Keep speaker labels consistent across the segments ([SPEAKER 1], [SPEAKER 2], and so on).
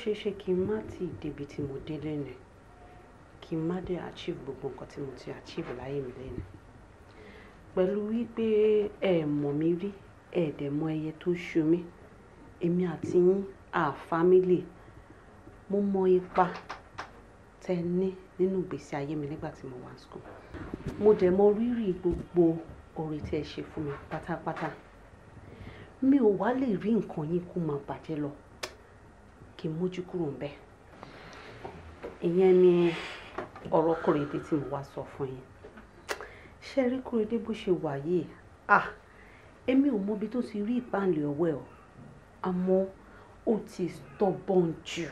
[SPEAKER 1] ṣeé ṣe kí n má ti débi tí mo dé lẹ́nu kí n má dé achieve gbogbo nǹkan tí mo ti achieve láyé mi lẹ́nu pẹ̀lú wípé ẹ mọ̀ mí rí ẹ dẹ̀ mọ ẹyẹ tó ṣú mi èmi àti yín à fámílì mo mọ ipa tẹ ní nínú ìgbésí ayé mi nígbà tí mo wà school mo dẹ̀ mọ rírì gbogbo oore tí ṣe fún mi pátápátá mi ò wá lè rí nǹkan yín kó máa bàjẹ́ lọ kí n mójú kúrò ń bẹ̀ ìyẹn ni ọ̀rọ̀ kúrèdé tí mo wá sọ fún yín ṣe rí kúrèdé bó ṣe wà yìí ah èmi ò mọbi tó ti rí ìpàlẹ̀ ọ̀wẹ́ o àmọ́ ó ti stubborn jù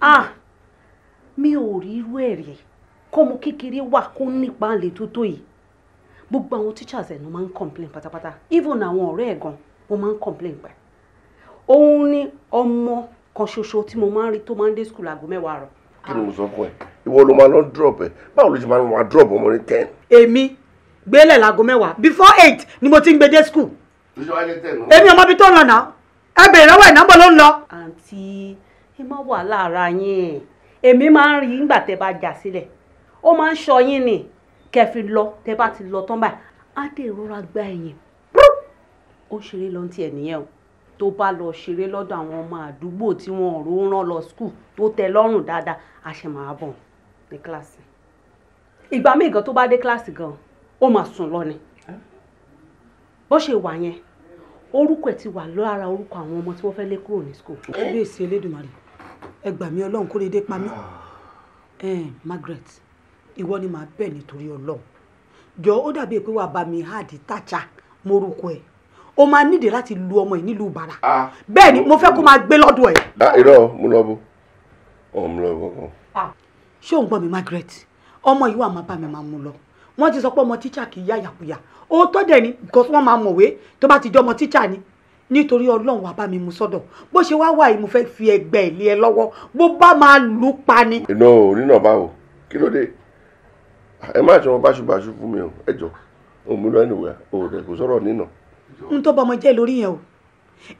[SPEAKER 1] ah mi ò rí irú ẹ̀ rí kọ́mọ kékeré wà kó nípa àlè tó tó yìí gbogbo àwọn teachers ẹ̀ ló máa ń complain pátápátá even àwọn ọ̀rẹ́ ẹ̀ gan wọ́n máa ń complain pẹ̀ òun ni ọmọ kan ṣoṣo tí mo máa ń rí tó máa ń dé skul aago mẹ́wàá rọ.
[SPEAKER 2] kí ni mo sọ fún ẹ ìwọ ló máa lọ drop ẹ báwo ló ṣe máa wá drop ọmọ ní ten.
[SPEAKER 1] èmi gbélé laago mẹ́wàá before eight ni mo ti ń gbé dé skul. èmi ọmọ bíi tó ń lọ náà ẹ bèrè lọ́wọ́ ẹ̀ nọ́mbà ló ń lọ. àǹtí ẹ má wà lára yín èmi máa ń rí nígbà tẹ bá jà sílẹ̀ ó máa ń sọ yín ni kẹ́ fi lọ tẹ bá ti lọ tán báyìí á dé ìrora gba ẹ̀yìn ó ṣeré lọ́ntì ẹ̀ nìyẹn o tó bá lọ ṣeré lọ́dọ̀ àwọn ọmọ àdúgbò tí wọn ò ró rán lọ skul tó tẹ́ lọ́rùn dáadáa a ṣe máa bọ̀ ní kíláàsì ìgbà míì gan tó bá dé kíláàsì gan ó máa sùn lọ ni bó ṣe wà yẹn orúkọ ẹ̀ ti wà lára orúkọ àwọn ọmọ tí wọ́n fẹ́ lé kúrò ní skul. kábíyèsí elédùnmarè ẹ gbà mí kó lè dé pa mí Margaret ìwọ ni màá bẹ̀ nítorí ọlọ́run jọ ó dàbí pé wàá bá mi háàdì tàchà mórúkọ ẹ̀ o máa nídìí láti lu ọmọ yìí nílùú bàrà ah, bẹ́ẹ̀ ni mo fẹ́ kó máa gbé lọ́dọ̀
[SPEAKER 2] ẹ̀. irọ́ mo lọ ah, o. ọmọ mi lọ bó
[SPEAKER 1] kàn. ṣé òun gbọ́ mi Margaret ọmọ yìí wà máa bá mi máa mú lọ wọ́n ti sọ pé ọmọ tíṣà kì í yá yàkuyà òótọ́ dẹ̀ ni because wọ́n máa mọ̀wé tó bá ti jọ ọmọ tíṣà ni nítorí ọlọ́run wàá bá mi mú sọ́dọ̀ bó ṣe wá wà yìí mo fẹ́ fi ẹgbẹ́ ilé ẹ lọ́wọ́ bó bá máa lù ú pa ni.
[SPEAKER 2] iná ò nínà báwo kí ló dé ẹ má jọ báṣubàṣu fún mi o ẹ jọ òun mi lọ ẹnìwẹ òun rẹ kò sọ̀rọ̀ nínà
[SPEAKER 1] ń tó bọmọ jẹ́ lórí yẹn o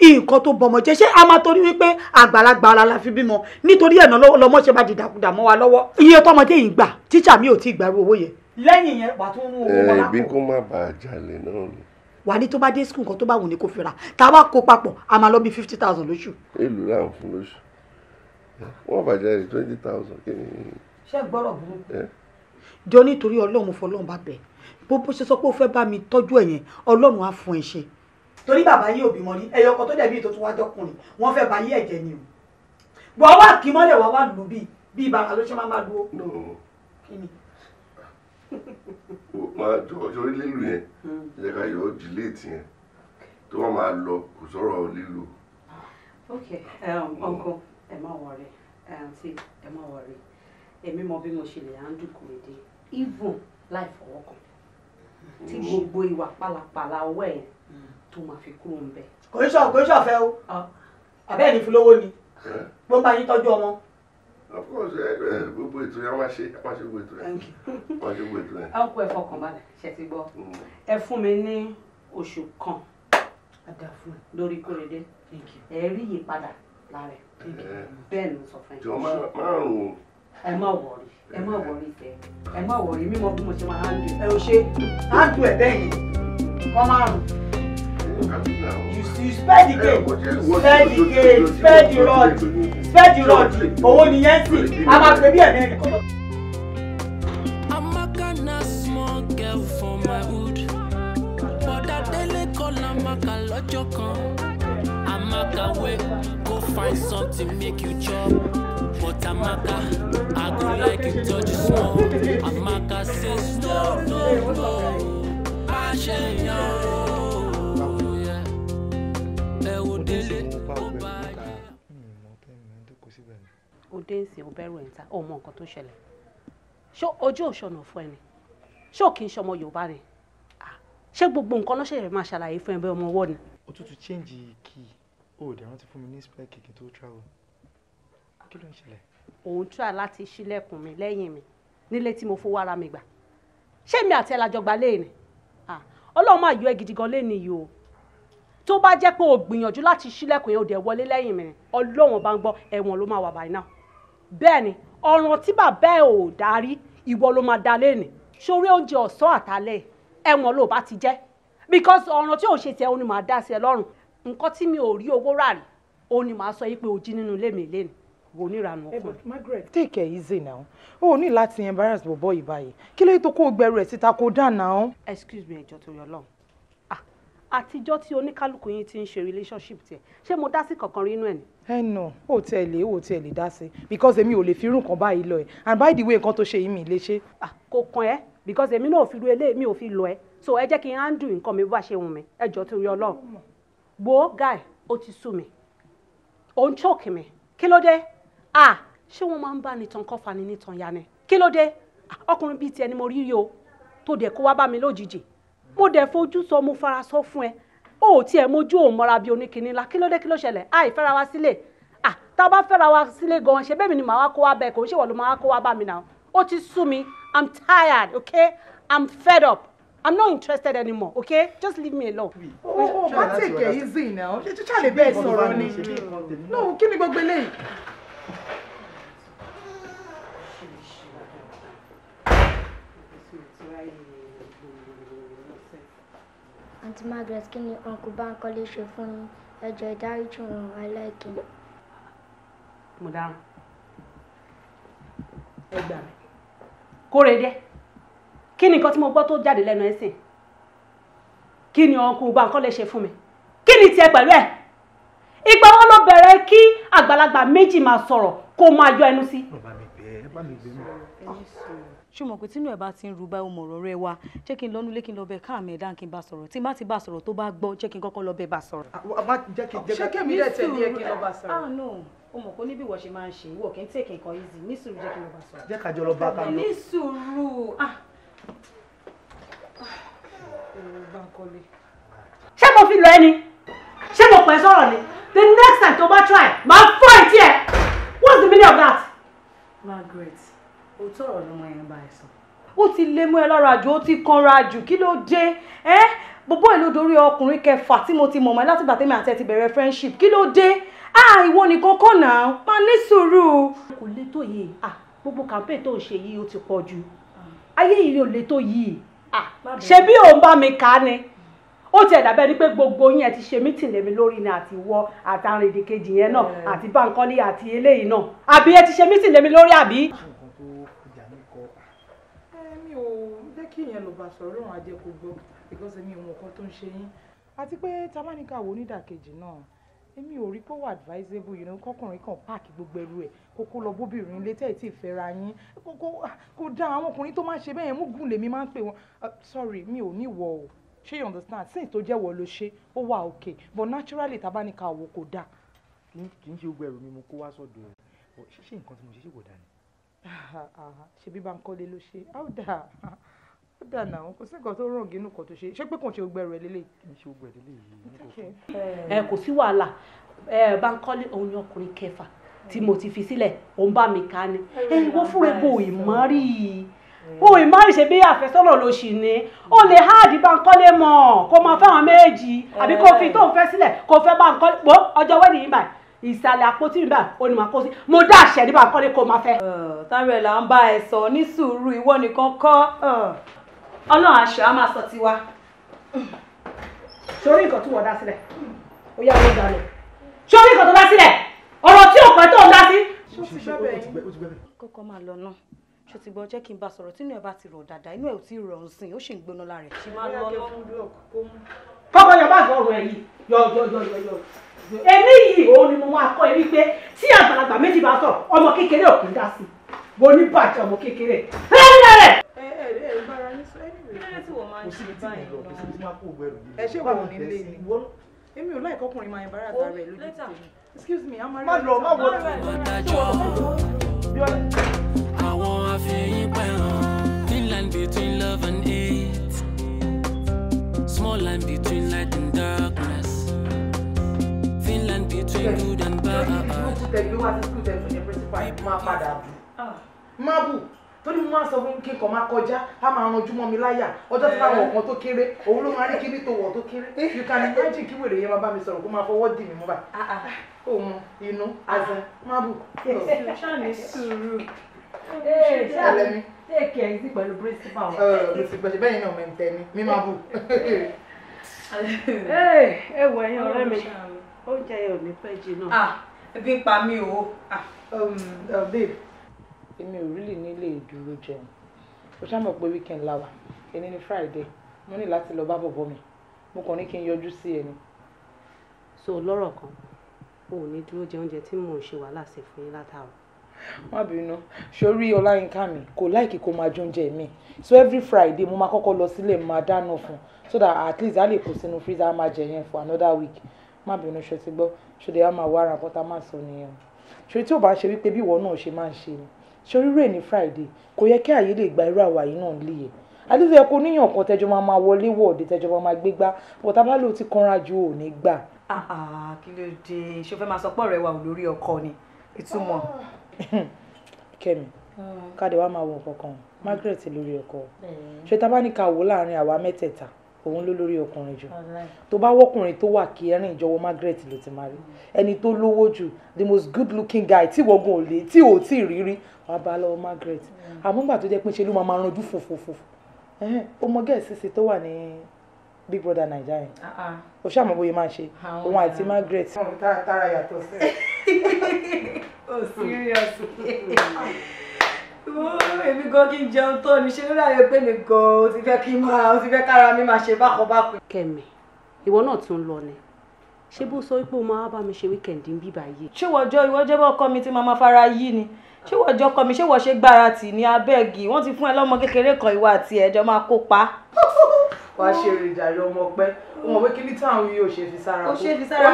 [SPEAKER 1] nǹkan tó bọmọ jẹ́ ṣé a máa torí wípé àgbàlagbà ara la fi bímọ nítorí ẹ̀nà lọ́mọ ṣe bá dìdàkudà mọ́ wa lọ́wọ́ iye tọmọdé yìí gbà tíṣà mi ò tí ì gbàrú owó yẹn lẹ́yìn yẹn wà tó ń wo owó lápò. ẹbí
[SPEAKER 2] kó má bàa jalè náà ni.
[SPEAKER 1] wà ní tó bá dé skul nǹkan tó bá wù ní kó fira tá a bá kó papọ̀ a máa lọ bí fifty thousand lóṣù.
[SPEAKER 2] èlò là ń fún lóṣù wọ́n bàjẹ́ rẹ̀ twenty thousand kí ni.
[SPEAKER 1] ṣé gbọ́dọ̀ burúkú. jọ nítorí ọlọ́run fọlọ́run bá bẹ̀ bó bó ṣe sọ pé ó fẹ́ bá mi tọ́jú ẹ̀ yẹn ọlọ́run á fún ẹ ṣe. torí bàbá yìí ò bímọ rí ẹyọ kan tó dẹ̀bi ìtòtún wá jọkùnrin wọ́n fẹ́ bá yí ẹ̀jẹ̀ ni o wọ́n wá kí mọ́lẹ̀ wá wá lù ú bíi bíi bàbá ló ṣe máa máa dúró.
[SPEAKER 2] máa jọ ọjọ́ lílù yẹn hmm. jẹ́ ká yọ ọ́ dìléètì yẹn tó wọ́n máa lọ kò sọ̀rọ̀ lílù.
[SPEAKER 3] ok
[SPEAKER 1] ọkàn um, ẹ má wọrí àǹtí um, ẹ má wọrí èmi mọ bí mo ṣe lè handle kùrèdè even láì tí gbogbo ìwà pálapàla ọwọ́ ẹ̀ tó máa fi kúrò ń bẹ̀. kò í sọ kò í sọ fẹ́ o ah. àbẹ́ ẹni fi ni bó eh. ń bá yín tọ́jú ọmọ.
[SPEAKER 2] of course eh, eh, gbogbo ètò yẹn wá ṣe wá ṣe gbogbo ètò yẹn wá ṣe gbogbo ètò yẹn. ẹ
[SPEAKER 1] kú ẹ fọkànbalẹ̀ ṣe ti gbọ́ mm. ẹ fún mi ní oṣù kan lórí kórèdé ẹ rí ìyípadà lára ẹ bẹ́ẹ̀ ni sọ fún yín. jọ márùn-ún ẹ má wọrí ẹ má wọrí tẹ ẹ má wọrí mímọ bí mo ṣe máa ń dùn ẹ ò ṣe á dùn ẹ bẹ́ẹ̀ ni kọ́
[SPEAKER 4] márùn. I'm spare the game spare the game spare the rod spare the rod owó ni
[SPEAKER 5] yẹn
[SPEAKER 1] sì
[SPEAKER 4] a máa pè bí ẹ̀mí ẹni kọ́.
[SPEAKER 6] Amaka na small girl for my hood. Bọ̀dá Délé kọ́ la maka lọ́jọ́ kan. Tamaka way. Go find something, make you chop. But Tamaka, I go like you touch you small. Amaka says no, no, no. I shall know. Yeah. Odele, Obaye.
[SPEAKER 1] Òde ń sìn ọbẹ̀rù ẹ̀ ń ta ọmọ nǹkan tó ṣẹlẹ̀ ṣó ojú òṣọ̀nà fún ẹni ṣó kì í ṣọmọ Yorùbá ni ṣé gbogbo nǹkan lọ́sẹ̀ rẹ̀ máa ṣàlàyé fún ẹ bẹ́ẹ̀ ọmọ ọwọ́ ni. ó tún ti change key Oh, ò dẹ̀ rántí fún mi ní spare kìkì tó travel kí ló ń
[SPEAKER 5] ṣẹlẹ̀.
[SPEAKER 1] try láti ṣílẹ̀kùn mi lẹ́yìn mi nílé tí mo fowó ara mi gbà ṣé mi àti ẹlàjọ gba léèní ọlọ́run máa yọ ẹ́ gidi gan léèní yìí o tó bá jẹ́ pé o gbìyànjú láti ṣílẹ̀kùn yẹn o dẹ̀ wọlé lẹ́yìn mi ọlọ́run bá ń gbọ́ ẹ̀wọ̀n ló máa wà báyìí náà bẹ́ẹ̀ ni ọ̀ràn tí bàbá ẹ̀ ò darí ìwọ ló máa da léèní sórí oúnjẹ ọ̀sán àtàlẹ́ ẹ̀wọ̀n ló bá ti jẹ́ because ọ̀ràn tí ò ń ṣe tiẹ̀ ó ní máa dá sí ẹ lọ́rùn nǹkan tí mi ò rí owó rà rí òun ni màá sọ yí pé o jí nínú ilé mi lẹ́nu wo níranú ọkùnrin. take it easy now o ò ní láti embarrass bọ̀bọ̀ yìí báyìí kí lóye tó kó gbẹrù ẹ̀ síta kó dà náà. excuse me ẹjọ tó yọ lọ ah, àtijọ́ tí oníkálukú yín ti ń ṣe relationship tiẹ̀ ṣé mo dá sí kankan rí inú ẹ̀ ni. ẹ nà ó tiẹ̀ lè ó tiẹ̀ lè dá sí because èmi ò lè fi irú nǹkan báyìí lọ ẹ̀ and by the way nǹkan tó ṣe yìí mi lè ṣe. Ah, kò kàn ẹ́ because èmi náà ò fi ru eléyìí mi ò fi lọ ẹ́ so ẹ jẹ́ kí n handle nǹkan mi bá ṣe wù mí ẹ jọ torí Ọlọ́run wo guy ó ti sú mi ó ń choke mi kí ló dé ah ṣé wọ́n máa ń bá ni tan kọ́fà ni nítan ya ni kí ló dé ọkùnrin bíi tiẹ̀ ni mo rírí o tó dẹ̀ kó wá bá mi lójijì mo dẹ̀ fojú sọ mo fara sọ fún ẹ o ò tiẹ̀ mojú òun mọ́ra bíi oníkìní la kí ló dé kí ló ṣẹlẹ̀ àì fẹ́ra wa sílẹ̀ ah tá a bá fẹ́ra wa sílẹ̀ gan ṣe bẹ́ẹ̀ mi ni màá wá kó wá bẹ́ẹ̀ kò ń ṣèwọ̀ ló máa wá kó wá bá mi náà ó ti sú mi i'm tired okay i'm fed up I'm not interested anymore, okay? Just leave me alone. Oh, oh, ma oh, take it easy
[SPEAKER 5] now. Ṣé tíṣà lè bẹ́ẹ̀ sọ̀rọ̀ ni?
[SPEAKER 1] No, kí me, gbogbo eléyìí?
[SPEAKER 3] Aunty Margaret, kí ni Uncle Bankole ṣe fún yín? Ẹjọ́ ìdáríjì òun aláìkí.
[SPEAKER 1] Mo dáhùn. Ẹ gbà mí. Kórè dé kí ni nǹkan tí mo gbọ́ tó jáde lẹ́nu ẹ̀sìn kí ni ọkùnrin ọba nǹkan lè ṣe fún mi kí ni tiẹ̀ pẹ̀lú ẹ̀ ìgbà wọn lọ bẹ̀rẹ̀ kí àgbàlagbà méjì máa sọ̀rọ̀ kó máa yọ ẹnu sí. ṣùgbọ́n
[SPEAKER 3] pé tínú ẹ̀ bá ti ń rú báyìí mọ̀rọ̀ rẹ wa jẹ́ kí n lọ́nu lé kí n lọ bẹ káàmì ẹ̀dá kí n bá sọ̀rọ̀ tí n bá ti
[SPEAKER 1] bá sọ̀rọ̀ tó bá gbọ́ jẹ́ kí n kọ́kọ́ lọ bẹ bá sọ̀rọ̀. ṣé kí mi dẹ̀ tẹ̀lé ẹ kí n lọ bá sọ̀rọ̀ ah, o mọ̀ kó níbi ìwọ ṣe máa ń easy ní sùúrù jẹ́ kí ṣé mo fi lọ ẹni ṣé mo pẹ́ sọ̀rọ̀ ni the next time tó bá try máa fọ́ ẹ̀tí ẹ̀ what's the meaning of that.
[SPEAKER 3] Margaret o tọrọ lọmọ yẹn bá ẹ sọ.
[SPEAKER 1] ó ti lé mú ẹ lára jù ó ti kanra jù kí ló dé ẹ bọ́bọ́ ẹ̀ ló dorí ọkùnrin kẹfà tí mo ti mọ̀mọ́ ẹ láti gbà tẹ́mi àti ẹ ti bẹ̀rẹ̀ friendship kí ló dé ah ìwọ nìkan kọ̀ náà máa ní sùúrù. kò lè tó yìí ah gbogbo campaign tó ń ṣe yìí ó ti pọ̀ jù ayé yìí ò lè tó yìí ṣe bí òun bá mi kà ni ó ti ẹ̀dá bẹ́ẹ̀ ni pé gbogbo yín ẹ ti ṣe mítìn lèmi lórí ni àti wọ àtàrin èdèkejì yẹn náà àti báńkọ́lé àti eléyìí náà àbí ẹ ti ṣe mítìn lèmi lórí àbí. Eh, mi ò jẹ́ kí ìyẹn ló bá sọ̀rọ̀ lóhùn ajẹ́ kò gbọ́ because mi ò mọ̀ nǹkan tó ń ṣe yín àti pé tamánikà wo onídàkejì náà èmi ò rí pé wà advisable you know kọkùnrin kan páàkì gbogbo ẹrù ẹ̀ kókó lọ bóbìnrin ilé tẹ́ ẹ̀ tí ì fẹ́ra yín kókó kó dá àwọn ọkùnrin tó máa ń ṣe bẹ́ẹ̀ yẹn mú gùn lèmi máa ń pè wọ́n uh, sorry mi ò ní wọ̀ o ṣé you understand since tó jẹ́ wọ́ ló ṣe ó wà okay but naturally tá a bá ní ká wò kó dáa.
[SPEAKER 7] kì í ṣe gbogbo ẹrù mi mo kó wá sọ́dọ̀ ẹ̀ ṣíṣe nǹkan tí mo ṣe ṣe kò dáa ni.
[SPEAKER 1] ṣebí Bankole ló ṣe how dáa ó dà náà kò sí nǹkan tó ràn gínú kan tó ṣe ṣé pé kàn ṣe gbogbo ẹrù ẹ lélẹ̀.
[SPEAKER 5] kì í ṣe gbogbo ẹ lélẹ̀ yìí. ẹ kò
[SPEAKER 1] sí wàhálà ẹ Bankole òun ni ọkùnrin kẹfà tí mo ti fi sílẹ̀ òun bá mi ká ni ẹ ìwọ fúnra ẹ bò ìmọ̀rí o ìmọ̀rì ṣe bí àfẹ́sọ́nà ló ṣì ní o lè háàdì Bankole mọ̀ kó máa fẹ́ àwọn méjì àbí kó fi tóun fẹ́ sílẹ̀ kó fẹ́ Bankole pọ̀ ọjọ́ wẹ́ẹ̀dì yìí báyìí ìsàlẹ̀ àpótí mi báyìí ó ní máa kó sí mo dá àṣẹ ní Bankole kó máa fẹ́. táwọn ẹ̀ là ń bá ẹ sọ ní sùúrù ìwọ nìkan kọ́ ọlọ́run aṣọ á máa sọ tiwa sórí nǹkan tí wọ́n dá sílẹ̀ ó yá wọ́n dá lọ sórí nǹkan tó dá sílẹ̀ ọ̀rọ̀ tí ò pẹ́ tó ń dá sí.
[SPEAKER 3] kókó máa lọ náà ṣe ti gbọ́ jẹ́ kí n bá sọ̀rọ̀ tínú ẹ̀ bá ti rọ̀ dáadáa inú ẹ̀ ò tí ì rọ̀ ń sìn ó sì ń gbóná lára ẹ̀. ṣì máa lọ lọ.
[SPEAKER 1] kọ́kọ́ yọ báàgì ọ̀rọ̀ ẹ̀ yìí yọ yọ yọ yọ yọ. èmi yìí òun ni mo máa kọ́ ẹ wípé tí àgbàlagbà méjì bá sọ̀rọ̀ ọmọ kékeré ò kì í dá sí i. wo ní bàjẹ́ ọmọ kékeré èmi ò láì kọkùnrin máa ń bára ta rẹ̀ lójú tèmi excuse me I'm má lọ má
[SPEAKER 6] àwọn àfihàn pẹ̀hàn thin line between love and hate small line between light and darkness thin between good and bad. ìlú
[SPEAKER 1] tẹ̀lé wá sí skul tẹ̀lé ní principal máa padà bù. má bù tó ní mo máa ń sọ fún kí n kàn máa kọjá á máa ranjú mọ́ mi láyà ọjọ́ tí báwọn eh. ọ̀kan tó kéré òun ló máa rí kíní tó wọ̀ tó kéré eh. you can imagine kí wèrè yẹn máa bá mi sọ̀rọ̀ kó máa fọwọ́ dì mí mú báyìí ah, ah. kò mọ inú azan má bù. Oh. ṣáà ní sùúrù eh, ṣáà ní take care easy pẹ̀lú principal. principal bẹ́ẹ̀ náà mẹ́ntẹ́ ni mi máa bù. ẹ mi oúnjẹ yẹn ah, pa mí o. Um, uh, babe èmi ò really ní lè dúró jẹun o ṣá mọ̀ pé weekend la wà èmi ni friday mo ní láti lọ bá bọ̀bọ̀ mi mo kàn ní kí n yọjú sí ẹni. so lọ́rọ̀ kan o ò ní dúró jẹ oúnjẹ tí mò ń ṣe wàhálà sí fún yín látàárọ̀. má bínú sórí ọláyínká mi kò láìkí kó máa jóúnjẹ mi so every friday mo máa kọ́kọ́ lọ sílé máa dáná fún so that at least a lè kó sínú freezer á máa jẹ yẹn for another week má bínú ṣe ti gbọ́ ṣe lè á máa wá ara nǹkan tá a máa sọ nìyẹn ṣe tí ò bá ṣe wípé bí ìwọ náà ṣe máa ń ṣe ni ṣorí rẹ̀ ní Friday kò yẹ kí ààyè lè gba irú àwa yìí náà lè yẹ àdúgbò ẹ̀kọ́ níyàn kan tẹjọ́ máa máa wọlé wọ̀ọ̀dẹ tẹjọ́ máa máa gbégbá bọ̀tà bá lò ti kanra ju òní gbà. kí ló dé ṣó fẹ́ máa sọ pọ̀ rẹ wà lórí ọkọ ni ìtumọ̀. Kẹ́mi hmm. káde wàá máa wọ nǹkan kan Margaret lórí ọkọ ṣé tá bá ní ká wò láàrin àwa mẹ́tẹ̀ẹ̀ta òun ló lórí ọkùnrin jù tó bá wọkùnrin tó wà kí ẹrìn ìjọwọ Margaret ló ti máa rí hmm. ẹni tó lówó jù the most good looking guy tí wọgùn ò lè tí ò tí ì rí rí wàá Margaret àmọ́ nígbà tó jẹ́ pé ṣe ló máa ranjú fòfòfò ọmọ gẹ̀ẹ́sì sí tó wà ní Big Brother Naija yẹn ah, ah. o ṣáà mọ̀ bóyá máa ṣe òun àti Margaret. tára yàtọ̀ sí
[SPEAKER 3] o oh, serious oh, èmi gan kí n jẹun
[SPEAKER 1] tó ní ṣe lórí àyè pé mi gan o ti fẹ́ kí n máa o ti fẹ́ kára mi máa ṣe bákan bákan. Kẹ́mi ìwọ náà tún lọ ni ṣé bó sọ pé o máa bá mi ṣe wíkẹ̀ndì ń bíbá yìí. ṣé wọ́jọ́
[SPEAKER 3] ìwọ́jọ́ bá ọkọ mi tí màmá fara yí ni ṣé wọ́n jọ kọ́ mi ṣé wọ́n ṣe gbára tì ní abẹ́ẹ̀gì wọ́n ti fún ẹ lọ́mọ kékeré kan ìwà àti ẹ̀jọ́ máa kópa.
[SPEAKER 1] wàá ṣe èròjàre ọmọ ọpẹ ọmọ pé kíní táwọn yìí ò ṣe fi sára kó ó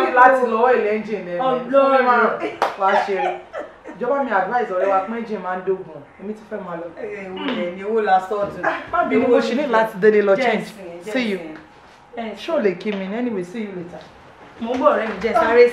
[SPEAKER 1] ní láti lọ oil engine ẹ̀ oh, fún mi márùn wàá ṣe ìjọba mi advice ọ̀rẹ́ wa pé engine máa ń dógùn èmi ti fẹ́ máa lọ. èmi owó la sọ́ọ̀tù. Ah, má bínú mo ṣe ní láti délé lọ change see you ṣó lè anyway see you later.
[SPEAKER 6] mo ń bọ̀ ọ̀rẹ́ mi jẹ́ sáré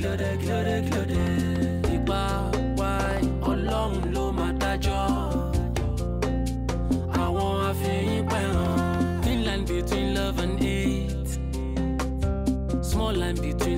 [SPEAKER 6] glódé glódé glódé ipa wa ọlọ́run ló máa dájọ́ àwọn àfihàn pẹ̀ràn thin line between love and hate small line between.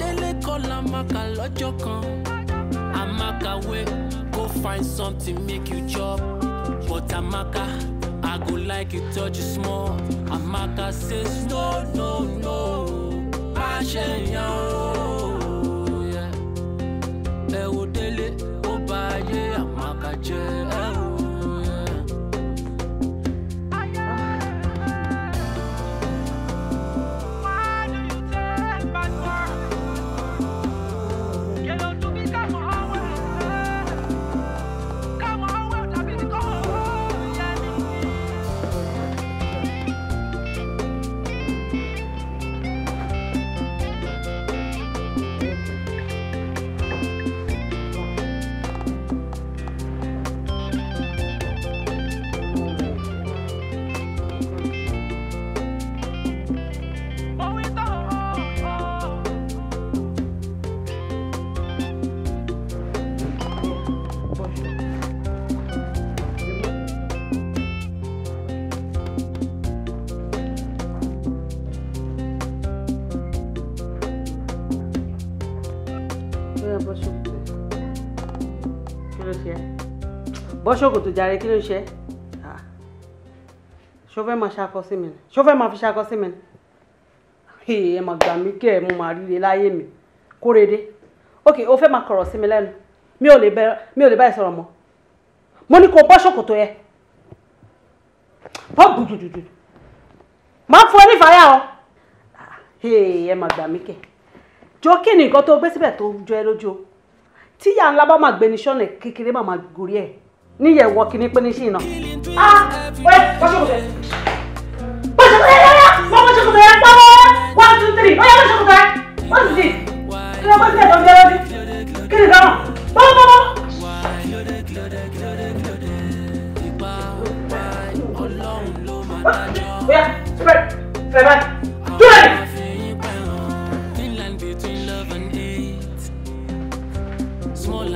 [SPEAKER 6] délé kọ́lá máa kà lọ́jọ́ kan amaka go find something make you chop but amaka i go like you touch you small amaka says no no no má ṣe yan o ẹ wo délé ó bá ayé amaka jẹ́ ẹ.
[SPEAKER 3] bọ́ṣọ́kù tó jàre kí ló ṣe ah.
[SPEAKER 1] ṣó fẹ́ máa ṣakọ sí mi ṣó fẹ́ máa fi ṣakọ sí mi ẹ mà gbà mí kẹ́ ẹ mo máa ríre láyé mi kórede ok o fẹ́ máa kọ̀rọ̀ sí mi lẹ́nu mi ò lè bẹ mi ò lè báyìí sọ̀rọ̀ mọ́ mo ní kó bọ́ṣọ́kù tó yẹ bọ́ gbùdùdùdù máa fún ẹ nífàyà o ah, ẹ mà gbà mí kẹ́ jọ kí ni nǹkan tó gbé síbẹ̀ tó jọ ẹ lójú o tíyà ńlá bá máa gbé ní sọ́nà kékeré máa máa gòrí ẹ̀ níyẹ̀wọ̀ kìíní pé ní sí iná. a wẹ́ wọ́ṣọ̀kùtẹ̀ wọ́ṣọ̀kùtẹ̀ yára wọ́n wọ́ṣọ̀kùtẹ̀ yẹn pọ́n wọ́n one two three wọ́n yẹ wọ́ṣọ̀kùtẹ̀ wọ́n ti di kí ló bá ti ẹ̀dọ́ jẹ́ lọ́dí kí ni dáhùn bọ́ọ̀ bọ́ọ̀ bọ́ọ̀.
[SPEAKER 6] bóyá fẹ́ fẹ́ báyìí.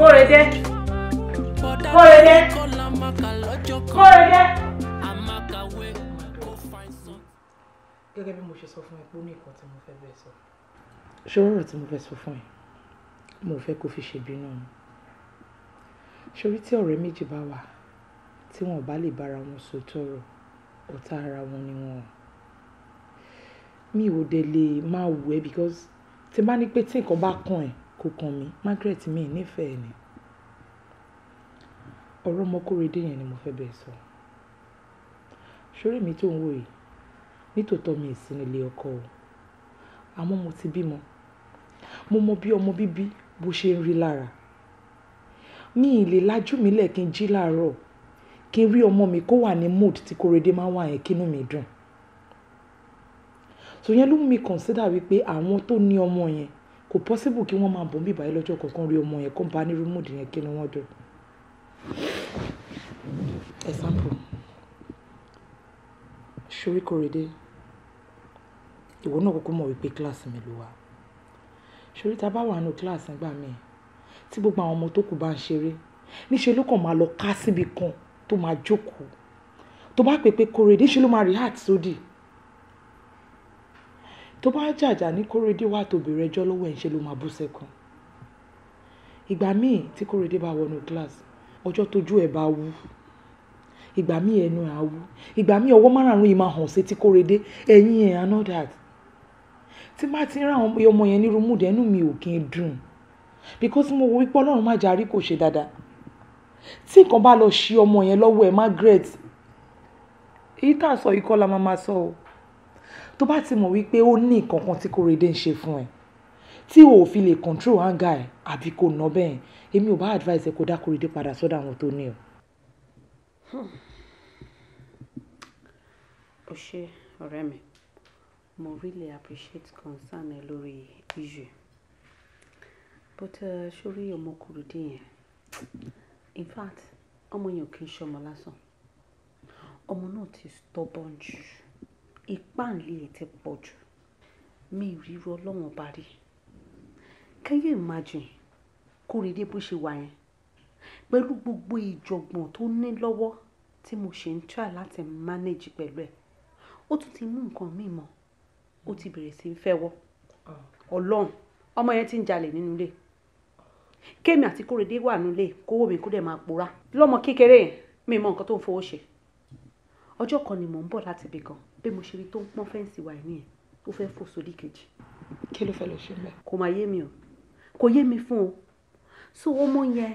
[SPEAKER 6] Kórèdé Kórèdé Kórèdé. gẹ́gẹ́ bí mo ṣe sọ
[SPEAKER 1] fún ẹ pé ó ní nǹkan tí mo fẹ́ bẹ́ẹ̀ sọ. ṣòro tí mo fẹ́ sọ fún ẹ mo fẹ́ kó fi ṣèbínú ni ṣorí tí ọ̀rẹ́ méjì bá wà tí wọn bá lè bára wọn sòótọ́ ọ̀rọ̀ ọ̀tá ara wọn ni wọn mi ò dẹ̀ lè máa wù ẹ́ because tí bá ní pé tí nǹkan bá kàn ẹ́ kò kàn mí Margaret mi nífẹ̀ẹ́ ni ọ̀rọ̀ Mọ́kọ́rẹ́dé yẹn ni mo fẹ́ bẹ́ẹ̀ sọ ṣórí mi tó ń wò yìí nítòótọ́ mi sí nílé ọkọ o àmọ́ mo ti bímọ mo mọ bí ọmọ bíbí bó ṣe ń rí lára mi ì lè lajú mi lẹ̀ kí n jí láàárọ̀ kí n rí ọmọ mi kó wà ní mood tí Kóredé máa wà yẹn kínú mi dùn so yẹn ló mú mi consider wípé àwọn tó ní ọmọ yẹn kò possible kí wọ́n máa bọ̀ níbà yìí lọ́jọ́ kankan rí ọmọ yẹn kó ń bá ní rúmùd yẹn kí ni wọ́n dùn. example sori korede ìwọ náà kúkú mọ̀ wípé kíláàsì mi ló wà sori tá a bá wà nù kíláàsì nígbà míì tí gbogbo àwọn ọmọ tó kù bá ń ṣeré níṣẹ́ ló kàn máa lọ ká síbi kan tó máa jókòó tó bá pè pé ṣe ló máa react sódì tó bá jàjà ní kóredé wà tó bèrè ẹjọ́ lọ́wọ́ ẹ̀ ń ṣe ló máa bú sẹ́kùn ìgbà míì tí kóredé bá wọnú class ọjọ́ tójú ẹ̀ bá wú ìgbà míì ẹnu ẹ̀ á wú ìgbà míì ọwọ́ márààrún yìí máa hàn sí tí kóredé ẹ̀yìn ẹ̀ and all that tí má ti rán àwọn ọmọ yẹn nírú mood ẹnu mi ò kí n dùn because mo wo wípé ọlọ́run má jarí kò ṣe dáadáa tí nǹkan bá lọ ṣí ọmọ yẹn lọ́wọ́ ẹ̀ Margaret èyí tá a sọ yìí la máa máa sọ o tó bá ti mọ̀ wípé ó ní nǹkan kan tí Kóredé ń ṣe fún ẹ tí o ò fi lè control anger ẹ àbí kò ná bẹ́ẹ̀ èmi ò bá advice ẹ kó dá Kóredé padà sọ́dọ̀ àwọn tó ní o. o ṣe ọ̀rẹ́ mi mo really appreciate concern ẹ lórí issue but sórí ọmọ Kóredé yẹn in fact ọmọ yẹn ò kí ń ṣọmọ lásán ọmọ náà ti stubborn jù ìpáǹlé ẹ̀ ti pọ̀ jù mi ríru ọlọ́run ọba rí can you imagine kó rí dé bó ṣe wà yẹn pẹ̀lú gbogbo ìjọ̀gbọ̀n tó ní lọ́wọ́ tí mo ṣe ń try láti manage pẹ̀lú ẹ̀ ó tún ti mú nǹkan mi mọ́ ó ti bẹ̀rẹ̀ sí í fẹ́wọ́ ọlọ́run ọmọ yẹn ti ń jalè nínú ilé kémi àti kórèdé wà nílé kówó mi kó dẹ̀ máa pòórá lọ́mọ kékeré yẹn mi mọ nǹkan tó ń fowó ṣe ọjọ́ kan ni mò ń bọ̀ láti ibì kan bẹ́ẹ̀ mo ṣe rí tó ń pọ́n fẹ́ǹsì wa ní ẹ̀ ó fẹ́ fò sódì kejì. kí ló fẹ́ lọ ṣe mẹ́. kò máa yé mi o kò yé mi fún o so ọmọ yẹn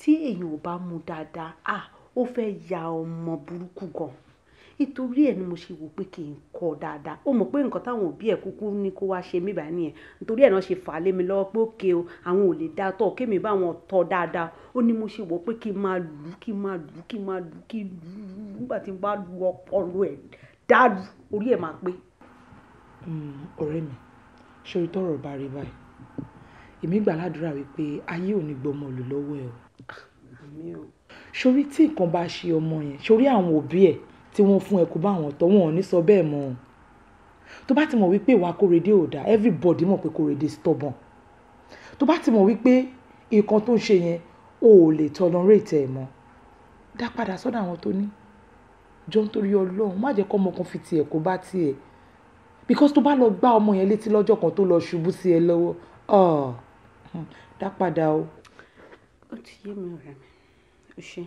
[SPEAKER 1] tí èèyàn ò bá mu dáadáa ah ó fẹ́ ya ọmọ burúkú gan nítorí ẹ ni mo ṣe wò pé kì í kọ dáadáa ó mọ̀ pé nǹkan táwọn òbí ẹ̀ kúkú ní kó wá ṣe mí bá nìyẹn nítorí ẹ̀ náà ṣe fà á lé mi lọ́wọ́ pé òkè o àwọn ò lè dá tọ́ kémi bá wọn tọ́ dáadáa ó ní mo ṣe wò pé kí n máa lù kí n máa lù kí n máa lù kí n lù nígbà tí n bá lu ọpọlọ ẹ̀ dàrú orí ẹ̀ máa pé. Mm, ọ̀rẹ́ mi ṣé orí tọrọ bá rí báyìí èmi gbà ládùúrà wípé ayé ò ní gbọmọ lò lọ́wọ́ ẹ o sórí tí nǹkan bá ṣe ọmọ yẹn sórí àwọn òbí ẹ tí wọ́n fún ẹ bá àwọn tọ́ wọn ò ní sọ bẹ́ẹ̀ mọ́ tó bá ti mọ̀ wípé ìwà kórede ò dáa everybody mọ̀ pé kórede stubborn tó bá ti mọ̀ wípé nǹkan tó ń ṣe yẹn ò lè tolerate ẹ̀ mọ́ dá padà sọ́dọ̀ àwọn tó ní jọ nítorí ọlọ́run má jẹ́ kó ọmọ kan fi tiẹ̀ kó bá tiẹ̀ because tó bá lọ gbá ọmọ yẹn létí lọ́jọ́ kan tó lọ ṣubú sí ẹ lọ́wọ́ ah, hmm, dá padà o. ó ti yé mi ọ̀rẹ́ mi ó ṣe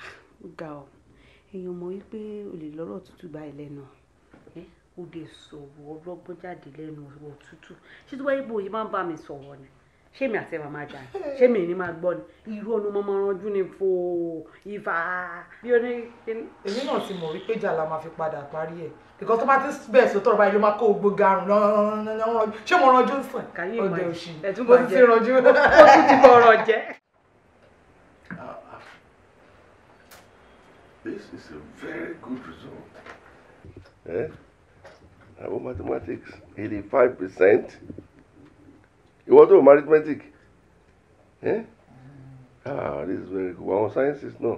[SPEAKER 1] ah, ó ga ọ èèyàn mọ̀ wípé o lè lọ́rọ̀ tútù báyìí lẹ́nu ó lè sọ̀rọ̀ ọlọ́gbọ́n jáde lẹ́nu ọ̀rọ̀ tútù ṣé tí wọ́n yẹ bó yẹ máa ń bá mi sọ̀rọ̀ ni ṣé mi àti ẹ̀ máa jà ṣé mi ní máa gbọ́ ni irú ọ̀nà ọmọ máa ranjú ni fò ìfà bí ó ní. èmi náà ti mọ̀ wípé jà la máa fi padà parí ẹ̀ because tó bá ti bẹ̀ẹ̀ sọ tọrọ báyìí ló máa kó gbogbo garun lọ́nà ṣé mo ranjú sàn ọjọ́ òṣì mo ti ranjú ó tún ti bọ̀
[SPEAKER 4] ọ̀rọ̀ jẹ́.
[SPEAKER 2] This is a very good result. Eh? Our mathematics, 85 percent ìwọ tó mọ arithmetic eh? ah this is very cool àwọn sciences náà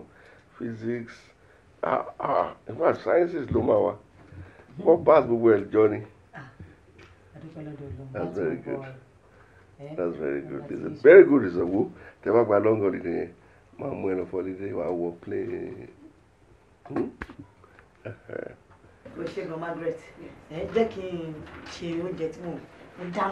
[SPEAKER 2] physics ah ah in fact sciences ló máa wá wọ́n pass gbogbo ẹ̀ ni eh?
[SPEAKER 5] that's very good
[SPEAKER 2] that's very good This is very good result wo tẹ bá gba long holiday yẹn máa mú ẹ lọ fọ holiday wàá wọ play. Hmm?
[SPEAKER 1] o ṣe gan Margaret ẹ eh, jẹ́ kí n ṣe oúnjẹ tí mò Ah,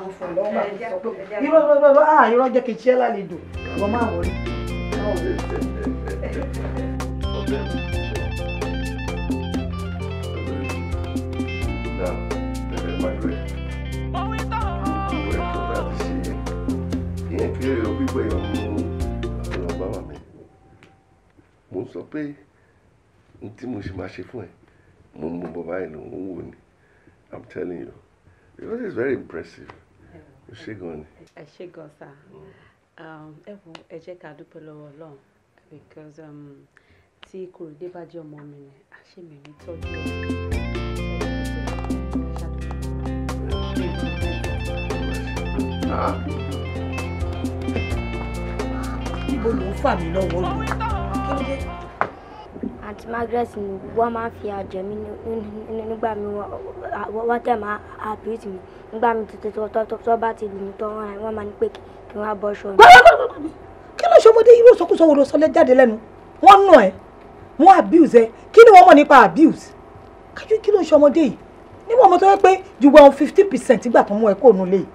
[SPEAKER 2] mo sọ pé n tí mo ṣe máa ṣe fún ẹ mo mọ bàbá ẹ lòun wò ni i'm telling you because it's very impressive ẹ ṣé gan ni.
[SPEAKER 1] ẹ ṣé gan sa ẹ wo ẹ jẹ́ ká dúpẹ́ lọ́wọ́ ọlọ́run because um, tí
[SPEAKER 3] kòròdé bá jẹ́ ọmọ mi ni àṣemì mi you. ẹ. ibo ló ń fà mí lọ́wọ́ lò kí ló dé àti Margaret wọ́n máa ń fi àjẹ́ mi nígbà mi wọ́n tẹ̀ máa àbíìtì mi nígbà mi tuntun tó bá ti lù mí tán wọ́n máa ní pé kí wọ́n á bọ́ ṣọ́ mi. kí ló ṣe ọmọdé irú ìsọkúsọ wo ló sọ jáde lẹ́nu wọ́n nà ẹ́
[SPEAKER 1] wọ́n abuse ẹ kí ni wọ́n mọ̀ nípa abuse kájú kí ló ń ṣe ọmọdé yìí níwọ̀n ọmọ tó yẹ pé ju wọn fifty percent gbà tó mú ẹ kó nu lé yìí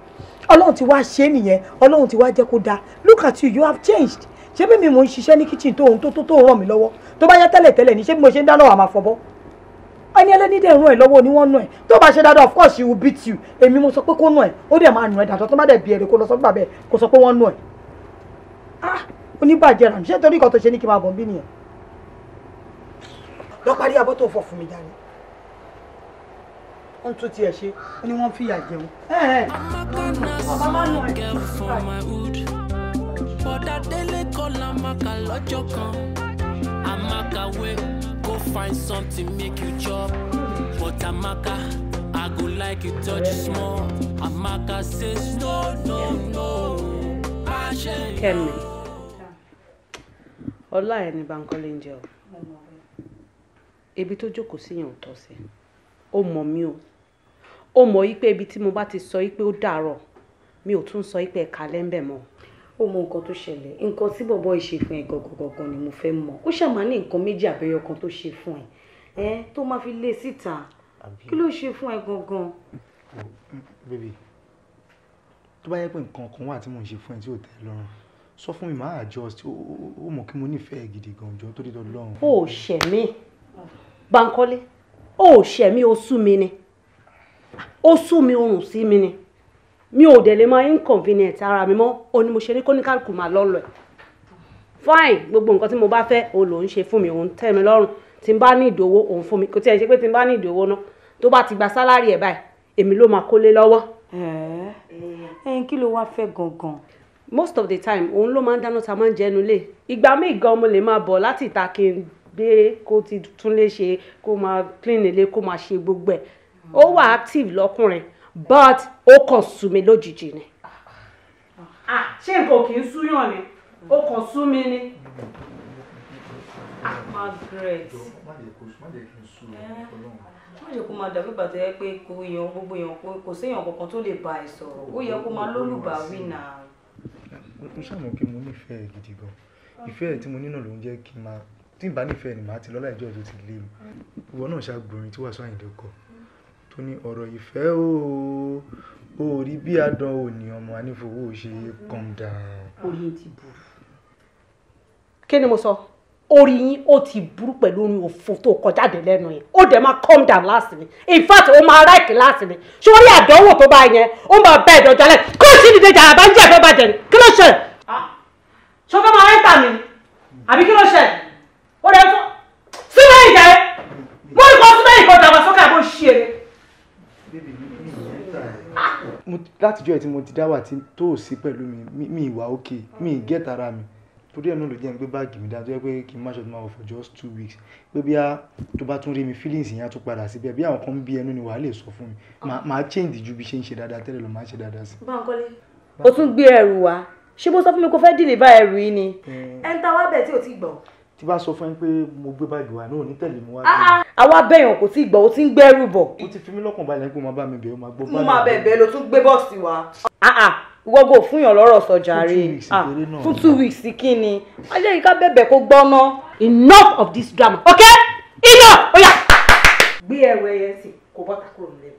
[SPEAKER 1] ọlọ́run ti wá ṣe é nìyẹn ọlọ́run ti wá jẹ́ kó dáa look at you you have changed ṣé bí mi mò ń ṣiṣẹ́ ní kitchen tó ohun tó tó tó ràn mí lọ́wọ́ tó bá yá tẹ́lẹ̀ tẹ́lẹ̀ ní ṣé bí mo ṣe ń dáná wà máa fọbọ́ ẹni ẹlẹ́ni dẹ̀ ràn ẹ́ lọ́wọ́ ni wọ́n nà ẹ́ tó bá ṣe dáadáa of course she will beat you èmi mo sọ pé kó nà ẹ́ ó dẹ̀ máa nà ẹ́ dàtọ́ tó má dẹ̀ bí ẹ̀rẹ̀ kó lọ sọ gbàgbẹ́ kó sọ pé wọ́n nà ẹ́ ah oníbàjẹ́ ràn ṣé torí nǹkan tó ṣe ní kí n máa bọ̀ bí nìyẹn lọ parí abọ́ tó fọ̀ fún mi jáde wọ́n tún tiẹ̀ ṣe ó ní wọ́n fìyà
[SPEAKER 6] jẹun bọ̀dá délé kọ́lá màkà lọ́jọ́ kan amaka wey go find something make you chop but amaka i go like you touch small amaka say no no no
[SPEAKER 5] kẹ́mi
[SPEAKER 1] ọlá ẹ̀ ní bankole ń jẹ o ibi tó jókòó sí yẹn tọ́ sí ó mọ̀ mí o ó mọ̀ yí pé ibi tí mo bá ti sọ yí pé ó dàárọ̀ mi ò tún sọ yí pé ẹ̀ka lẹ́ńbẹ̀ mọ́
[SPEAKER 3] ó mọ nǹkan tó ṣẹlẹ̀ nǹkan tí bọ̀bọ̀ yìí ṣe fún ẹ gọ̀gọ̀gọ̀gọ̀ ni mo fẹ́ mọ̀ kó ṣàmà ní nǹkan méjì àbẹ̀yọ kan tó ṣe fún ẹ ẹ tó máa fi lé síta kí ló ṣe fún ẹ gangan.
[SPEAKER 1] bébì tó bá yẹ pé nǹkan kan wà tí mò ń ṣe fún ẹ tí ò tẹ́ lọ́rùn
[SPEAKER 7] sọ fún mi máa adjust ó mọ̀ kí mo nífẹ̀ẹ́ gidi gan jọ tó dídọ̀ lọ́rùn.
[SPEAKER 1] ó ṣẹ̀ mí Bankole ó ṣẹ̀ mí ó sú mi ni ó sú mi oorun sí mi ni mi ò dẹ̀ lè máa inconvenient ara mi mọ́ o ní mo ṣe ní kóníkàlùkù máa lọ́ ẹ̀ fine gbogbo nǹkan tí mo bá fẹ́ o lò ń ṣe fún mi òun tẹ́ mi lọ́rùn tí n bá ní ìdòwò òun fún mi kò tiẹ̀ ṣe pé tí n bá ní ìdòwò náà tó bá ti gba sálárì ẹ̀ báyìí èmi ló máa kólé lọ́wọ́. ẹ ẹ kí ló wá fẹ́ gangan. most of the time òun ló máa ń dáná ta máa ń jẹnu lé ìgbà míì gan mo lè máa bọ̀ láti ìta kí n dé kó ti tún lè ṣe kó máa clean ilé kó máa ṣe gbogbo ẹ̀ ó wà active lọ́kùnrin but o kàn su mi lojiji ni.
[SPEAKER 4] Ah, ah, ṣé
[SPEAKER 1] nǹkan kì í súyàn ni o kàn su mi ni. Ah,
[SPEAKER 3] Margaret eh, má jẹ́ kó máa dàbí bàtà yẹ pé kò yan gbogbo èèyàn kò séèyàn kankan tó lè bá ẹ sọ̀rọ̀ ó yẹ kó máa lólùbáwí náà.
[SPEAKER 7] mo ṣàmọ̀ pé mo nífẹ̀ẹ́ gidi gan ìfẹ́ tí mo ní ló ń jẹ́ kí n máa tí n bá ni màá ti ti lé mi ìwọ náà tí wàá sọ tó ní ọ̀rọ̀ ìfẹ́ ooo o ò rí bí adán o ní ọmọ anífowó ṣe calm
[SPEAKER 1] down. orí yín ti burú kí ni mo sọ orí yín ó ti burú pẹ̀lú orin òfò tó kọjá dé lẹ́nu yẹn ó dẹ̀ máa calm down láti mi in fact ó máa ráìkì láti mi ṣé orí àdánwò tó bá yẹn ó máa bẹ́ ẹ̀dọ̀ jalẹ̀ kó o sì dìde jàrá bá ń jẹ́ ẹ̀fẹ́ bàjẹ́ ni kí ló ṣẹlẹ̀. Ah, ṣé o fẹ́ máa rẹ́ta mi ni àbí kí ló ṣẹlẹ̀ ó dẹ̀ fọ́
[SPEAKER 2] sílẹ̀ ìjà rẹ̀ wọ́n ní kó sílẹ̀ ìkọjà wà àbó ṣí
[SPEAKER 7] látijọ́ ẹ̀ tí mo ti dá wà tí tó ò sí pẹ̀lú mi mi ìwà òkè mi ìgẹ́ mm. tara mi torí ẹ̀ náà ló jẹ́ ń gbé báàgì mi dáa tó yẹ pé kí n má ṣe ọdún máa wọ̀ for just two weeks pé bí a tó bá tún rí mi feelings yẹn á tún padà síbẹ̀ bí àwọn kan ń bí ẹnu ni wàá lè sọ fún
[SPEAKER 1] mi ah. màá change ju bí ṣe ń ṣe dáadáa tẹ́lẹ̀ lọ màá ṣe dáadáa sí.
[SPEAKER 3] Bánkọ́lé o
[SPEAKER 1] tún gbé ẹrù wá ṣé mo sọ fún mi kó fẹ́ dìlì bá ẹrù yìí ni.
[SPEAKER 3] ẹ ń ta wá bẹ̀ tí ò ti gbọ̀n
[SPEAKER 1] tí bá sọ fún ẹ pé mo gbé báàgì wa náà ní tẹ̀lé mi wá. Ah, ah. àwa bẹ̀yàn kò tí ì gbọ́ ó ti ń gbẹ́rù bọ̀. ó ti fi mí lọ́kàn balẹ̀ pé máa bá mi bẹ̀ ó máa gbọ́ báàgì. mo máa bẹ̀bẹ̀ ló tún gbé bọ́ọ̀sì wa. Ah, ìwọ gò fún yàn lọ́rọ̀ sọjà rè fún two weeks kí ni a jẹ́ kí ká bẹ̀bẹ̀ kó enough of this drama okay enough oya. gbé ẹrù ẹyẹ sí kò bọ́ta kúrò nílẹ̀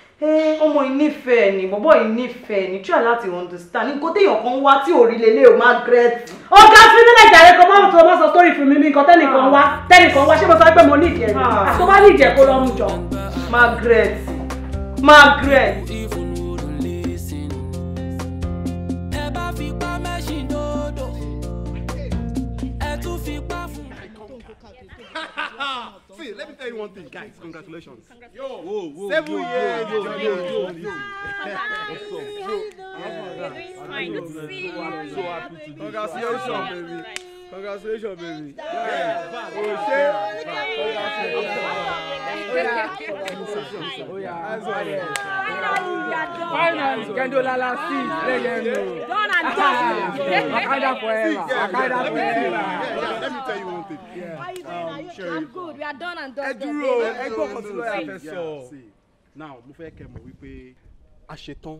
[SPEAKER 1] Eh, ọmọ ìnífẹ̀ẹ́ ni bọ́bọ́ ìnífẹ̀ẹ́ ni try láti understand nǹkan téèyàn kan wá tí ò rí lélẹ̀ o Margaret. ọ̀gá fún mi lẹ́jà rẹ̀ kan máa tó máa sọ story fún mi mi nǹkan tẹ́nìkan wá ah. tẹ́nìkan wá ṣé mo sọ pé mo ní ìjẹ́ ni ah. àtọ́ bá ní ìjẹ́ kó lọ́mú jọ. Margaret Margaret.
[SPEAKER 5] Ha ha ha!
[SPEAKER 7] Sophie, let me tell you one thing, guys. Congratulations. Yo, whoa, whoa, seven yo, years. Yo, yo, yo, yo, yo.
[SPEAKER 4] What's up? Yo, you're doing fine. Good to see you. I'm so happy to be Congratulations, baby. Oh, Congratulations, baby. Yeah. Oh, shit.
[SPEAKER 1] Congratulations. Oh, yeah. Oh, Finally,
[SPEAKER 4] Kendolala,
[SPEAKER 1] see. Legend. Akaida forever. Akaida forever.
[SPEAKER 3] Let me tell you one thing. Yeah. How you doing? Um, are you, sure. I'm good. We are done and done. Ẹdúró ẹgbọ́n kan tí
[SPEAKER 7] Now mo fẹ́ kẹ́ mọ̀ wípé a ṣetán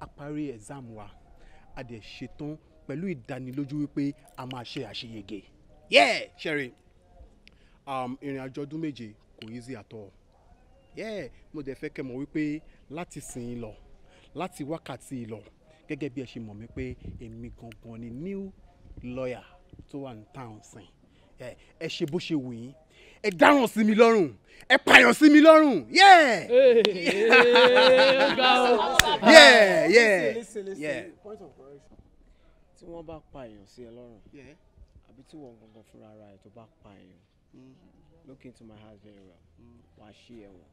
[SPEAKER 7] a parí exam wa a dẹ̀ ṣetán pẹ̀lú ìdánilójú wípé a máa ṣe àṣeyege. Yeah, Sherry. Um, Ìrìn àjò ọdún méje kò easy at all. Yeah, mo dẹ̀ fẹ́ kẹ́ mọ̀ wípé láti sìn ín lọ láti wákàtí lọ gẹ́gẹ́ bí ẹ ṣe mọ̀ mí pé èmi gangan ni new lawyer tó wà ní town sìn ẹ ṣe bó ṣe wù yín ẹ dáràn sí mi lọ́rùn ẹ pààyàn sí mi lọ́rùn yeah
[SPEAKER 5] yeah yeah yeah. point of correction
[SPEAKER 1] tí wọ́n bá pààyàn sí ẹ lọ́rùn àbí tí wọ́n gangan fúnra
[SPEAKER 4] ara ẹ̀ tó bá pààyàn mm. look into my heart very well wàá ṣí ẹ̀wọ̀n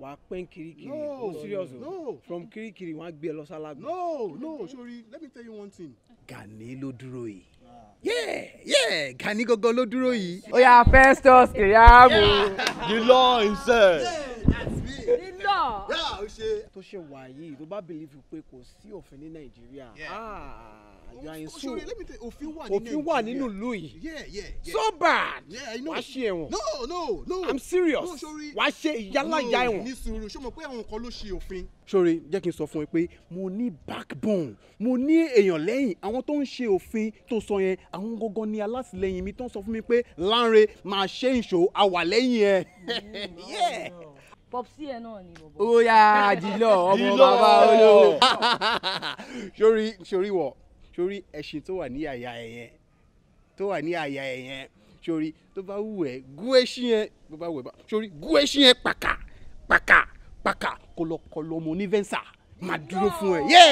[SPEAKER 7] wà á pẹ́ kirikiri no serious o from kirikiri wọ́n á gbé ẹ lọ sálágbó. no no sorry let me tell you one thing. Gani ló dúró yìí ah. yeah yeah
[SPEAKER 1] Gani gangan ló dúró yìí. ó yá Festus Keyamo the law himself.
[SPEAKER 7] the law. tó ṣe wà yìí tó bá bìlífù pé kò sí òfin ní Nàìjíríà. Ah you are in school òfin wà nínú ìlú yìí so bad wàá ṣe ẹ̀wọ̀n no no no i'm serious wàá ṣe ìyálàyà ẹ̀wọ̀n. ní sùúrù ṣé mo pé àwọn nǹkan ló ṣe òfin. sori jẹ́ kí n sọ fún ẹ pé mo ní backbone mo ní èèyàn lẹ́yìn àwọn tó ń ṣe òfin tó sọ yẹn àwọn gangan ni alátìlẹyìn mi tó ń sọ fún mi pé Lánre máa ṣe ìṣó àwàlẹ́yìn ẹ̀ mm-hmm.
[SPEAKER 1] oh,
[SPEAKER 3] popsi ẹ náà ni bọbọ. ó yá àdìlọ ọmọ
[SPEAKER 7] bàbá olówó. sori sori wọ sórí ẹṣin tó wà ní àyà ẹ̀ yẹn tó wà ní àyà ẹ̀ yẹn sórí tó bá wù ẹ́ gún ẹṣin yẹn tó bá wù ẹ́ sórí gún ẹṣin yẹn pàkà pàkà pàkà kọlọkọlọ mo ní vẹ́nsà máa dúró fún ẹ yẹ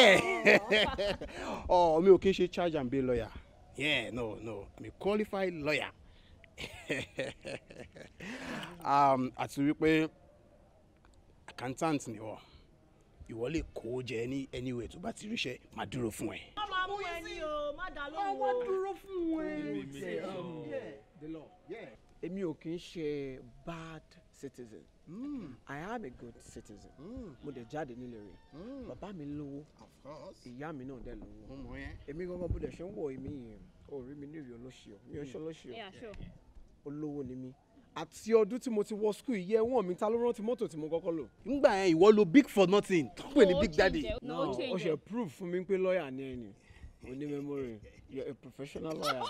[SPEAKER 7] ọ oh, mi ò kí n ṣe charge and bail lawyer yeah no no i'm a qualified lawyer um, àti wípé accountant ni wọ́n ìwọ lè kó jẹ ní anywhere tó bá ti ríṣẹ́ máa dúró fún ẹ
[SPEAKER 4] máa mú ẹni o má dá lóhùn o. ọwọ́ dúró fún
[SPEAKER 1] ẹ. the law. èmi ò kì í ṣe bad citizen hmm. i am a good citizen hmm. mo dẹ̀ jáde nílé rẹ̀ hmm. bàbá mi lówó ìyá mi náà dẹ̀ lówó èmi gbọ́dọ̀ bó dẹ̀ ṣe ń wọ èmi yìí o rí mi nílùú olóṣìọ́ mi ò ṣe
[SPEAKER 5] olóṣìọ́
[SPEAKER 1] olówó ni mí àti ọdún tí mo ti wọ skul yẹ wọn mi ta ló rántí mọ́tò tí mo kọ́kọ́ lò. ngbà yẹn ìwọ lo big
[SPEAKER 7] for nothing tó pè ní big daddy. no o ṣe proof fún mi pé lọ́ọ̀yà ni ẹni. Only memory. You're a professional lawyer.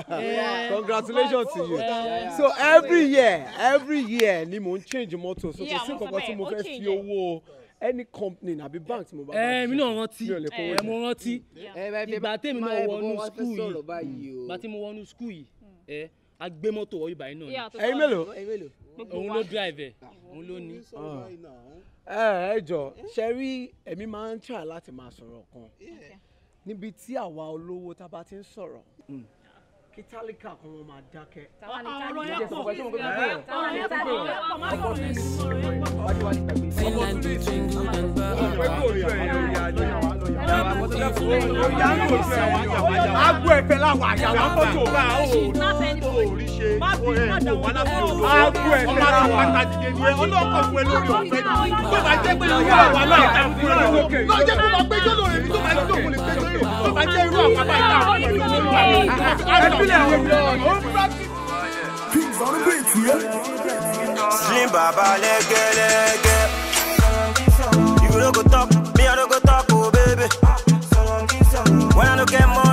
[SPEAKER 7] yeah. Congratulations to you. Yeah. So every year,
[SPEAKER 1] every year ni mo change mọ́tò. So to sí nǹkan tí mo fẹ́ fi owó any company àbí bank tí mo bá bá eh, ṣe. Eh, hmm. eh, èmi náà rántí ẹ mo rántí ìgbà tèmi náà wọnú skul yìí
[SPEAKER 6] ìgbà tí mo wọnú skul yìí
[SPEAKER 1] ẹ hmm. a gbé mọ́tò wọ ibà yìí náà ni. ẹyin mélòó òun ló drive ẹ ah, òun ló ní. ẹ ẹ jọ ṣe rí èmi máa ń try láti máa sọ̀rọ̀ kan níbi tí àwa olówó tá a bá ti ń sọ̀rọ̀ kí tálíkà kan wọn
[SPEAKER 5] máa dákẹ́.
[SPEAKER 4] agbo ẹ̀fẹ̀ làwọn àyàwó fọ́tò bá a ò rí agbo ẹ̀fẹ̀ làwọn àtàjìdè ni lórí ọ̀fẹ́
[SPEAKER 2] tó bá jẹ́ pé irú àwa náà ta fún ọ lókè. kó máa péjọ lóore bí tó bá jẹ́ òun
[SPEAKER 4] lè péjọ lóore tó bá jẹ́ irú àwa bá ta fún ọ. ẹbílẹ̀ àwọn ènìyàn. Ṣé bàbá lẹ́gẹ́lẹ́gẹ́? You no go talk, me I no go talk, oh baby. When I no get money.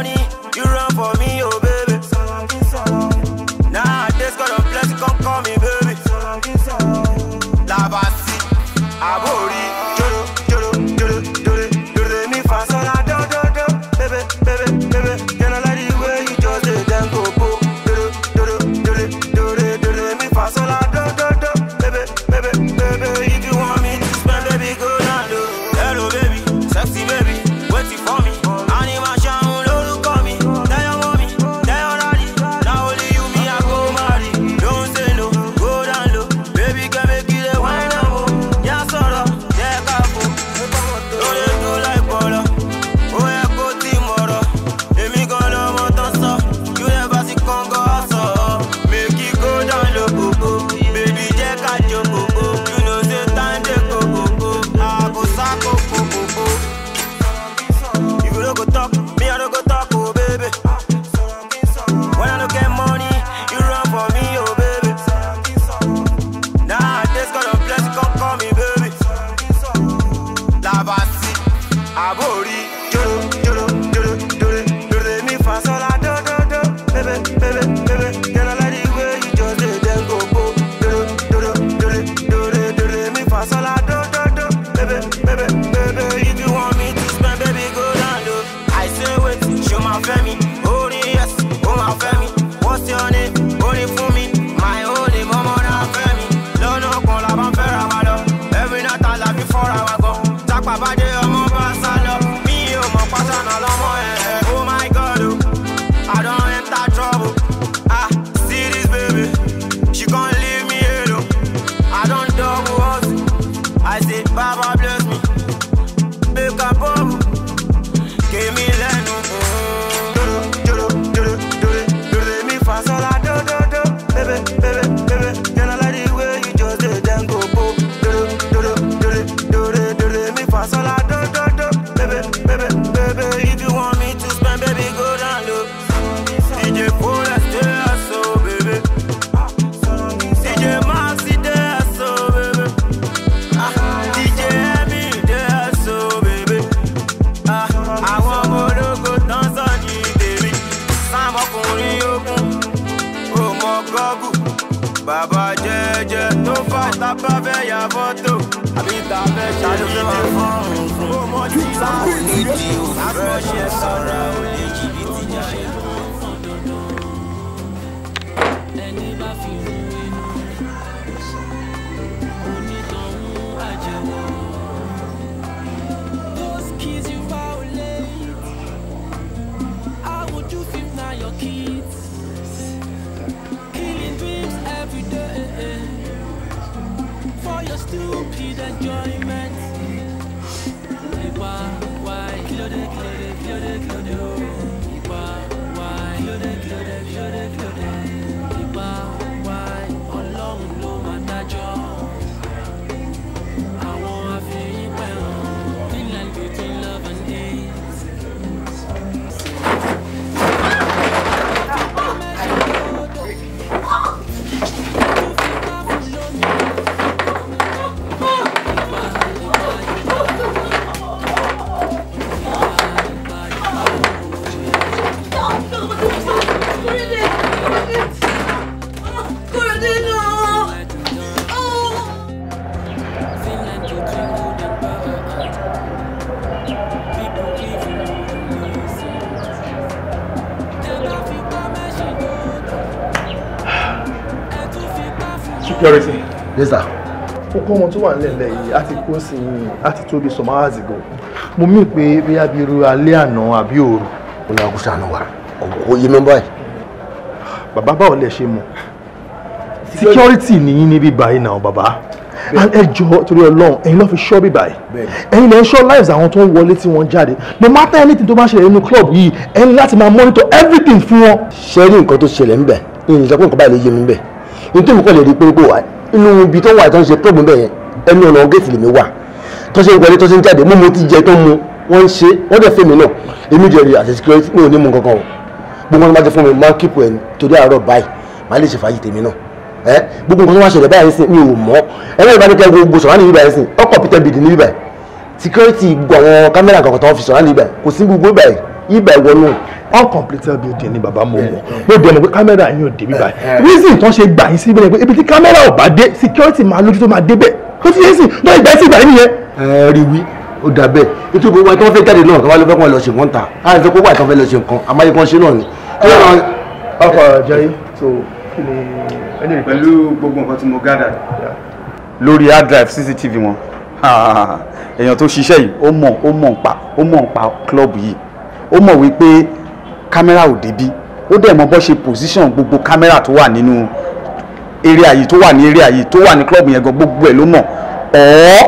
[SPEAKER 7] kókó wọn tó wà nílẹ̀ yìí a ti kó sí i a ti tóbi some hours ago mo mí pé bóyá bíi irú alẹ́ àná àbí òru. ó ní àgùsà àná wa kò yé nọ́mbà ẹ. bàbá báwo lẹ ṣe mọ̀ security nìyí níbí báyìí náà bàbá ẹ jọ torí Ọlọ́run ẹ̀yin ló fi ṣọ́ bí báyìí ẹ̀yin lè ń ṣọ́ lives àwọn tó ń wọlé tí wọ́n jáde no matter anything tó bá ṣẹlẹ̀ nínú club yìí ẹ̀yin láti máa monitor everything fún wọn. ṣe rí nǹkan tó ṣẹlẹ̀ ń bẹ̀ ìyìn ìjọba nǹkan báyìí ló yé mi bẹ̀ nítorí mi lè rí pé kó inú ibi tó wà tó ń ṣe program bẹ́ẹ̀ yẹn ẹnu ọ̀nà gẹ̀ẹ́tì lèmi wà tó ṣe ń wọlé tó ṣe ń jáde mú mo ti jẹ tó mu wọ́n ń ṣe wọ́n dẹ̀ fẹ́ mi náà èmi jẹ̀rì àti security mi ò ní mu kankan o gbogbo ọ̀nà bá ti fún mi máa kíkù ẹ̀ torí àárọ̀ báyìí màá lè ṣe fàájì tèmi náà ẹ gbogbo nǹkan tó wá ṣẹlẹ̀ báyìí sí mi ò mọ̀ ẹlẹ́yìn bá ní kẹ́ gbogbo sọ̀rọ̀ ní ibà yẹn sí ọkọ̀ peter bidi ní ibà security gbogbo àwọn kámẹ́rà uncompleted building ni bàbá mo mọ̀ eh, eh. mo dẹ̀ mọ̀ pé kámẹ́rà yín ò dé bí báyìí eh, reason tó ń ṣe gbà yín sí ibẹ̀ ni pé ibi tí kámẹ́rà ò bá dé security máa lójú tó máa dé bẹ́ẹ̀ ó ti yé sí lọ́ọ́ ìgbà sí ìgbà yín nìyẹn. ẹ rí wí ó dà bẹ́ẹ̀ nítorí gbogbo àwọn tí wọ́n fẹ́ jáde náà káwá ló fẹ́ kó lọ ṣe nǹkan ta á sọ gbogbo àtàwọn fẹ́ lọ ṣe nǹkan àmáyé kan ṣe náà ni. ọkọ jerry so kí ni. pẹ̀lú gbogbo nǹkan tí mo gádà lórí hard drive cctv wọn èèyàn tó ṣiṣẹ́ yìí ó mọ̀ ó mọ̀ pa ó mọ̀ pa club yìí ó mọ̀ wípé kámẹ́rà ò débí ó dẹ̀ mọ bọ́ ṣe position gbogbo kámẹ́rà tó wà nínú area yìí tó wà ní area yìí tó wà ní club yẹn gan gbogbo ẹ̀ ló mọ̀ ọ̀ọ́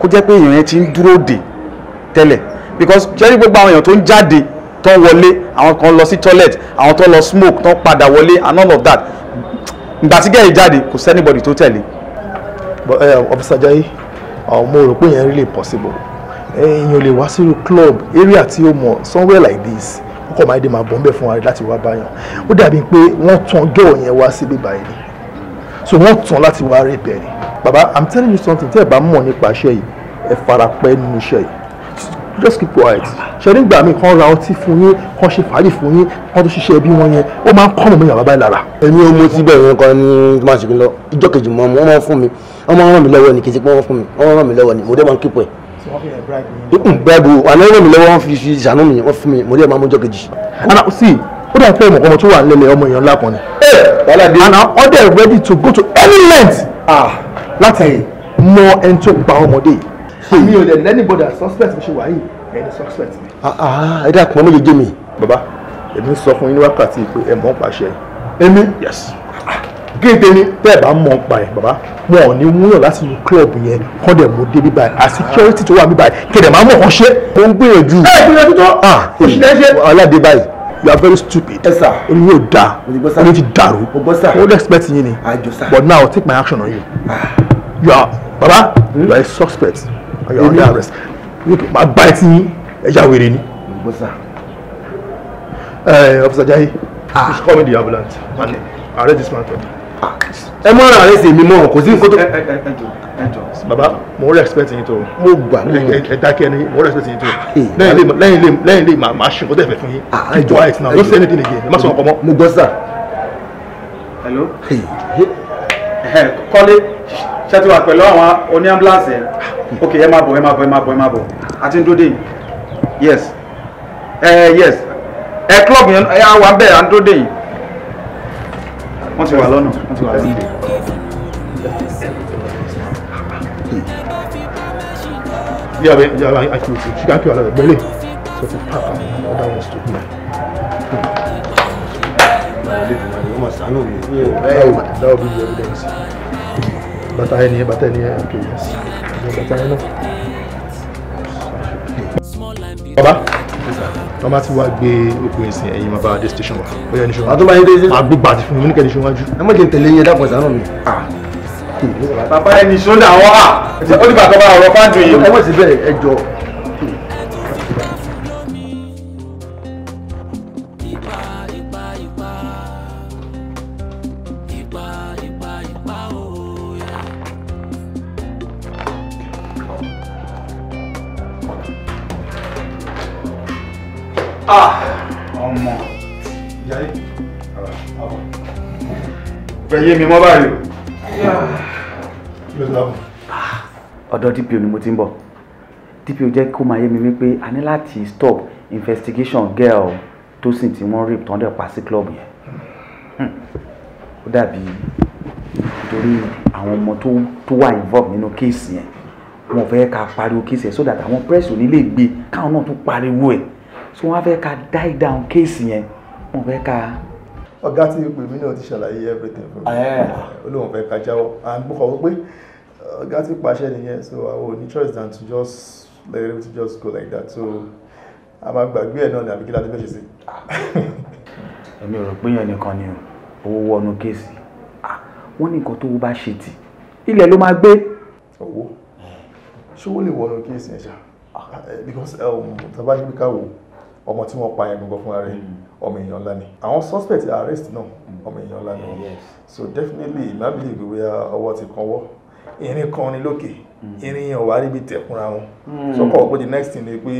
[SPEAKER 7] kó jẹ́ pé èèyàn yẹn ti ń dúró dè tẹ́lẹ̀ because jẹ́rí gbogbo àwọn èèyàn tó ń jáde tó ń wọlé àwọn kan lọ sí toilet àwọn tó lọ smoke tó padà wọlé and all of that ìgbà tí gẹ́yìn jáde kò sẹ́nibọ̀dì tó tẹ̀lé. Eh, officer Jaiye ah, mo rò pé yẹn really possible eh, èèyàn lè wá sí club area tí ó mọ̀ somewhere like this ọkọ̀ máa dé máa bọ̀ ńbẹ̀ fún wa láti wá báyàn ó dàbí pé wọ́n tán ọjọ́ yẹn wá sí bíbá yìí so wọ́n tán láti wá rí bẹ̀rẹ̀ baba i'm telling you something tẹ́ ẹ bá mọ̀ nípa iṣẹ́ yìí ẹ farapẹ́ nínú iṣẹ́ yìí just keep quiet ṣe nígbà míì kan ra ọtí fún yín kan ṣe fàájì fún yín kan tó ṣiṣẹ́ ẹbí wọn yẹn ó máa ń kọ́ mọ̀mọ́ yàrá báyìí lára. èmi ò mú ti bẹ̀rẹ̀ nǹkan ní máa ṣe kí n lọ ìjọ kejì mọ́ ọmọ wọn fún mi ọmọ wọn ràn mí lọ́wọ́ ni kì í ṣe pé fún mi ọmọ wọn ràn mí lọ́wọ́ ni mo dé máa ń kíkọ́ ẹ̀ bribe o àná ẹ̀rọ mi lọ́wọ́ wọn fi fi mi wọ́n fún mi mo rí ẹ̀ máa mọ́jọ́ kejì. ana sí ó dà pé ọmọ ọmọ tó wà nílẹ̀ ọmọ èèyàn ńlá ni. Eh, ana all ready to go to any length ah. láti mọ ẹni tó gba ọmọdé yìí. Ah, mi ò lè lẹ́ni bọ́dà suspect mi ṣe wà yìí ẹni suspect mi. Ah, ẹ dà pọ̀ mi lè jẹ́ mi. bàbá èmi sọ fún yín wákàtí pé ẹ̀ mọ́ pàṣẹ. èmi. yes géèdè ni bẹ́ẹ̀ bá mọ̀ pa ẹ̀ bàbá wọn ò ní wúyàn láti inú club yẹn kọ́ dẹ̀ mú dé bíbáyìí à security tó wà bíbáyìí kéde máa mọ̀ kàn ṣe. ó ń gbìyànjú ẹ gbìyànjú tó òṣìṣẹ́ ah, ṣe. aládé báyìí you are very stupid. ẹ sà o ní yóò da o ní ti dàrú o bọ́ sà o ní expect yín ni but now take my action on you ah. you are baba hmm? you are a suspect and you are under arrest look ma gba ẹ ti yín ẹ já wèrè ni. ẹ ọfisà Jaiye just call me the ambulance and arrest this man for me ẹ mọ ara rẹ sì mi mọ kò sí nǹkan tó. baba mo respect yín tó. mo gbà mo gbà ẹ dákẹ́ ni mo respect yín tó. Ah, lẹ́yìn lè lẹ́yìn lè máa máa ṣe nǹkan tó ẹ̀fẹ̀ fún yín. Ah, keep quiet now don't say anything again ẹ má sọ ọkọ mọ́. mo gbọ́ sà. hello. kọ́lé ṣé ti wà pẹ̀lú àwọn oní ambulance ẹ̀ ah. ok ẹ máa bọ̀ ẹ máa bọ̀ ẹ máa bọ̀ ẹ máa bọ̀ àti ndóde yes eh, yes ẹ eh, club yẹn ẹ wà bẹ́ẹ̀ à ń dóde yìí wọ́n ti wà lọ́nà wọ́n ti wà lọ́nà. Yeah, but yeah, like I could. She got you out of the belly. So if you pack up, that was to me. That would be the evidence. Bàtà ẹni ẹ, bàtà ẹni ẹ, okay, yes. Bàtà ẹni náà bàbá wọn bá ti wá gbé òkú ìsìn ẹ̀yìn máa bá dé station wa ó yẹ níṣó àtúmọ̀ ayé déédéé máa gbégbá àti fún mi níkẹ́ níṣó wájú. ẹ má jẹ́ tẹ̀lé yẹn dàpọ̀ sánú mi. Ah. bàbá ẹni ṣó dà wọ́n hà ah. ó ti bàtọ́ bá ọ̀rọ̀ fáńdù yìí. ẹ mọ̀ sí bẹ́ẹ̀ ẹ jọ Ah. ọmọ jẹ́ ọ̀bọ̀ fẹ̀yẹ́ mi mọ́ báyìí
[SPEAKER 1] ọ̀dọ̀ DPO ni mo ti ń bọ̀ DPO jẹ́ kó máa yé mi wípé a ní láti stop investigation girl tó sì tí wọ́n rape tán dẹ̀ pa sí club yẹn hmm. ó dàbí nítorí àwọn ọmọ tó wà involved nínú kéèsì yẹn wọn fẹ́ ká pariwo kéèsì yẹn so that àwọn press ò ní lè gbé káwọn náà tún pariwo ẹ̀ so wọ́n á fẹ́ die down kéèsì yẹn wọ́n fẹ́ ká.
[SPEAKER 7] ọ̀gá tí ipò mi náà ti ṣàlàyé everything fún mi olóhùn ah, fẹ́ ká jáwọ́ à ń gbọ́kọ̀ wípé ọ̀gá tí pàṣẹ nìyẹn so àwọn ní choice than to just let it just go like that so a máa gbàgbé ẹ̀ náà ní àbíkí láti fèsì sí. èmi ò rò pé yẹn nìkan ni
[SPEAKER 1] owó wọnú kéèsì ah, wọ́n ní nǹkan tó bá ṣe tì ilẹ̀ ló máa gbé.
[SPEAKER 7] owó ṣé wọ́n lè wọnú kéèsì ẹ̀ ah. eh, because um, tàbá ní pé ọmọ tí wọ́n pa yẹn gbogbo fúnra rẹ̀ mm. ọmọ èèyàn ńlá ni àwọn suspect arrest náà mm. ọmọ èèyàn ńlá ni so definitely ìmábìlì ìgbéwé ọwọ́ ti kanwọ́ irin kan ni lókè mm. irin yẹn wà ríbi tẹ̀kúnra wọn so kọ́ pé the next thing ni pé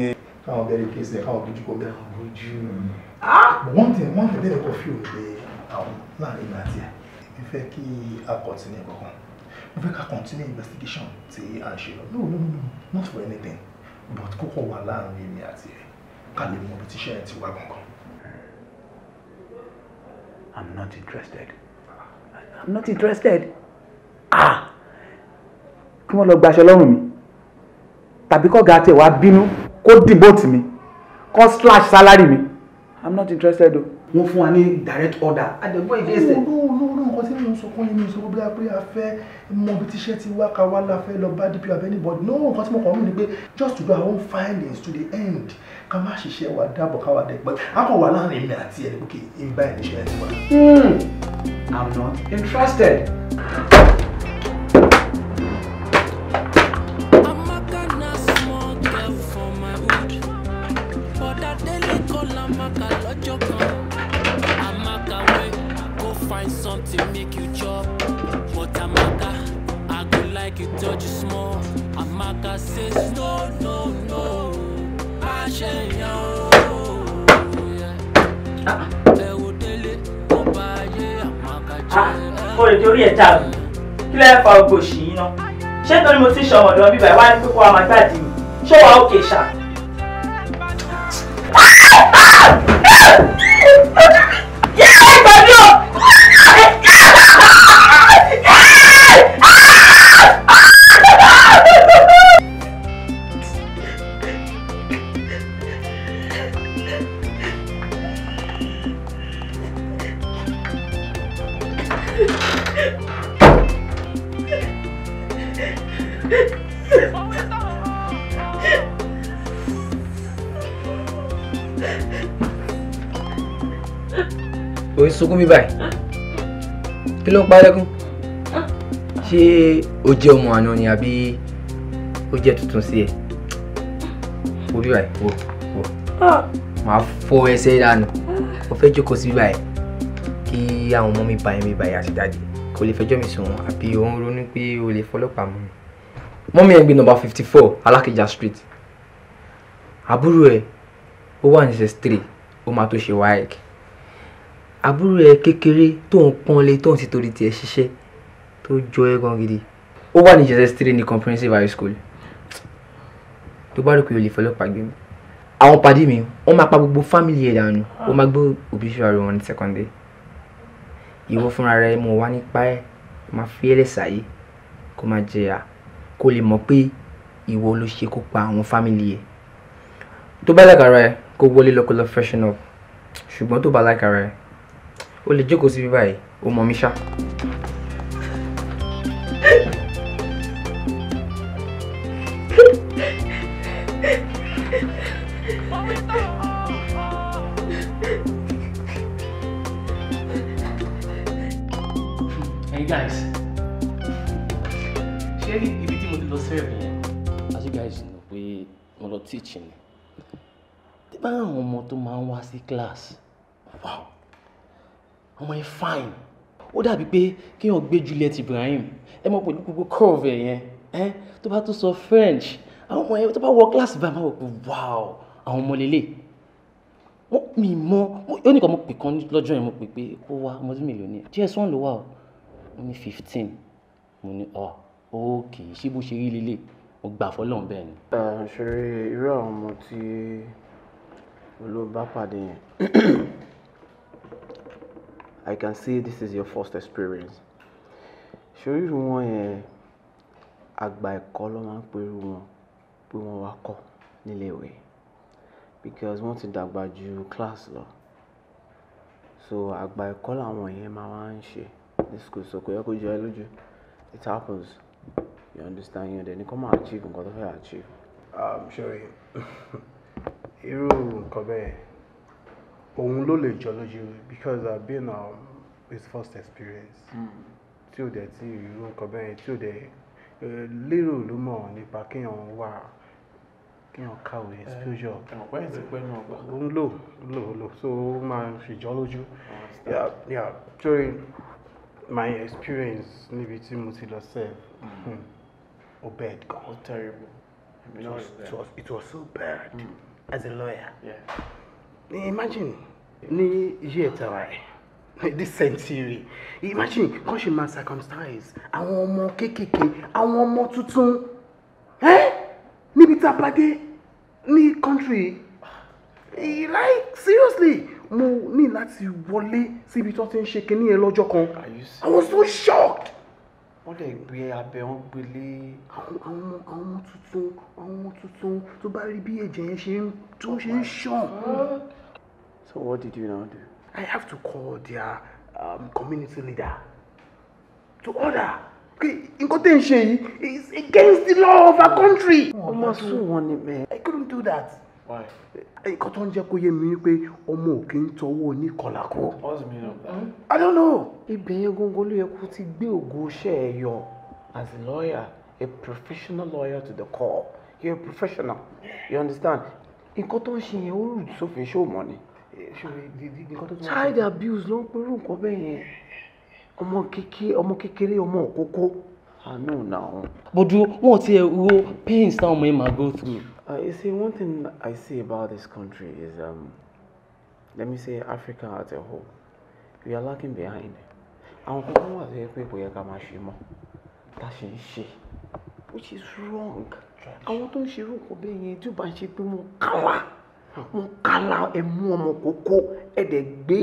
[SPEAKER 7] káwọn bẹ̀rẹ̀ kéésì ẹ̀ káwọn bójú kó bẹ́ẹ̀ káwọn bójú wọ́n tẹ̀ wọ́n tẹ̀ bẹ́ẹ̀ kọ́ fí òde àwọn láàrin ìgbà àti ẹ̀ fẹ́ kí a continue kankan mo fẹ́ ká continue investigation tí à ń ṣe lọ no no no not for anything but kókó wà láàrin èmi àti ẹ̀ ká lè mọ tí iṣẹ́ yẹn ti wá gangan. I'm not
[SPEAKER 5] interested.
[SPEAKER 1] I'm not interested. Ah! Kí wọ́n lọ gbaṣẹ́ lọ́rùn mi tàbí kọ́ ga tiẹ̀ wá bínú kó dìbòtì mi kọ́ slash salary mi i'm not interested o. wọ́n fún wa ní direct order. àdẹ̀gbọ́n ìdí ẹsẹ̀. olú
[SPEAKER 7] olú olú nǹkan tí mo ń sọ fún yín mi sọ bóyá pé a fẹ́ mọ ibi tíṣẹ́ ti wá ká wá la lọ bá DP abẹ́ anybody no nǹkan tí mo kàn mí ni pé just to do our own findings to the end ká má ṣiṣẹ́ wa dábọ̀ káwa dẹ̀ pẹ́ akọ̀ wà láàrin mi àti ẹni bókè ń bá ẹni ṣẹlẹ̀ tiwa. Hmm.
[SPEAKER 1] I'm not interested.
[SPEAKER 6] touch you small amaka says no no no ṣe yan
[SPEAKER 1] o. Ah. ẹ wo délé ó bá ayé àwọn akájẹ. Ah, mo lè torí ẹ̀ tààbù kí lẹ́ẹ̀ fa ogbòṣì yìí ná ṣé nítorí mo ti ṣọmọdún bíbá ẹ wá ní pípọ́ àmàgbàdì mi ṣé wàá òkè ṣáà.
[SPEAKER 4] sunkún mi báyìí kí ló ń parẹ́kún ṣé o jẹ́ ọmọ àná ni
[SPEAKER 1] àbí ó jẹ́ tuntun sí ẹ wo bí báyìí wo wo màá fọ ẹsẹ̀ dànù mo fẹ́ jókòó sí báyìí kí àwọn ọmọ mi bá yẹn mi báyìí àti dáàdì kò lè fẹjọ́ mi sùn wọn àbí òun ronú pé o lè fọlọ́pàá mọ́ mi mọ́mí ẹ̀ ń gbé nọ́mbà fifty four alákìjà street àbúrò ẹ̀ ó wà ní sẹ́sítírì ó máa tó ṣe wáyé kí àbúrò ẹ kékeré tó ń pọ́n lé tó ń ti torí tiẹ̀ ṣiṣẹ́ tó jọ ẹ gan gidi ó wà ní jss three ní comprehensive high school tó bá rò pé o lè fọlọ́pàá gbé mi àwọn pàdé mi wọ́n máa pa gbogbo fámìlì ẹ̀ dànù wọ́n máa gbé obituary wọn ní second day ìwọ fúnra rẹ mo wá nípa ẹ máa fi ẹlẹ́sà yìí kó máa jẹyà kó lè mọ̀ pé ìwọ ló ṣe kó pa àwọn fámìlì ẹ̀ tó bá lákàrà ẹ kó wọlé lọ́kọ́ lọ ṣùgbọ́n tó bá lákàrà ẹ o lè jókòó síbi báyìí o mọ̀ mi ṣá.
[SPEAKER 7] Hey guys, ṣé ibi
[SPEAKER 6] tí mo ti guys know mo lọ teaching.
[SPEAKER 1] Tí bá àwọn ọmọ tó máa ń wá sí class, wow! ọmọ yẹn fine ó dàbí pé kéèyàn gbé Juliet Ibrahim ẹ mọ̀ pẹ̀lú gbogbo curve ẹ̀ yẹn ẹ tó bá tún sọ French àwọn ọmọ yẹn tó bá wọ class bá máa wọ̀ pé wow àwọn ọmọ lélẹ̀
[SPEAKER 6] wọ́n mi mọ́ ó nìkan mo pè kan lọ́jọ́ yẹn mo pè pé ó wá mo ti mílíọ̀nù gs one ló wà ó ní fifteen mo ní ọ oh, ókè ṣé
[SPEAKER 1] bó ṣe rí lélẹ̀ mo gbà fọlọ́n bẹ́ẹ̀ ni. ṣeré irú àwọn ọmọ tí olóòbá pàdé yẹn I can see this is your first experience. ṣorí irú wọn yẹn àgbà ẹ̀kọ́ ló máa ń pe irú wọn pé wọ́n wá kọ́ níléèwé because wọ́n ti dàgbà ju class lọ so àgbà ẹ̀kọ́ làwọn yẹn
[SPEAKER 4] máa wá ń ṣe ní school so kò yẹ kó jọ ẹ lójú it happens you understand yẹn dẹ̀ ní kó máa achieve nǹkan tó fẹ́ achieve.
[SPEAKER 7] Um, ṣorí irú nǹkan bẹ́ẹ̀ òun ló lè jọ lójú because uh, being um, his first experience hmm. tí ò dẹ̀ tí irú nǹkan bẹ́ẹ̀ tí ò dẹ̀ eh, lérò ló mọ̀ nípa kéèyàn wà kéèyàn kàwé eh, exposure òun lò lò lò so ó máa fi jọ lójú during my experience níbi tí mo ti lọ serve hmm. hmm, ó bad gan. ó terrible. It was, it was, it was so bad mm. as a lawyer. Yeah. Imagine. Ni iye ẹ̀ta wa ẹ̀ this century imagine cause ṣe máa circumcise
[SPEAKER 1] àwọn ọmọ kéékèèké àwọn ọmọ tuntun ẹ́ níbi tá a bá dé ní country like seriously mo ní láti wọlé síbi tó ti ń ṣe kinní yẹn lọ́jọ́ kan I was so
[SPEAKER 7] shocked. wọ́n lè gbé abẹ wọn gbélé.
[SPEAKER 1] àwọn àwọn ọmọ tuntun àwọn ọmọ tuntun tó bá rí bí ẹ̀jẹ̀ yẹn ṣe ń ṣàn. So what did you now do? I have to call their um, community leader to order.
[SPEAKER 7] Nǹkan is
[SPEAKER 1] against the law of our country. Ọmọ sùn
[SPEAKER 7] wọn ni bẹ́ẹ̀. I couldn't do that. Why? Nǹkan tó ń jẹ́ kó yé mi wípé What's the meaning of that? I don't know.
[SPEAKER 1] Ibẹ̀ yẹn góńgó ló yẹ As a lawyer, a professional lawyer to the core, you're a professional. You understand? Nǹkan tó ń ṣe yẹn ó child abuse ló ń pẹ̀lú nǹkan bẹ́ẹ̀ yẹn ọmọ kékeré ọmọ òkókó àánú náà. bójú wọn ò tiẹ̀ wo pains táwọn ọmọ yẹn go through. Uh, you see one thing I see about this country is um, let me say Africa as a whole we are lacking behind àwọn kankan wà tó yẹ pé kò yẹ ká máa ṣe mọ́ tá a ṣe ń ṣe which is wrong àwọn tó ń ṣerú nǹkan bẹ́ẹ̀ yẹn tí ó bá ń ṣe pé wọ́n kàwá nkala emu ọmọ koko ẹdẹ gbé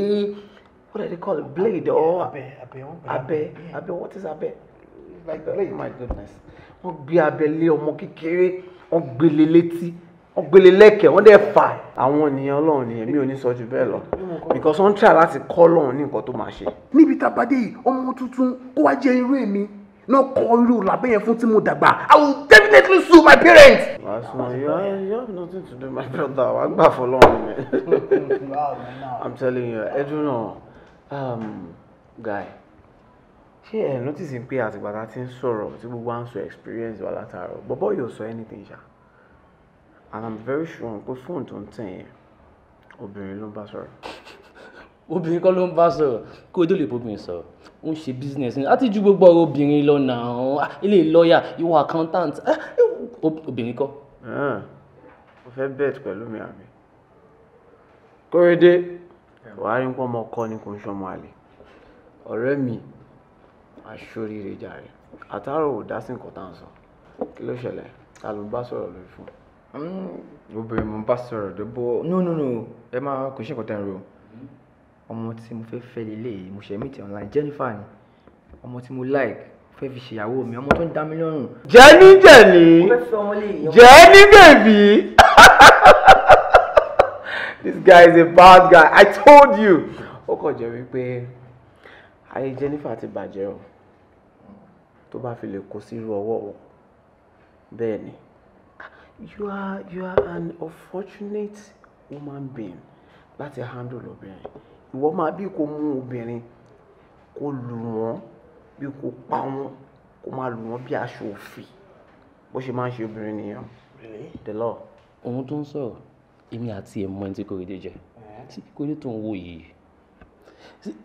[SPEAKER 1] what do they call it blade or abẹ abẹ abẹ what is abẹ like uh, blade my goodness
[SPEAKER 7] wọ́n gbé abẹ lé ọmọ kékeré wọ́n gbélé létí wọ́n gbélé lẹ́kẹ̀ẹ́ wọ́n dẹ̀ fà àwọn ènìyàn ọlọ́run nìyẹn mi ò ní sọ jù bẹ́ẹ̀ lọ because wọ́n ń try láti kọ́ ọlọ́run ní nǹkan tó máa ṣe. níbi tàbádé yìí ọmọ tuntun kó wá jẹ irú èmi No call you. làbẹ́ yẹn fún tí mo dàgbà I will definitely sue my parents.
[SPEAKER 4] Asma, you you have nothing to do my brother wàá gbà fọlọ́run mi. I'm telling you ẹ dúró náà um, guy ṣé ẹ notice pé àtìgbà tá a ti ń sọ̀rọ̀ tí gbogbo à ń sọ experience wà látàárọ̀ bọ́bọ́ yóò sọ anything ṣá and i'm very sure pé fóònù tó ń tẹ̀ yẹn
[SPEAKER 6] obìnrin ló ń bá sọ̀rọ̀. obìnrin kọ́ ló ń bá sọ̀rọ̀ kó o tó lè bóbìnrin sọ̀rọ̀ ó ń ṣe business ni àti ju gbogbo ọ̀rọ̀ obìnrin lọ náà ah, ilé lọ́ọ̀yà ìwọ accountant ah, obìnrin kọ́. Ah,
[SPEAKER 4] mo fẹ́ bet pẹ̀lú mi àmì kóredé wàá rí pọ́nmọ kọ́ ni kò ń ṣọmọ àlè ọ̀rẹ́ mi aṣoríire jàre àtàrò ò dá sí nǹkan tá à ń sọ kí ló ṣẹlẹ̀ ta ló ń bá sọ̀rọ̀ lórí fún. Hmm,
[SPEAKER 1] obìnrin mo ń bá sọ̀rọ̀ débò no no no ẹ máa kò ṣe nǹkan tẹ́ ń ro ọmọ tí mo fẹ́ fẹ́ lélẹ̀ mo ṣe meet online Jennifer ni ọmọ tí mo like fẹ́ fi ṣèyàwó mi ọmọ tó ń dá mi lọ́rùn. jẹ́ni jẹ́ni jẹ́ni bèbí this guy is a bad guy I told you. ó kàn jẹ́ wípé ayé Jennifer ti bàjẹ́ o tó bá fi lè kó sírú ọwọ́ wọn bẹ́ẹ̀ ni you are you are an unfortunate woman being láti handle obìnrin ìwọ máa bí kò mú obìnrin kó lù wọ́n bí kò pa wọ́n kó máa lù wọ́n bí aṣọ òfì bó ṣe máa ń ṣe obìnrin nìyẹn the law. òun tó ń sọ̀rọ̀ èmi àti ẹ̀ mọ ẹni tí Kórédé jẹ eh? tí Kórédé tó ń wò yìí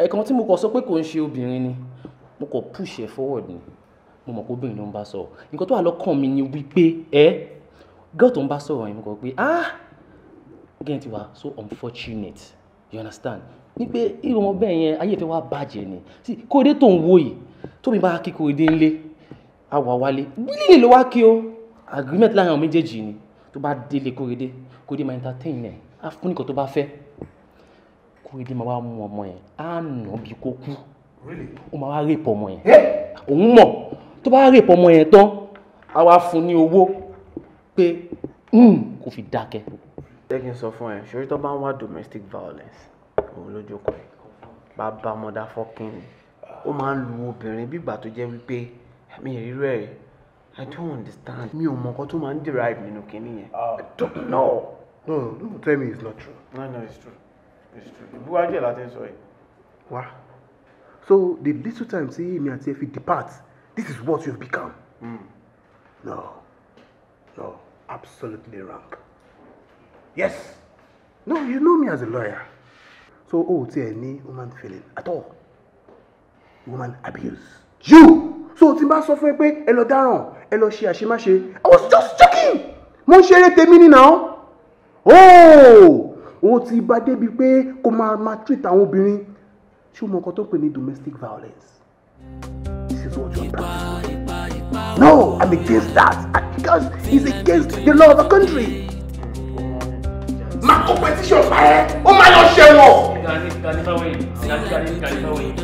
[SPEAKER 1] ẹ̀kan tí mo kọ sọ pé kò ń ṣe obìnrin ni mo kọ push ẹ̀ forward ni mo mọ̀ pé obìnrin ló ń bá sọ̀rọ̀ nǹkan tó wà lọ́kàn
[SPEAKER 6] mi ni wípé ẹ girl tó ń bá sọ̀rọ̀ yẹn mo kọ pé ah again ti wa so unfortunate you understand ní irun wọn yẹn ayé ìfẹ́ wa bàjẹ́ ni
[SPEAKER 1] sí kóde tó ń wo yìí tóbi bá kí kóde ńlé àwa wálé bílílì ló wá kí o agreement láàrin àwọn méjèèjì ni tó bá délé kóde kóde máa entertain ẹ̀ á fún nìkan tó bá fẹ́ kóde máa wá mú ọmọ yẹn á nà bí kó kú ó máa wá rèpọ ọmọ yẹn òun mọ̀ tó bá rèpọ ọmọ yẹn tán á wá fún ní owó pé hmm, kò fi dákẹ́. jẹ́ kí n sọ fún ẹ ṣorí tó bá ń wá domestic violence òun ló jókòó ẹ̀ bàbá mọ́dá fọ́kín ni ó máa ń lu obìnrin bígbà tó jẹ́ wípé mi ì rírọ́ ẹ̀ I don't
[SPEAKER 7] understand mi ò mọ nǹkan tó máa ń derive nínú kinní yẹn. Ah. no no no tell me it's not true. no no it's true it's true ìbúwájú ẹ̀ láti sọ yìí. wá so the little time tí èmi àti ẹ fi depart this is what you have become. Mm. no no absolutely wrong. yes no you know me as a lawyer so o ò tiẹ̀ ní woman feeling at all woman abuse you so tí n bá sọ fún ẹ pé ẹ lọ dáràn ẹ lọ ṣe àṣemáṣe i was just joking mo ń ṣeré tèmi nìyà ó o ti bá débi pé kó máa máa treat àwọn obìnrin ṣé o mọ nǹkan tó ń pè ní domestic violence this is what you are practicing no i'm against that
[SPEAKER 1] because it's against the law of the country.
[SPEAKER 6] ma competition pa ẹ́ ó máa lọ ṣẹ̀wọ̀n. ganit ganitawin. Ganit ganit ganitawin.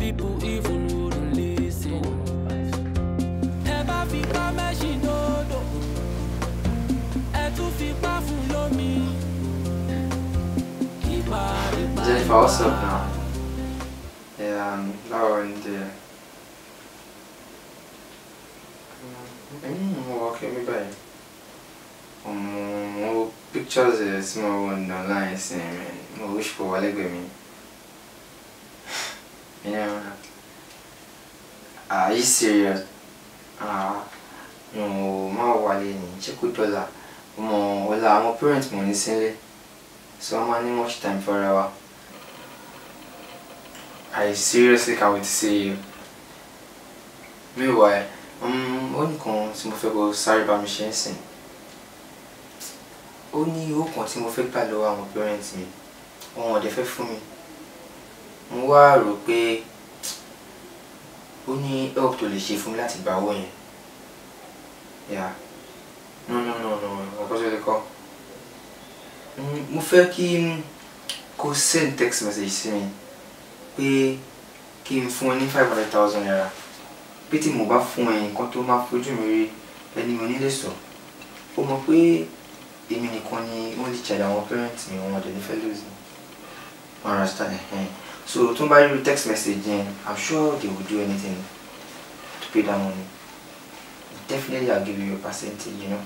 [SPEAKER 6] People even wouldn't listen. Ever fi pa me
[SPEAKER 4] pictures ẹ̀ tí mo wò online sí mi mo wish kò wà lẹ́gbẹ̀ẹ́ mi ìyẹn are you serious ah, No, my wallet. ní ṣé kò dọ́là mo ọ̀la àwọn parents mo ní so I'm máa ní much time fọ́ra wa
[SPEAKER 1] I seriously can't wait to see you meanwhile um, ó nìkan tí mo fẹ́ kó sáré bá mi ṣe ń sìn ó ní owó kan tí mo fẹ́ gbà lọ́wọ́ àwọn parents mi wọn ò dẹ̀ fẹ́ fún mi mo wá rò pé ó ní help tó lè ṣe fún mi láti gba owó yẹn yà no no no no ọkọ tó lè kọ hmm, mo fẹ́ kí kó send text message sí mi pé kí n fún ẹ ní five hundred thousand naira pé tí mo bá fún ẹ nǹkan tó máa fojú mi rí ẹni mo nílé sọ ó mọ pé. I mean, ni only child àwọn parents mi wọn the fellow's fẹ́ understand so tó you text message yẹn i'm sure they will do anything to pay that money definitely i'll give you a percentage you know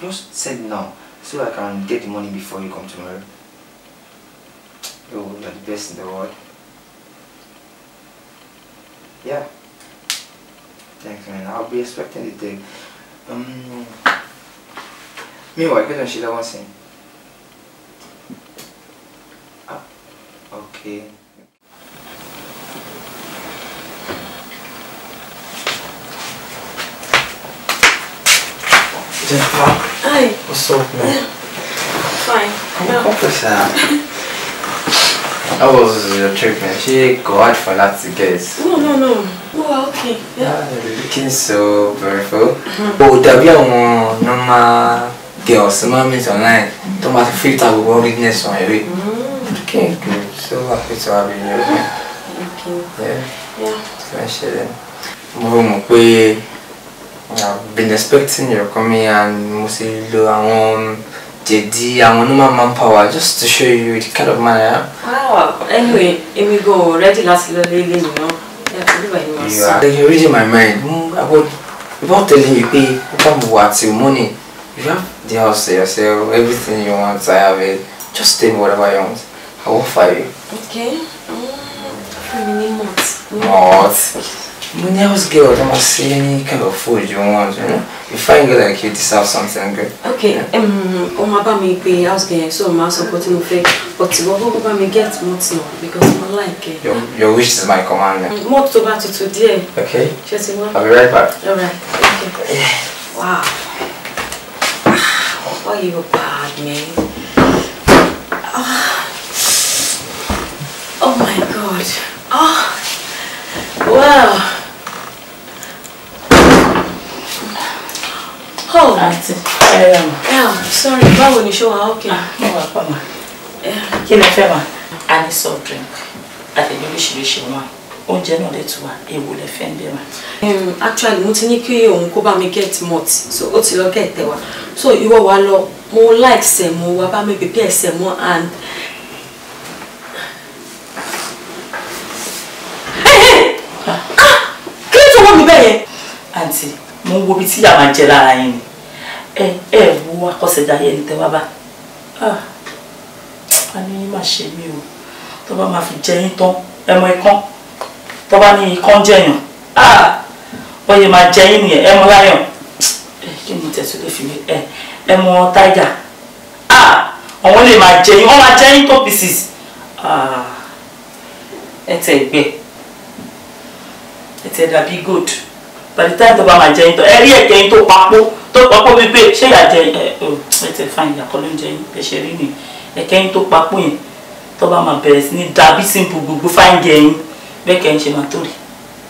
[SPEAKER 1] just send now so i can get the money before you come tomorrow
[SPEAKER 4] Oh, you're the best in the world yeah thanks man i'll be expecting the thing. Hum. meu 미와 tá assim. ah, né? é que 좀 쉬다 왔어요. 아, 오케이.
[SPEAKER 3] Jennifer, Hi. what's up, man?
[SPEAKER 5] Fine.
[SPEAKER 6] Come é
[SPEAKER 3] That was your trip, man. She go out for lots of
[SPEAKER 5] não Ó okay.
[SPEAKER 4] Yeah, you're looking so beautiful. But Ó dàbí àwọn
[SPEAKER 6] normal girls máa ń meet online tó máa fi filter gbogbo witness on ẹ̀rí.
[SPEAKER 4] Okay, good. So happy to have you here. Yeah. Yeah. Thank you. Mo mọ̀ I've been expecting your coming
[SPEAKER 3] and mo ti lo àwọn jẹ̀dí àwọn my manpower just to show you the kind of man I am. Wow. Ah, anyway, let me go ready láti lọ You know. Yeah, you're reading my mind.
[SPEAKER 1] About, mm, about telling you, pay. Come what's your money. You have the house to yourself, everything you want, I have it. Just take whatever you want. I will fire you.
[SPEAKER 6] Okay. Mm, what?
[SPEAKER 4] What? When I was girl, I don't say any kind of food you want, you know. You find girl like you deserve something good.
[SPEAKER 3] Okay, yeah. um, ó máa bá I was getting so máa sọ pé tí mo fẹ́, but what will bá mi get more now because I like it. Your, your wish is my commandment. More mm, to about it today. Okay. Just I'll be right back. All right. Okay. Yeah. Wow.
[SPEAKER 1] Why you a bad man?
[SPEAKER 6] sorry báwo ni ṣé wàá ókè. báwo pa ma
[SPEAKER 1] kí lẹ fẹ́ ma. a ní soft drink àtẹ̀lé oríṣiríṣi wọn oúnjẹ náà lè tún wà èwo lẹ fẹ́ ń bẹ̀ wá. Hmm, actually mo ti ní kí òun kó bá mi get malt so ó ti lọ get wa so ìwọ wa lọ mo like sẹ̀mó wa bá mi prepare mo and. Ah. Ah! kí ló tó wọ́n mi bẹ́ẹ̀ yẹn. àǹtí mo ń wo ibi tí yàrá jẹ lára yín ni ẹ ẹ wo Akọ́ṣẹ́jayé ní tẹ́wá bá
[SPEAKER 3] ah, a
[SPEAKER 1] ní má ṣe mí o tó bá máa fi jẹ yín tán ẹmọ ikán tó bá ní ikán jẹyàn ah, bóyá máa jẹ yín nìyẹn ẹmọ láyàn kí ni tẹ̀sán lè fi mí ẹ ẹmọ táyà ah, àwọn lè máa jẹ yín wọ́n máa jẹ yín tó pieces ẹ tẹ gbẹ ẹ tẹ dàbí gold by the time tó bá máa jẹ yín tó ẹ rí ẹ̀kẹ́ yín tó papọ̀ tó papọ̀ wípé ṣé ìyàjẹ ẹ ẹ tẹ fa ìyàkọ́ ló ń jẹ yín ẹ ṣe rí ni ẹ̀kẹ́yìn tó papọ̀ yẹn tó bá máa bẹ̀rẹ̀ sí ní dàbí simple gbogbo fáìjẹ yín bẹ́ẹ̀ kẹ́yìn ṣe máa tó rí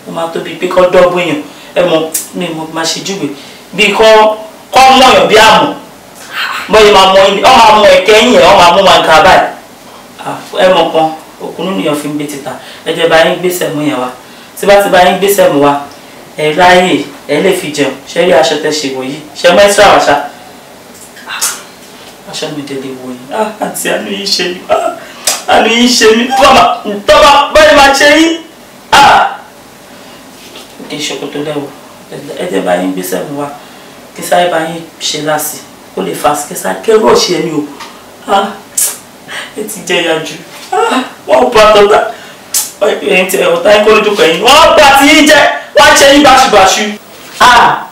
[SPEAKER 1] ó máa tóbi pé kọ́ dọ́bù èèyàn ẹ mọ mi mo máa ṣe júwe bí kọ́ kọ́ mọ̀yàn bí àmọ̀ bọ́yìí máa mọ ọ máa mọ ẹ̀kẹ́yìn ẹ̀ ọ máa mú wọn kà báyìí ẹ mọ̀ kan òkú nínú fi ń gbé títà ẹ jẹ́ bá yín gbé sẹ̀mú yẹn wa tí yín gbé sẹ̀mú wa ẹ ráyè ẹ lè fi jẹun ṣe rí aṣọ tẹ ṣe wọ̀nyí ṣe mọ ẹsẹ àwàṣà
[SPEAKER 6] ah, aṣọ
[SPEAKER 1] mi délé wọ̀nyí ah, àti àánú yìí ṣe mí ah, àánú yìí ṣe mí tọ́ba báyìí máa ṣe yí. òkè ṣòkòtò lẹ́wọ̀ ẹ̀jẹ̀ bá yín gbèsè mi wá kí sáré bá yín ṣe láàsì kó lè fa kí sáré kérò ṣe ni o ẹ ti
[SPEAKER 4] jẹ́ ìyá jù wọ́n bá tọ́ta ọ̀tá yín kó lójú pẹ̀yìn wọ́n gbà tí yín jẹ́ wọ́n ṣe yín báṣubàṣu.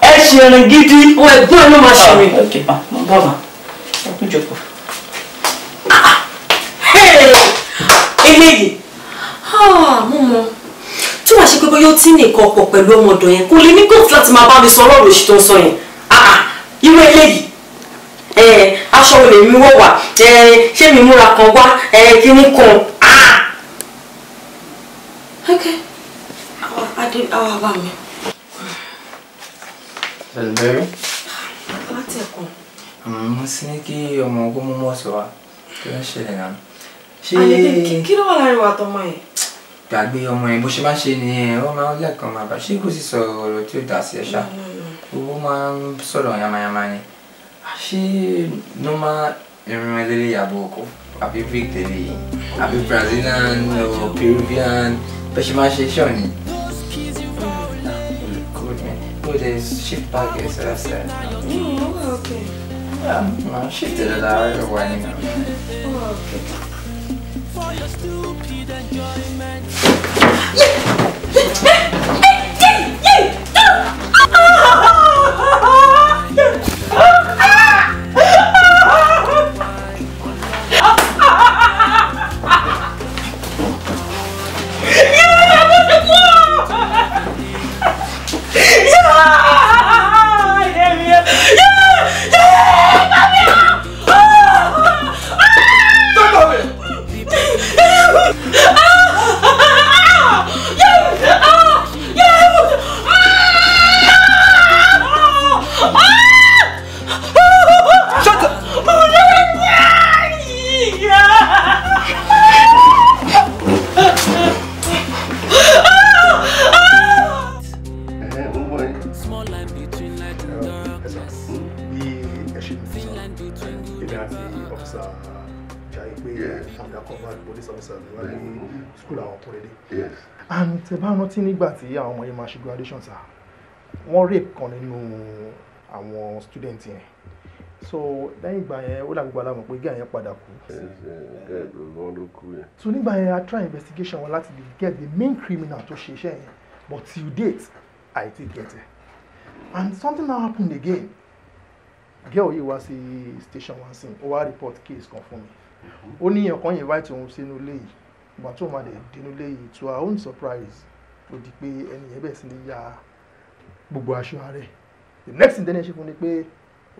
[SPEAKER 6] ẹ ṣe irin gidi wọn ẹ̀gbọ́n ló
[SPEAKER 1] máa ok ma mo bọ̀ ma ẹ kú jọ pọ̀. Ah, ah, eléyìí
[SPEAKER 5] ah, mo mọ
[SPEAKER 1] tí wàá ṣe pé bóyá ó ti nìkan pọ̀ pẹ̀lú ọmọ ọ̀dọ̀ yẹn kò lè ní gòtì láti máa bá mi sọ ọlọ́run òṣì tó ń sọ yẹn irú eléyìí eh, aṣọ olè mi
[SPEAKER 3] wọ̀ Okay. I'll, I do, I'll have me.
[SPEAKER 1] Elbẹ́rẹ́.
[SPEAKER 6] Láti ẹ̀kọ́.
[SPEAKER 1] Mo sì ní kí ọmọ ogún mú mọ́ sí wa kí ló ń ṣẹlẹ̀ náà.
[SPEAKER 4] Ṣé
[SPEAKER 3] kí ló wà láàrin wa tọmọ yẹn?
[SPEAKER 4] Gbàgbé ọmọ yẹn bó ṣe máa ń ṣe ni ó máa ń lẹ́ẹ̀kan máa bá ṣé kò sì sọ ọ̀rọ̀ tí ó dà sí ẹ ṣá. Owó máa ń sọ̀rọ̀ yamayama
[SPEAKER 1] ni. Ṣé
[SPEAKER 4] ló máa ń rìn ẹlẹ́lẹ́yàbọ̀ ọkọ̀? Happy victory! Happy Brazilian or Peruvian bẹ́ẹ̀ ṣe máa ṣe iṣẹ́ òní. Good is shift back as I said. Oh,
[SPEAKER 5] okay. Yeah,
[SPEAKER 4] she did it out of why you know.
[SPEAKER 5] Oh, okay.
[SPEAKER 7] tí àwọn ọmọ yẹn máa ṣe graduation sa wọ́n rape kan nínú àwọn student yẹn so lẹ́yìn ìgbà yẹn ó làgbogbo alamọ̀ pé gíga yẹn padà kú. so nígbà yẹn a try investigation wọn láti get the main criminal tó ṣe iṣẹ́ yẹn but till date
[SPEAKER 2] i still get it
[SPEAKER 7] and something now happened again girl yìí wá sí station one sin ó wá report case kan fún mi ó ní ẹ̀kan yẹn invite òun sínú ilé yìí ìgbà tó máa dé dínú ilé yìí to our own surprise ló di pé ẹni yẹn sí ní ya gbogbo aṣọ ààrẹ the next thing dẹ́ni ẹ ṣe fún ni pé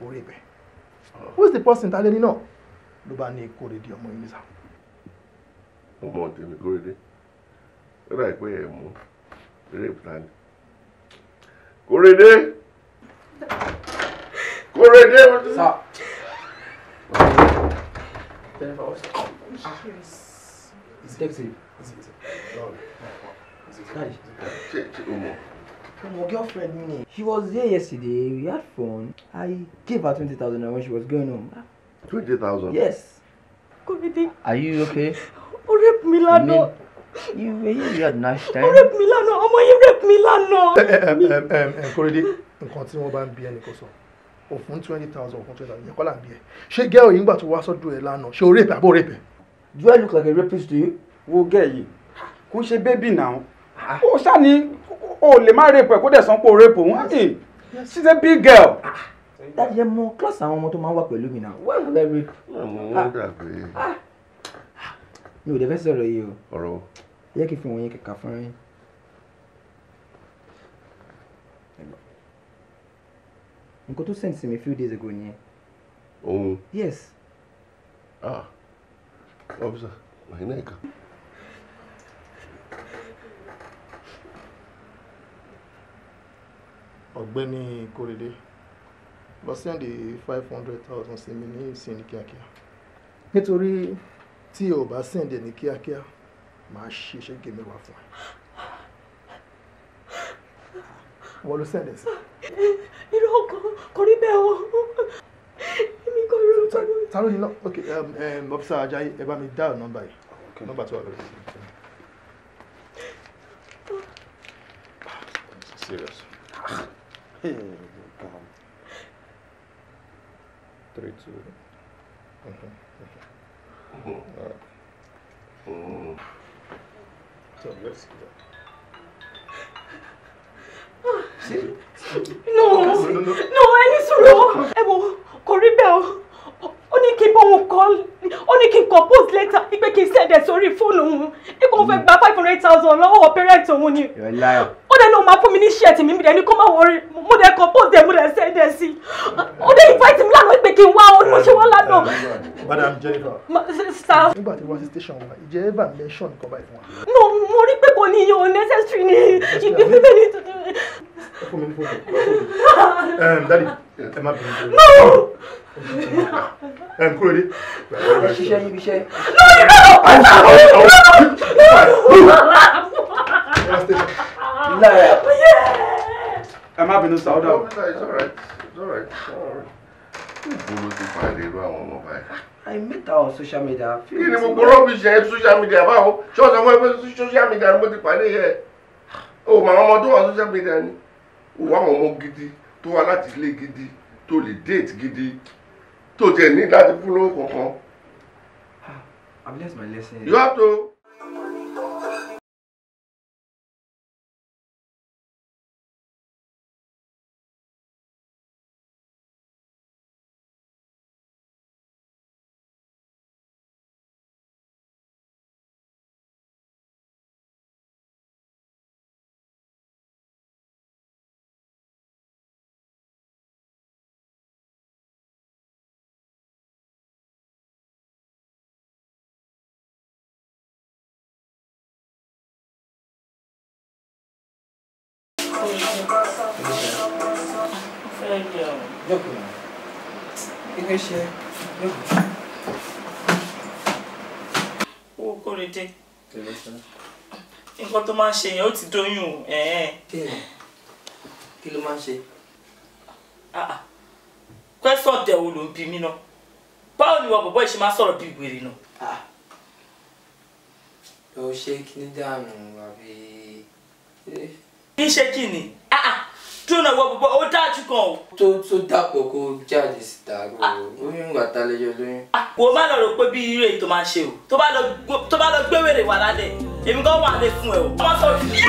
[SPEAKER 2] orí ibẹ̀ who is the
[SPEAKER 7] person tá a lé ní náà
[SPEAKER 2] ló bá ní Kórèdé ọmọ yìí mo mọ tèmi Kórèdé ó dà pé ẹ eré ìpìlẹ̀ Kórèdé Kórèdé mo ti sà. Tell me about it. It's Dexter. It's Dexter.
[SPEAKER 1] My girlfriend, me. She was here yesterday. We had fun. I gave her twenty thousand when she was going home.
[SPEAKER 2] Twenty thousand. Yes. Are you
[SPEAKER 7] okay? Ó
[SPEAKER 1] oh, rape mi You were
[SPEAKER 7] you, you had nice oh, time. Ó rape
[SPEAKER 1] mi lánàá. Ọmọ yìí
[SPEAKER 7] rape mi lánàá. Eh, eh, eh, Korede, nǹkan tí wọ́n bá ń twenty thousand òfun twenty thousand yẹn kọ́ là ń bí ẹ ṣé gẹ́ọ̀ yìí ń gbà tó wá sọ́dọ̀ ẹ lánàá ṣé o rape àbó Do I look like a rapist to you? Wo gẹ́ yìí, kò ń ṣe bébì náà ó ṣáni
[SPEAKER 1] ó lè má rape ẹ̀ kó dẹ̀ san pé ó rape òun hey
[SPEAKER 5] she's a big girl.
[SPEAKER 1] dájú ẹ mọ kílàsì àwọn ọmọ tó máa ń wà pẹ̀lú mi náà wọ́n ò lẹ́rìí. mi ò dẹ̀ fẹ́ sọ̀rọ̀ yìí o ọ̀rọ̀ ẹ jẹ́ kí n fi wọ̀nyí kẹ̀kẹ́ fún yín. nǹkan tó send sí mi few days
[SPEAKER 2] ago nìyẹn. òun. yes. ah officer màá iná ẹ̀ka.
[SPEAKER 7] ọ̀gbẹ́ni Kórèdé lọ sẹ́ndì five hundred thousand sí mi ní ìsìn ní kíákíá nítorí tí o bá sẹ́ndì ní kíákíá màá ṣiṣẹ́ gèmí wá fún ẹ wọ́n ló sẹ́ndì sí.
[SPEAKER 6] irọ́ kan kò rí bẹ́ẹ̀ o
[SPEAKER 7] èmi kò rí orúkọ mi. taro ni náà ok ọ́físà um, um, Ajayi ẹ bá mi dá nọ́mbà yìí nọ́mbà tó wà lórí mi.
[SPEAKER 2] Ah. serious. Ah. Третій уровень. Це версія, No, no,
[SPEAKER 5] Any sùúrù
[SPEAKER 1] Ebo, wo kò rí bẹ́ẹ̀ o ó ní kí n bóun kọ́ ó ní kí n compose later ipe kì í ṣẹ̀dẹ̀ sórí fóònù òun ipò òun fẹ́ gba five hundred thousand lọ́wọ́ parent òun ni dẹ̀ ní o máa fún mi ní ṣẹ́ẹ̀tì mi mi dẹ̀ ní kó máa wọrí mo dẹ̀ kọ́ post dẹ̀ mo dẹ̀ send ẹ̀ o dẹ̀ invite mi lánàá pé kí n wá o mo ṣe wá lánàá.
[SPEAKER 7] madam Jennifer.
[SPEAKER 1] sir. nígbà tí wọ́n
[SPEAKER 7] station wa ìjẹ́ ẹ̀ mention nǹkan báyìí
[SPEAKER 6] fún no mo rí pé kò ní iye o necessary ni ìgbésẹ̀ ní tuntun.
[SPEAKER 7] ẹ fún mi ní fóònù dadi ẹ má bẹ̀rẹ̀. no.
[SPEAKER 1] ẹ kúrò dé. ṣiṣẹ́ níbi iṣẹ́. no no
[SPEAKER 5] no
[SPEAKER 2] ẹ má bínú sàúdà o. ìbúrò ti pàdé irú àwọn ọmọ báyìí.
[SPEAKER 1] Ah, I met her social
[SPEAKER 2] media. You ni mo gbọ́dọ̀ fi ṣe social media Wow, show them where ẹgbẹ́ social media I'm mo ti pàdé yẹ o màmá ọmọ tó wà social media ni o wà àwọn to gidi tó wà láti ilé gidi tó lè date gidi tó jẹ ní láti fún ah, I've learned my lesson. you have to.
[SPEAKER 1] Jókòó. Ike ṣe jókòó. Owó kórede. Nǹkan tó máa ń ṣe yẹn ó ti dóyún o. Kí ló máa ń ṣe? Kwẹ́sọ̀n tẹ̀ wo ló ń bi mí náà? Báwo ni wọ́n bọ̀bọ́ ìṣe máa sọ̀rọ̀ bí ìwèrè náà?
[SPEAKER 6] Lọ ṣe kí ní dànù àbí
[SPEAKER 1] kì í ṣe kí ni ah, ah. dúró náà wọ bọ̀bọ̀ ó dájú kan o. tó tó dàpọ̀ kó jáde síta ah. o oyún ìgbà ta lẹ́yọ lóyún. wo má lọ rò pé bí irú èyí tó máa ṣe o tó bá
[SPEAKER 4] lọ gbé wà lálẹ́ èmi kan wà lè fún ẹ o. ọmọ sọ fún mi.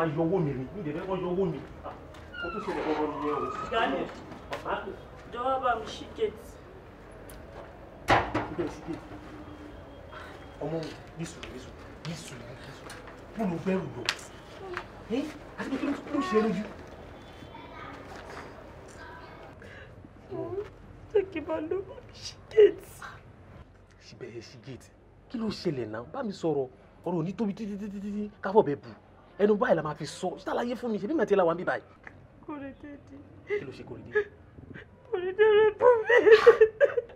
[SPEAKER 1] máa yọ owó mi rí mi ìdẹ̀fẹ́ kan yọ owó mi ah, kó tó ṣẹlẹ̀ gbọ́gbọ́ mi yẹn o. gani jọ̀wọ́ bá mi ṣí gate.
[SPEAKER 7] síbẹ̀ síbẹ̀ ọmọ mi sùn mi sùn mi sùn mo lọ bẹ̀rù lọ àti pé kí ló ṣe é lójú.
[SPEAKER 6] jẹ́ kí n máa lọ bá mi ṣí gate.
[SPEAKER 7] síbẹ̀ ṣí gate kí ló ṣẹlẹ̀ náà bá mi sọ̀rọ̀ ọ̀rọ̀ ò ní tóbi títí títí káfọ̀ bẹ́ẹ̀ bù ẹnu báyìí la máa fi sọ ṣàlàyé fún mi ṣe bí màtí la wà ń bí báyìí.
[SPEAKER 5] Kòrédédé.
[SPEAKER 4] kí ló ṣe Kòrédé.
[SPEAKER 1] Kòrédé rẹ bú mi.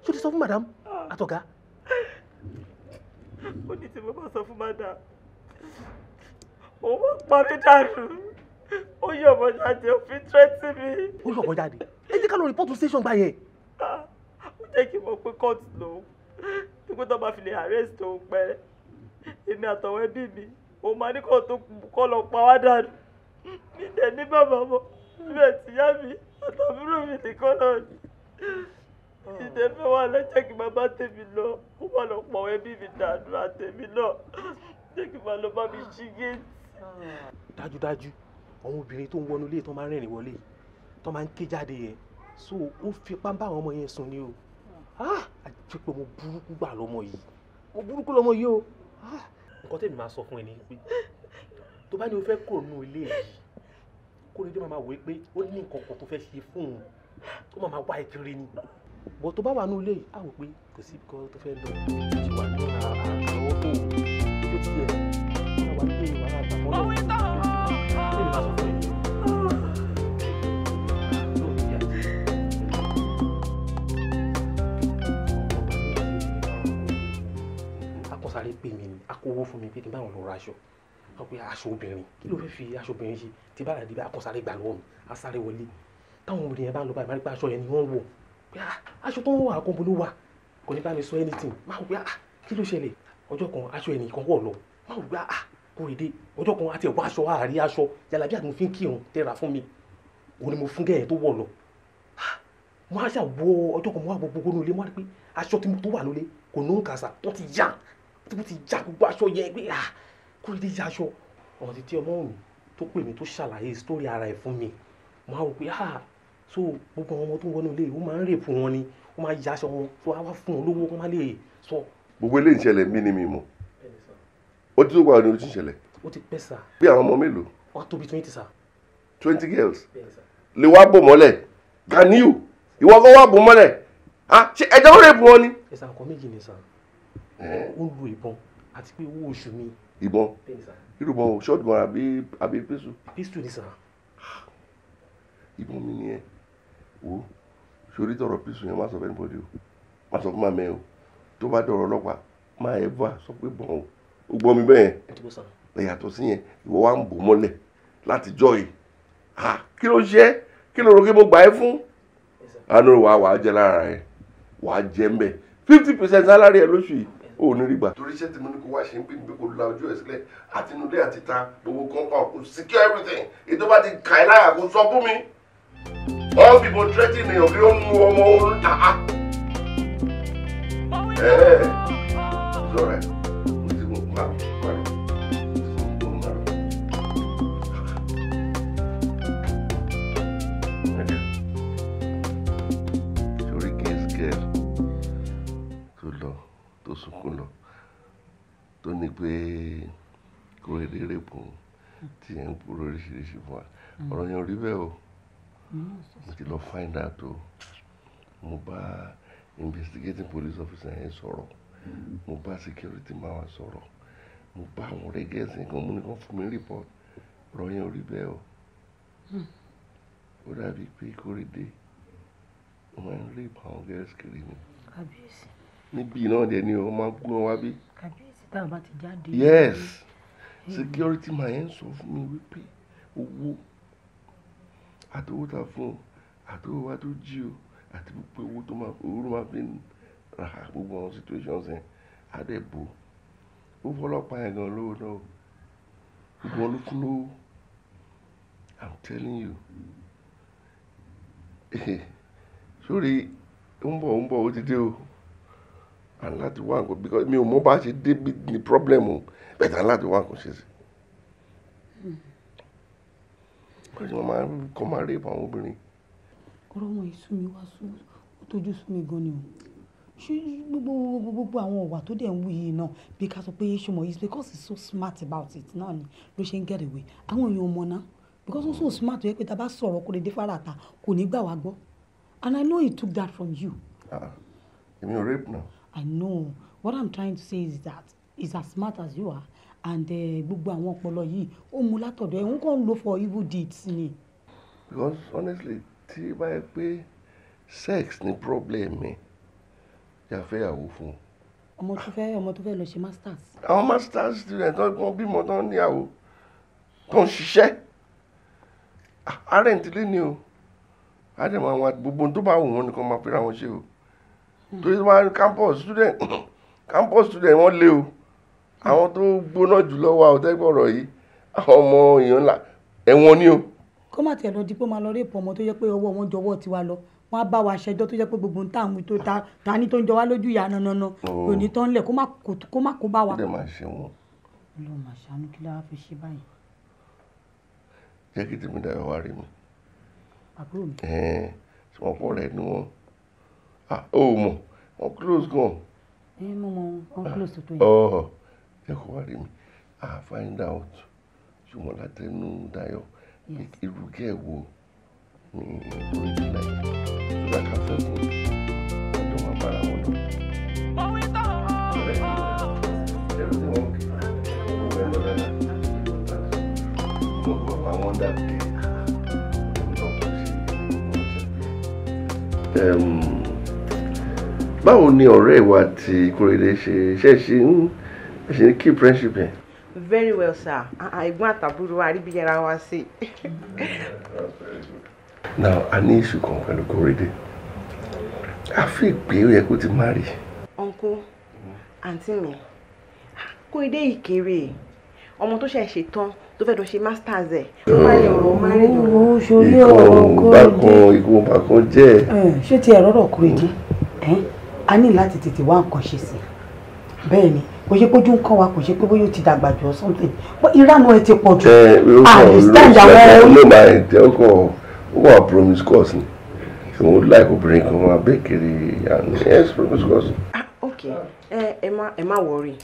[SPEAKER 7] ṣé o ti sọ fún madam
[SPEAKER 4] ah. àtọ̀gá. ó ní tí mo bá sọ fún madam òun pa mí dànù ó yọ ọmọ jáde ó fi tírẹ́tì mi.
[SPEAKER 7] ó yọ ọmọ jáde ẹ jẹ́ ká lọ rìpọ́tù station gbà yẹn.
[SPEAKER 4] Ah, ó jẹ́ kí n mọ̀ pé court lòun nígbà tó bá fi lè arrest òun pẹ́rẹ́ èmi àtọ̀wọ́ mo máa ní kò tó kọ́ lọ pa wá dànù ní tẹ̀ ní bàbá mọ́ bẹ́ẹ̀ tìyá mi àtàbúrò mi nìkan náà ni ìdè fẹ́ wà lẹ́jẹ̀ kí bàbá tèmi lọ kó má lọ pọ̀ ẹbí mi dànù àtẹ̀mí náà jẹ́ kí màá lọ bá mi ṣí géètì.
[SPEAKER 7] dájúdájú àwọn obìnrin tó ń wọnú ilé tó máa ń rìnrìn wọlé
[SPEAKER 1] tó máa ń ké jáde yẹn so ó ń fipá bá àwọn ọmọ yẹn sùn ni o ah! àjẹpẹ́ mo burúkú gbà lọ́mọ yìí mo burúkú lọ́mọ yìí o. Ah nǹkan tèmi máa sọ fún ẹ ní pé tó bá ní o fẹ́ kúrò nínú ilé yìí kó ní dé máa wòye pé ó ní nǹkan
[SPEAKER 7] kan tó fẹ́ ṣe fún un ó máa wá ẹ kiri ni
[SPEAKER 1] bọ̀ tó bá wà nínú ilé yìí á wò pé kò sí ibi tó fẹ́ lọ ti wà nínú ara. pè mí ni akówó fún mi pé kí n bá wọn lọ ra aṣọ wọn pe aṣọ obìnrin kí ló fẹ́ fi aṣọ obìnrin ṣe tí bá àdìbò akọ̀sáré gbà lọ́wọ́ mi asáré wọlé táwọn obìnrin yẹn bá ń lọ báyìí má rí pé aṣọ yẹn ni wọ́n wọ̀ pé ah, aṣọ tó ń wọ̀ àkọ́bó ló wà kò ní bá mi sọ anything má wò pé ah, kí ló ṣẹlẹ̀ ọjọ́ kan aṣọ ẹnì kan wọ̀ lọ má wò pé kò rí dé ọjọ́ kan àti ẹ̀wọ́ aṣọ àárí aṣọ jalabi àti mo fi ń kírun tẹ́ra fún mi òun ni mo fún gẹ́yẹ̀ tó wọ̀ lọ ah, mo á ṣàwọ ọjọ́ kan mo wà gbogbo nínú ilé mo wá rí pé aṣọ tó wà lólé kò ní òǹkà sà wọ́n ti yá tó ti já gbogbo aṣọ yẹn pé ah Kórédé já aṣọ ọ̀rọ̀ títí ọmọ òun tó pè mí tó ṣàlàyé sítórí ara ẹ̀ fún mi mo á rò pé ah so gbogbo àwọn ọmọ tó ń wọnú ilé ó máa ń rèpù wọn ni ó máa ya aṣọ wọn tó wá fún wọn lówó
[SPEAKER 7] wọn má lè sọ.
[SPEAKER 2] gbogbo eléyìí ìṣẹ̀lẹ̀ mí ni mi mọ̀ ó ti tó wà ní ojú ìṣẹ̀lẹ̀.
[SPEAKER 7] ó ti pẹ́ sà. bí àwọn ọmọ mélòó. wọ́n tóbi twenty sà.
[SPEAKER 2] twenty girls lè wá bò mọ́lẹ̀ ganiu ìwọ kó wá bò mọ́lẹ̀ ah ṣe ẹjọ́ rèpù wọn ni.
[SPEAKER 7] ẹ̀sà nǹkan méjì ni sà ó lu ìbọn àti pé owó oṣù mi.
[SPEAKER 2] ìbọn irúbọn o ṣọ́ọ̀tù bọ̀rọ̀ àbí àbí píṣù. píṣù ni sàn. ìbọn mi nìyẹn wò ó sórí tọrọ píṣù yẹn má sọ fẹ́ni bọ́dí o má sọ fún màmá ẹ o tó bá dọ̀rọ̀ ọlọ́pàá má ẹ bá sọ pé bọ̀n o ó gbọ́ mi bẹ́ẹ̀ ẹ̀yàtọ̀ sí yẹn ìwọ wa ń bò mọ́lẹ̀ láti jọ yìí ha kí ló ṣe kí ló rò kí mo gbà ẹ fún àánú wàá wàá jẹ lára ẹ wàá jẹ mbẹ fifty percent salary ẹ lóṣù yìí ò ní rí gbà. torí iṣẹ́ tí mo ní kó wá ṣe ń bí mi kò la ojú ẹ̀ sílẹ̀ àtinúdé àti ta gbogbo compound kò secure everything ètò bá ti kà ẹ́ láyà kó sọ fún mi. all people threatening èèyàn kí ló ń mu ọmọ orun tàá. ẹ̀ẹ́ sọ̀rọ̀ ẹ̀. tó sunkún lọ tó ní pé kó èdè rèpò tí ẹ̀ ń kúrò oríṣiríṣi fún wa ọ̀rọ̀ yẹn ò rí bẹ́ẹ̀ o mo ti lọ find out o mo bá investigating police officer yẹn sọ̀rọ̀ mo bá security máa wà sọ̀rọ̀ mo bá àwọn rẹ́gẹ́sì kan mo ní kàn fún mi report ọ̀rọ̀ yẹn ò rí bẹ́ẹ̀ o ó dàbí pé kórè dé wọ́n ń rí ìbáwọn gẹ́rẹ́sì kiri ni. kábíyèsí níbí náà dẹ̀ ni o máa ń gbọ́n wá bí.
[SPEAKER 1] kàbíyèsí tá a bá ti jáde. yes
[SPEAKER 2] security man yẹn sọ fún mi wípé owó àtowó ta fún o àtowó wa tó jí o àti pé owó tó máa owó ló máa fi ra gbogbo àwọn situations yẹn àdẹ̀bò ó fọlọ́pàá yẹn gan lówó náà gbogbo wọn ló fún lówó i'm telling you sórí ń bọ̀ ń bọ̀ ó ti dé o and láti wá nǹkan because mi ò mọ bá ṣe débi ni problem o bẹ̀tà láti wá nǹkan ṣe sí. báyìí wọ́n máa ń kọ́ máa rí àwọn obìnrin.
[SPEAKER 1] ọ̀rọ̀ wọn yìí sú mi wá sú ó tójú sú mi gan ni o ṣé gbogbo gbogbo àwọn ọ̀wà tó dẹ̀ ń wù yìí náà bí ká sọ pé ṣùgbọ́n it's because he's so smart about it náà ni ló ṣe ń get away àwọn èèyàn ọmọ náà because ó so smart yẹ pé ta bá sọ̀rọ̀ kó lè dé fàràtà kò ní gbà wá gbọ́ and I know he took that from you.
[SPEAKER 2] Ah, èmi ò rape náà.
[SPEAKER 1] I know what I'm trying to say is that he's as smart as you are and eh, gbogbo àwọn ọpọlọ yìí ó mú látọ̀dọ̀ ẹ̀ ń kàn lò for evil deeds ni.
[SPEAKER 2] because honestly tí báyìí pé sex ni problem mi yàfẹ́yàwó fún un
[SPEAKER 3] ọmọ tó fẹ́ ọmọ tó fẹ́ lọ ṣe masters.
[SPEAKER 2] àwọn masters student wọn bímọ tó ń níyàwó tó ń ṣiṣẹ́ àárẹ̀ ń tilé ni o àdèmọ̀ àwọn gbogbo tó bá wù wọ́n nìkan máa pèrè àwọn ṣe o torí wọn á campus student campus student wọn lé o àwọn tó gbóná jùlọ wà ó tẹ́gbọ̀n ọ̀rọ̀ yìí àwọn ọmọ èèyàn ńlá ẹ̀wọ̀n ni o.
[SPEAKER 1] kó má tiẹ̀ lọ di pé ó máa lọ rí ìpọ̀ ọmọ tó yẹ pé ọwọ́ wọn jọwọ́ tiwa lọ wọn á bá wa ṣẹjọ́ tó yẹ pé gbogbo nta àwọn tó ta ní tó ń jọ wá lójú ìyá nanana kò oh. ní tán lẹ̀ kó má kó bá wa. ó máa ṣe wọn.
[SPEAKER 5] ọlọ́run máa ṣàánú kí lára
[SPEAKER 1] fi ṣe báyìí.
[SPEAKER 2] jẹ́ kí tèmi dàrú wá rí mi. àbúrò mi. ẹ̀ẹ́n tí wọ́n rẹ̀ ni wọ́n ah o mọ̀ wọ́n close gan.
[SPEAKER 4] ẹ mọ mọ wọ́n ah, close tó yẹ. ọ
[SPEAKER 2] oh, ẹ kò wá rí mi i find out ṣùgbọ́n látẹnu Dayọ̀ irú kẹ́ ẹ̀ wo ni orí ti láì ìgbà kan fẹ́ fún mi àjọ máa bára wọn lọ. mo wí báwo ni ọ̀rẹ́ ìwà àti Kóredé ṣe ṣe ṣe ń ṣe ń keep friendship yẹn.
[SPEAKER 1] very well sir ah,
[SPEAKER 4] ah, ẹ̀gbọ́n àtàbúrò àríbíyẹra wa sí.
[SPEAKER 2] now a ní issue kan pẹ̀lú Kóredé a fi pé ó yẹ kó ti má rí.
[SPEAKER 1] ọ̀nkú àǹtí mi Kóredé ìkéré ọmọ tó ṣẹ̀ ṣetán tó fẹ́ lọ ṣe masters ẹ̀. ìkọ̀ọ̀nù
[SPEAKER 2] bákan ìkọ̀ọ̀nù bákan jẹ́.
[SPEAKER 1] ṣé ti ẹ̀rọ rọ̀ Kóredé. Mm a ní láti tètè wá nǹkan ṣe sí bẹ́ẹ̀ ni kò ṣe pójú ń kọ́ wa kò ṣe pé bóyá ó ti dàgbà jù or something but
[SPEAKER 2] ìranu ẹ ti pọ̀ jù understand àwọn orí. ló máa ń tẹ ọkọ ó wà promiscuous ni ṣùgbọ́n láì obìnrin kan máa bẹ́ẹ̀ kiri and yes promiscuous. Ah,
[SPEAKER 1] ok ẹ ẹ má ẹ má worry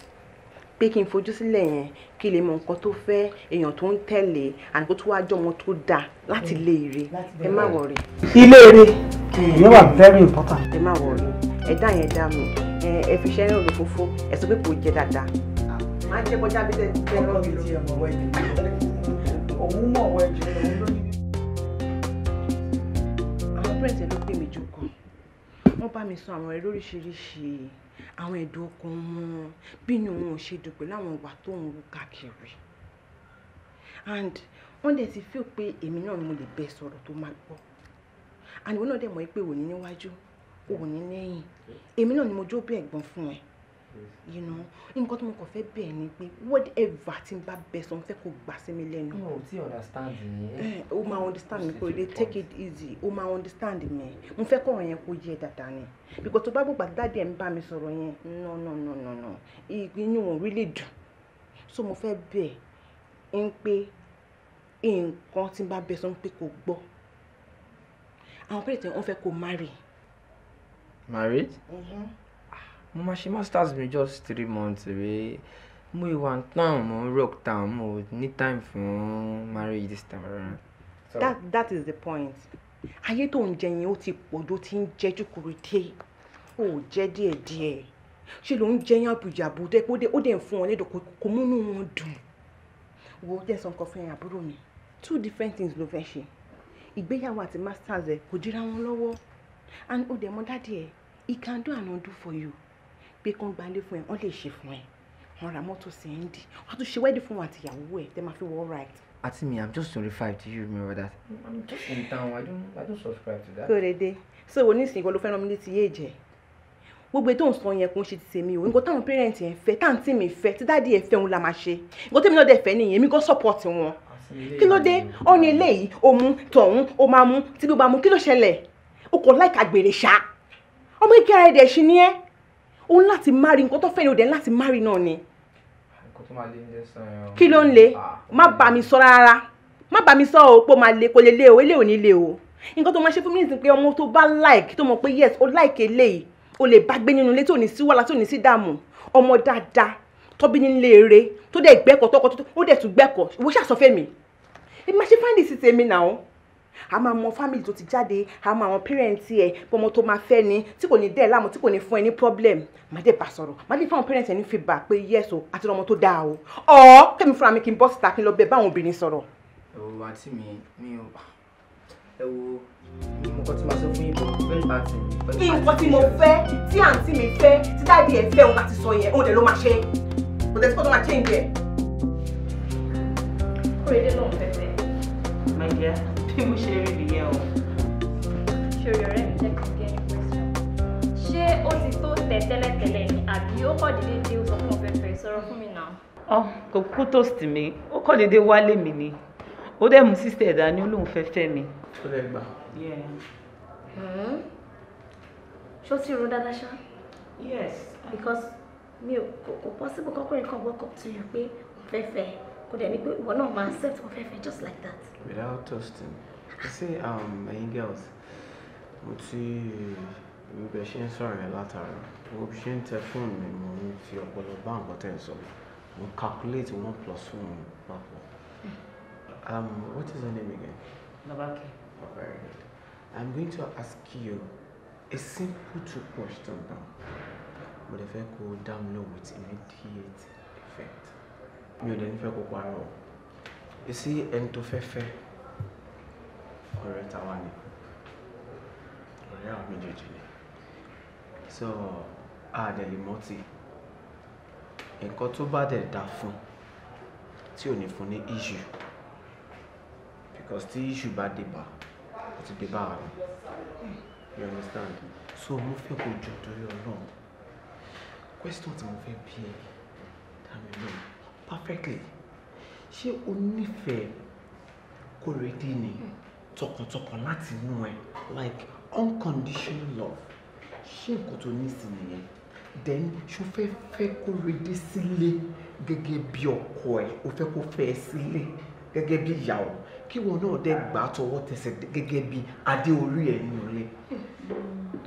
[SPEAKER 1] pé kí n fojú sílẹ̀ yẹn kí lè mọ nǹkan tó fẹ́ èèyàn tó ń tẹ̀lé àti kó tó wá jọ ọmọ tó dáa láti mm. ilé ire ẹ má worry. ilé ire ìyẹn wà very important. ẹ má worry ẹ̀dá yẹn dá mi ẹ fi ṣẹ́yìn òòlù fúnfún pé kò jẹ dáadáa. máa jẹ́ kọjá bí tẹ́lẹ̀ lọ́wọ́ mi ti ọmọ wẹ̀ jù òun mọ̀ wẹ̀ jù òun ló àwọn pírẹ̀tẹ̀ ló pè mí jókòó wọ́n bá mi sọ àwọn ẹ̀rọ oríṣiríṣi àwọn ẹ̀dùn ọkàn wọn bí ni òun ò ṣe dùn láwọn ìwà tó ń wú káàkiri and wọ́n dẹ̀ ti feel pé èmi náà ni mo lè bẹ sọ̀rọ̀ tó máa gbọ́ and náà dẹ̀ mọ̀ pé òní níwájú òní lẹ́yìn èmi náà ni mo jó bí ẹ̀gbọ́n fún ẹ you know nǹkan tí mo kàn fẹ́ bẹ̀ ni pé whatever tí n bá bẹ sọ n fẹ́ kó gbà sí mi lẹ́nu. o ti understand mi. o máa understand mi kò lè take it easy o máa understand mi mo fẹ́ kọ̀rọ̀ yẹn kó yẹ dáadáa ni because tó bá gbọ́ pàtó dáadé ẹ̀ ń bá mi sọ̀rọ̀ yẹn no no no no no ìpinnu wọn really dùn so mo fẹ́ bẹ̀ ń pé nǹkan tí n bá bẹ sọ n pé kó gbọ́ àwọn pẹ̀lẹ́tẹ̀ wọn fẹ́ kó marry. Married? Mm-hmm. Ah, mo máa ṣe masters just three months away. We want time, mo rock time, mo ní time for marriage this time around. So, that that is the point. Ayé tó ń jẹ yẹn ó ti pọ̀ jù ó ti ń jẹ́jú kúrúté. Ó jẹ́ díẹ̀díẹ̀. Ṣé ló ń jẹ yẹn àbùjàbù tó pé ó dẹ̀ ń fún wọn lédò kò múnú wọn dùn. Wo jẹ́ nǹkan fún ẹ̀yìn àbúrò mi. Two different things ló fẹ́ ṣe. Ìgbéyàwó àti masters ẹ̀ kò dira wọn lọ́wọ́. And ó dẹ̀ mọ dádì ẹ̀ he can do and undo for you pé kán gbalé fún ẹ wọ́n lè ṣe fún ẹ wọ́n ra mọ́tò sí ẹ̀ ń dì wọ́n tún ṣe wẹ́ẹ̀dì fún wọn àti ìyàwó ẹ̀ tẹ́ máa fi wọ́ right. àti mi i'm just twenty five do you remember that. i'm just in town i don't i don't
[SPEAKER 3] subscribe to that. kóre
[SPEAKER 1] dé so wo nísìnyí kan ló fẹ́ràn mi létí yé jẹ́ gbogbo ètò ìsọ yẹn kò ń ṣe ti tèmi o nǹkan táwọn parent yẹn fẹ́ táǹtì mi fẹ́ tí dáàdi ẹ̀ fẹ́ òun la máa ṣe nǹkan tèmi náà dẹ̀ fẹ́ nìyẹn mi kò support wọn kí ló dé ọ̀nà eléyìí òmu tọ̀hún ó máa mú tí gbogbo àmú kí ló ṣẹlẹ̀ o kò láìka gbèrè ṣáá ọmọ ike ara ẹ̀dẹ̀ ṣì ni ẹ́ òun láti márì nǹkan tó fẹ́ ni òde láti márì náà ni. kí ló ń le ah, má bà mí sọ rárá má bà mí sọ ò pé o le kò lè le o eléyìí ò ní le o nǹkan tó máa ṣe fún mi nìyí pé ọmọ tó bá like tó mọ̀ pé yes o like eléyìí o lè bá gbé nínú ilé tó ní sí wàhálà tó ní sí dààmú ọmọ dáadáa tọ́bí nílé eré tó dẹ̀ gbẹ́kọ̀ọ́ tọkọ tó dẹ̀ tún gbẹ́kọ̀ọ́ ìwọ ṣàsọfẹ́ mi ẹ máa ṣe fáìndì sí tèmi náà a máa mọ family tó ti jáde a máa àwọn parents ẹ bọmọ tó máa fẹ́ ni tí kò ní dẹ́ láàmú tí kò ní fún ẹ ní problem má dé bá sọ̀rọ̀ má dé fáwọn parents ẹ ní feedback pé yes àti ọmọ tó dáa o ọ kẹ́mi fúnra mi kí n bọ́ síta kí n lọ bẹ báwọn obìnrin sọ̀rọ̀. ẹ wo àǹtí mi mi ò ẹ wo nǹkan tí mo sọ fún yín bọ very bad thing. kí nǹkan tí mo fẹ́ tí àǹtí mi fẹ́ tí dáàdi ẹ fẹ́ òun láti sọ yẹn òun dẹ̀ ló máa ṣe kò dẹ̀ sí tó máa change yẹn. kúrèdè bí mo ṣe rí nìyẹn o.
[SPEAKER 3] ṣòro ọ̀rẹ́ mi jẹ́ kí n gẹ́ question. ṣé ó ti tó tẹ̀ tẹ́lẹ̀tẹ́lẹ̀ ni àbí ó kọ̀ dédé dé ó sọ fún ọ̀fẹ́fẹ́ sọ̀rọ̀ fún mi náà.
[SPEAKER 1] ọ kò kú toast mi ó kọ̀ dédé wálé mi ni ó dẹ̀ mú sísè ẹ̀dá ni ó lóun mi. ó lè gbà.
[SPEAKER 3] Hmm? ṣó ti rún dáadáa ṣá. yes. because mi ò kò possible kọ́kùnrin kan walk up to you pé fẹ́fẹ́ kò dẹ̀ ni pé ìwọ náà máa accept wọn just like that.
[SPEAKER 4] without toasting you see um, my girls mo see ibi bẹ ṣe ń sọ̀rọ̀ yẹn látara mo ṣe ń tẹ fóònù mi mo ń fi ọpọlọ bá nǹkan tẹ̀ ń calculate one plus one papọ̀ um, what is your name again? Nabake. Oh, very good. I'm going to ask you a simple two question now. Mo
[SPEAKER 1] dẹ̀ fẹ́ kó dá mi lọ immediate mi ò dẹ̀ nífẹ̀ẹ́ kó parọ́ èsì ẹni tó fẹ́ fẹ́ ọ̀rẹ́ táwa ni ọ̀rẹ́ àwọn méjèèjì ni so àdẹ̀lì mọ́tì nǹkan tó bá dẹ̀ dá fún tí ò ní fún
[SPEAKER 4] ní issue because tí issue bá dé bá ó ti dé bá wa you understand so mo fẹ́ kó jọ torí ọlọ́run
[SPEAKER 1] question tí mo fẹ́ bí ẹ dá mi perfectly ṣé o nífẹ̀ẹ́ Kòrédé ni hmm. tọkàntọkàn láti inú ẹ like unconditional love ṣé nǹkan tó ní sí nìyẹn then ṣo fẹ́ fẹ́ Kòrédé sílé gẹ́gẹ́ bí ọkọ ẹ o fẹ́ kó fẹ́ ẹ sílé gẹ́gẹ́ bí ìyàwó kí wọn náà dẹ́ gbà tọwọ́ tẹsẹ̀ gẹ́gẹ́ bí adé orí ẹ̀ nínú hmm.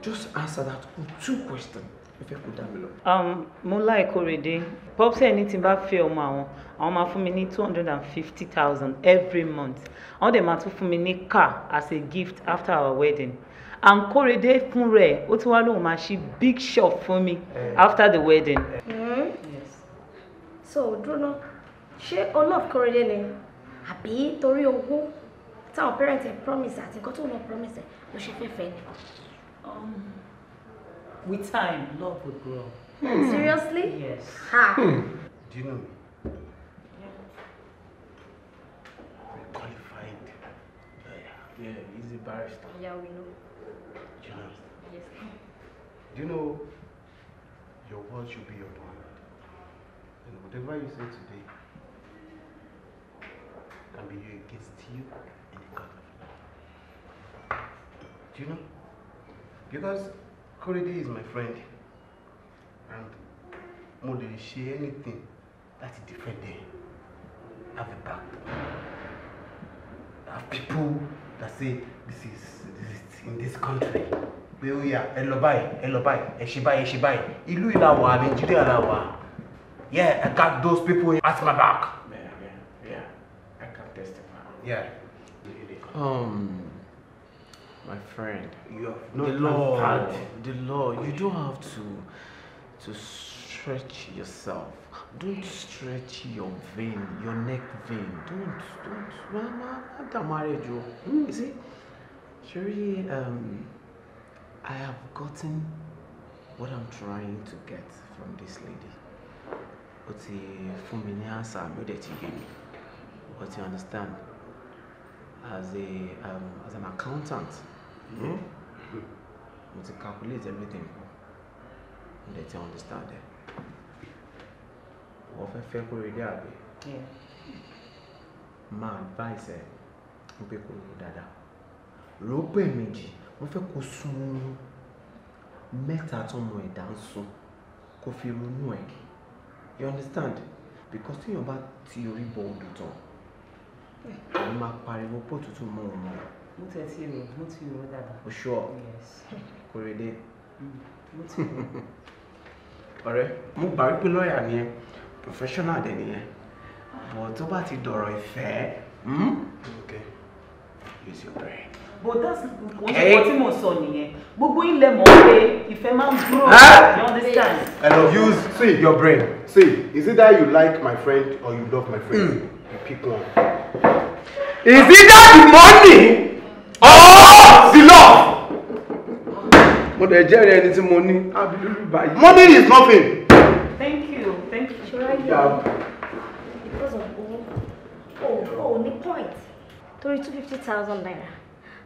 [SPEAKER 1] just answer that two questions. Um, fẹ́ kó dá mi lọ. Um, mo láì kórèdé popsi ẹni tí n bá fẹ́ ọmọ àwọn àwọn máa fún mi ní two hundred and fifty thousand every month àwọn dẹ̀ máa tún fún mi ní car as a gift after our wedding and kórèdé fún rẹ̀ ó ti wá lóun máa ṣí big shop fún mi eh. after the wedding.
[SPEAKER 3] Mm. Yes. so dúró náà ṣé olóòfù kórèdé ni àbí torí owó táwọn parents ẹ promise àti nǹkan tó wọn promise ẹ ló ṣe fẹ́ fẹ́ ni. Um,
[SPEAKER 1] With time, love will grow.
[SPEAKER 3] Hmm. Seriously? Yes. Ha. Hmm.
[SPEAKER 7] Do you know me? Yeah. Qualified lawyer. Yeah, he's a barrister.
[SPEAKER 3] Yeah, we know. Do you know? Yes.
[SPEAKER 7] Do you know your word should be your bond? And whatever you say today can be used against you in the court of law. Do you know? Because Korede is my friend and mo lè ṣe anything láti defend ẹ I have a back I have people that say this is this is in this country pé ó yà ẹ lọ báyìí ẹ lọ báyìí ẹ ṣe báyìí ẹ ṣe báyìí ìlú ìlà Nàìjíríà là yeah I got those people at my back. Yeah, yeah, yeah. I can testify.
[SPEAKER 4] Yeah. Um, my friend. You have not the law. Had. The law. You don't have to to
[SPEAKER 1] stretch yourself. Don't stretch your vein, your neck vein. Don't, don't. Well, man, that marriage, you. Oh. Hmm, you see, Sherry, um, I have gotten what I'm trying to get from this lady. But the fún mi ní But you understand, as a um, as an accountant.
[SPEAKER 4] Hmm? mo ti calculate everything kọ mo dẹ̀ understand ẹ̀ wọ́n fẹ́ fẹ́ kó rédí àbí máa advice ẹ̀ ń pé kó ro dáadáa rò ó pé
[SPEAKER 1] méjì wọ́n fẹ́ kó sun oorun mẹ́ta tọmọ ẹ̀dá ń sun kó fi ronú ẹ̀ you understand because tíyàn bá ti orí bọ odò
[SPEAKER 7] tán àwọn máa pariwo pọ̀ tuntun mọ́ ọmọ
[SPEAKER 1] mo tẹ̀ ti rò mo ti rò dáadáa.
[SPEAKER 7] o sure kò rè dé.
[SPEAKER 1] Mm, mo ti rò. ọ̀rẹ́ mo gbà wípé lọ́ọ̀yà ni ẹ professional dẹ̀ nìyẹn bọ̀ tó bá ti dọ̀rọ̀ ìfẹ́ hmm? okay
[SPEAKER 5] use your brain. but that's nǹkan
[SPEAKER 7] tí mo sọ nìyẹn gbogbo ilẹ̀ mọ̀ pé ìfẹ́ máa ń grow you understand. I love you see your brain see is it that you like my friend or you love my friend hmm. you pick one. is it that the money.
[SPEAKER 5] Oh, enough!
[SPEAKER 1] Mo dẹ̀ jẹ́ ẹni tí mo ní abilúlù báyìí. Money is nothing. Thank
[SPEAKER 5] you. Thank you. Ṣọ́ráyà. Because of owó, o ò ní point.
[SPEAKER 3] Torí two fifty thousand naira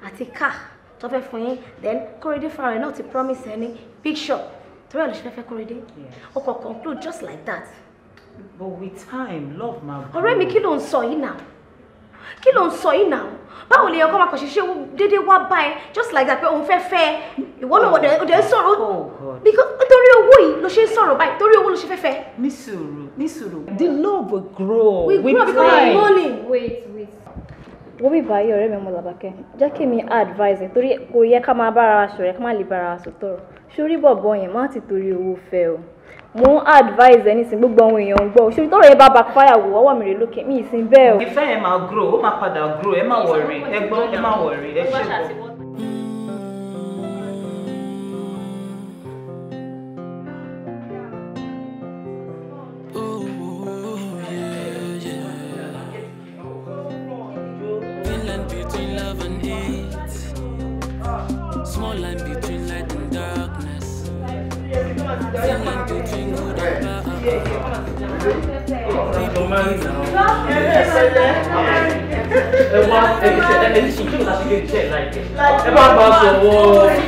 [SPEAKER 3] àti car tó fẹ́ fún yín then Kóredé fara rẹ̀ náà ti promise ẹni big shop torí ẹ̀ ló ṣe fẹ́ fẹ́ Kóredé. O kò conclude just like that.
[SPEAKER 1] But with time, love ma. Ọ̀rẹ́ mi kí ló ń
[SPEAKER 3] sọ yìí náà? kí ló ń sọ yìí náà báwo lè yẹ kó máa kàn ṣiṣẹ́ déédéé wá bá just like that pé òun fẹ́ fẹ́ ìwọ náà òde ń sọ̀rọ̀ oh nítorí owó yìí ló ṣe ń sọ̀rọ̀ báyìí torí owó ló ṣe fẹ́ fẹ́. ní sùúrù the love will grow we grow because of money. wait wait wo bí báyìí ọ̀rẹ́ mi Ọmọlàbákẹ́ jẹ́ kí mi advise ẹ̀ torí kò yẹ ká máa bára wa sọ̀rọ̀ ká má lè bára wa sọ̀tọ̀rọ̀ sórí bọ̀bọ̀ yẹn má ti torí owó fẹ́ o mo ń advise anything. nísìnyí gbogbo àwọn èèyàn ń gbọ́ o ṣòro tọrọ bá backfire wò ọwọ́ mi rè lókè mi ìsìn bẹ́ẹ̀ o.
[SPEAKER 1] ìfẹ́ ẹ̀ máa grow ó máa padà grow ẹ má wọ̀rì ẹ gbọ́ ẹ má wọ̀rì ẹ ṣe
[SPEAKER 3] gbọ́.
[SPEAKER 7] Like, like, ẹ wá ẹ ṣe ẹ ní sùúrù láti lè jẹ láìpẹ́ ẹ oh, bá sọ wọ́n.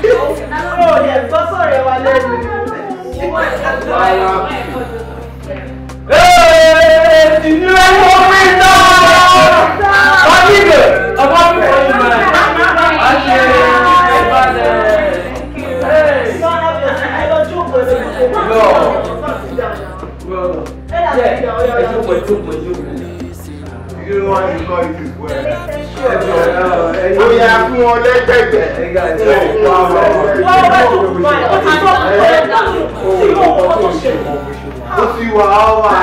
[SPEAKER 4] àwọn òye gbọ́ sọ̀rọ̀ ẹ wá lẹ́nu. Ee, ìnira ẹ̀wọ̀n mi náà!
[SPEAKER 5] Wọ́n ti gbè, ọmọ mi kò ní.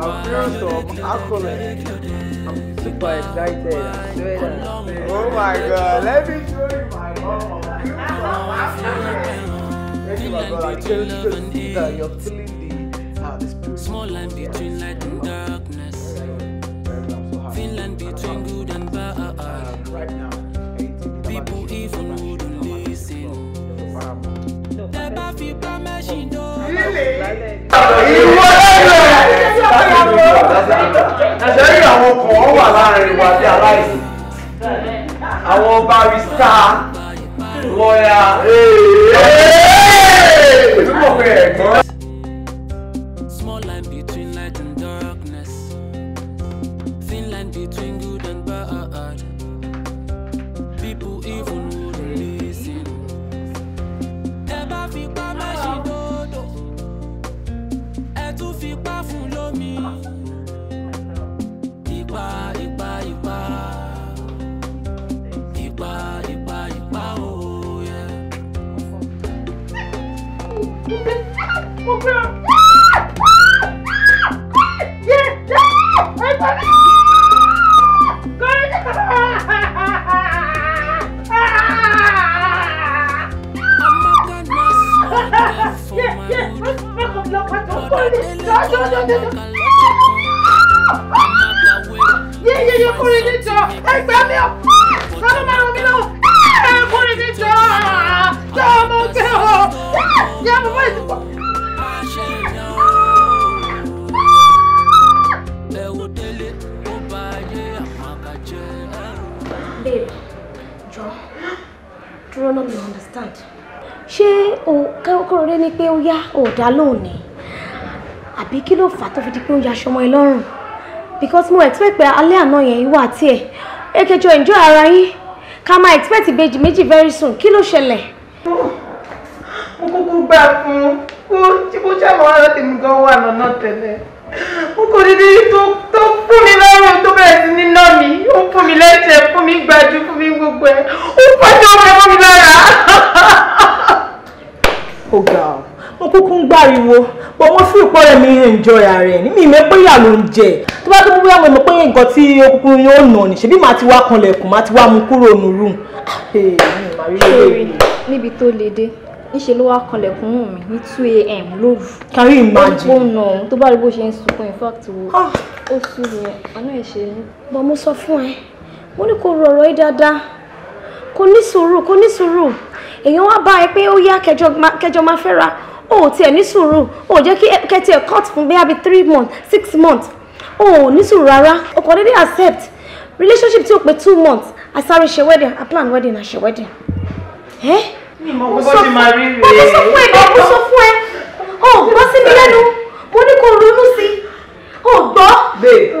[SPEAKER 4] conference or accolades. I'm super excited. I swear
[SPEAKER 6] Oh my god, let me show you my mom. Thank you, my God. I can see that you're feeling the, uh, the spirit. Small line light and darkness. Thin between good and bad. Uh, people even wouldn't listen.
[SPEAKER 4] Really? ṣe rí àwọn kan wà láàrin wa bí aláìsí àwọn barista lọ́yà èèyàn èmi mọ̀ pé
[SPEAKER 5] 뭐야? 예예예 보내겠죠 아이고야 사람만 오미로 보내겠죠 자 먹어요 야 먹어요
[SPEAKER 3] lọ́wọ́ náà mi understand ṣé o kọ́rọ̀ rẹ ni pé ó yá ò dá lóhùn ni àbí kí ló fà á tó fi di pé ó ya aṣọ ọmọ because mo expect pé alẹ́ àná yẹn ìwà àti ẹ̀ ẹ enjoy ara yín ká máa expect ìbejì méjì very soon kí ló ṣẹlẹ̀. mo
[SPEAKER 1] kúkú gbà fún un tí mo ṣàmọ́ ara tèmi gan wà lọ́nà tẹ́lẹ̀ n kò dédé tó tó fún mi lọ́rùn tó bẹ̀rẹ̀ sí ní ná mi ó fún mi lẹ́sẹ̀ fún mi gbàjú
[SPEAKER 4] fún mi gbogbo ẹ̀ ó pọ́jú ọmọ fún mi lára.
[SPEAKER 1] ó ga ọ mo kúkú ń gbàriwo bọ mo fi ìpọ rẹ mi enjoy ara ẹ ní mi mẹ pé ìyà ló ń jẹ tó bá tó bóyá mo mọ pé nǹkan tí okùnkùn yóò nà ní ṣebí màá ti wá kanlẹ̀kùn màá ti wá mú kúrò nù rúùn. Ah, eh, ṣé
[SPEAKER 3] níbi tó le dé níṣẹ́ ló wá kanlẹ̀kùn wù mí ní two a.m. lóru. kárí ìmájì. ó nà òun tó bá rí bó ṣe ń sunkún in fact wo ah! ó sùn yẹn àná ẹ̀ ṣe ní. bọ́ mo sọ fún ẹ mo ní kó rọrọ yìí dáadáa kó ní sùúrù kó ní sùúrù èèyàn wá bá ẹ pé ó yá kẹjọ máa fẹ́ ra o ò tiẹ̀ ní sùúrù o ò jẹ́ kí kẹtì ẹ̀ cut fún bẹ́ẹ̀ bí three months six months o ò ní sùúrù rárá o kò dédé accept relationship tí o pé two months I sáré ṣe wedding I plan wedding I ṣe wedding. Eh? mi mọ owó ti máa rí rè é. mo ti sọ fún ẹ mo sọ fún ẹ o gbọ́ sí mi lẹ́nu mo ní kó ronú sí i o gbọ́. babe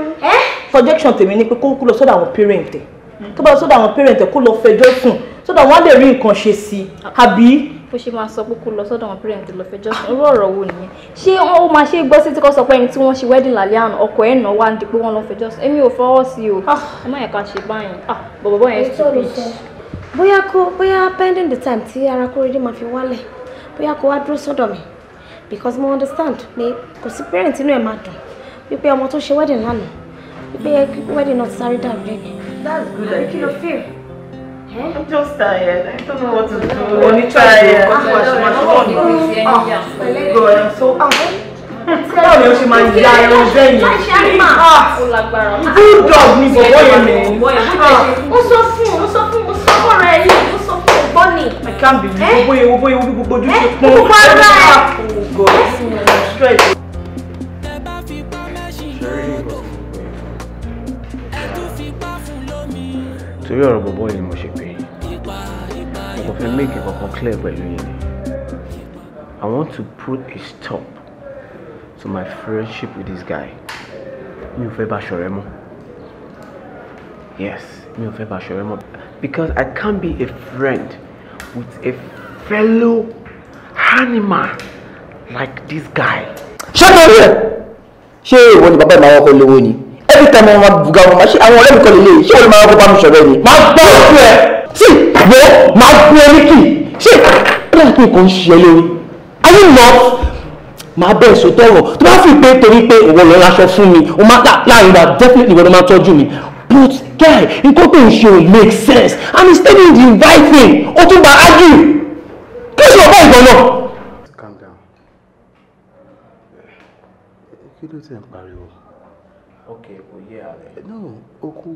[SPEAKER 1] suggestion tèmi ni pé kó kó lọ sọ́dọ̀ àwọn parent ẹ̀ tó bá lọ sọ́dọ̀ àwọn parent ẹ̀ kó lọ fẹjọ́ sùn sọ́dọ̀ wọn lè rí nǹkan ṣe sí i àbí
[SPEAKER 3] bó ṣe máa sọ pé kó lọ sọ́dọ̀ àwọn parent lọ fẹjọ́ sùn irú ọ̀rọ̀ wo nìyẹn ṣé wọn ó máa ṣe gbọ́ sí tí kò sọ pé ẹni tí wọ́n ṣe wedding lálẹ́ àná ọkọ ẹ̀ náà wá ń di pé wọ́n lọ fẹjọ́ sùn èmi ò fọwọ́ sí o ah. ẹ má yẹ ṣe báyìí bọ̀bọ̀bọ̀ ah, yẹn stupid bóyá kó bóyá pending the time tí ara Kórédé máa fi wálẹ̀ bóyá kó wá dúró sọ́dọ̀ mi because mo understand pé kò sí parent inú ẹ̀ máa dùn wípé ọmọ tó ṣe wedding lánàá wípé wedding not sorry, sáré dàrú that's good idea. àbí kí feel. I'm just tired. I don't know what to do. Only try it. Go ah, ah, God, I'm so. angry.
[SPEAKER 1] Ah. Báwo ni o ṣe máa ya ẹran
[SPEAKER 5] bẹ́yìn?
[SPEAKER 3] Good angry? ni bọ̀bọ̀ yẹn mẹ́rin. Ó sọ fún so ó sọ so o sọ̀rọ̀ ẹ̀yìn tó sọ
[SPEAKER 1] fún ẹ̀gbọ́n ni. I can't believe owó ewu owó ewu bí gbogbo ojú ṣe eh? pọ́n. gbogbo ara ẹ̀ kò gọ̀ stress. torí ọ̀rọ̀ bọ̀bọ̀ yìí ni mo ṣe pé mo kàn fẹ́ make kankan clear pẹ̀lú yìí ni I want to put a stop to my friendship with this guy mi ò fẹ́ bá ṣọ̀rẹ́ mọ́ yes mi ò fẹ́ bá ṣọ̀rẹ́ mọ́ because I can't be a friend with a fellow animal like this guy. ṣé kò rí ẹ ṣé ìwọ ni bàbá ìmọ̀ ọkọ lówó ni every time wọn máa buga wọn máa ṣe àwọn ọ̀rẹ́ mi kọ́ lè lè ṣé ìwọ ni máa wọ́pọ̀ bá mi sọ̀rọ̀ ẹ ni. máa gbọ́ ọ̀rọ̀ rẹ̀ sí ìpàdé máa gbé ẹ ní kì ṣé ìpàdé
[SPEAKER 5] àti nǹkan ń ṣe lórí.
[SPEAKER 1] are you not máa bẹ́ẹ̀ sọ tọrọ tó bá fi pé torí pé òwò lọ́ọ́ láṣọ fún mi ó máa láàrin wa definitely ìwọ ni máa tọ́jú mi but guy nǹkan tó ń ṣe ò make
[SPEAKER 5] sense and he's telling the right thing ó tún bá argue kí ló bá ìbọn náà. calm down
[SPEAKER 7] kí ló ti ń pariwo. ok kò ààrẹ. no okú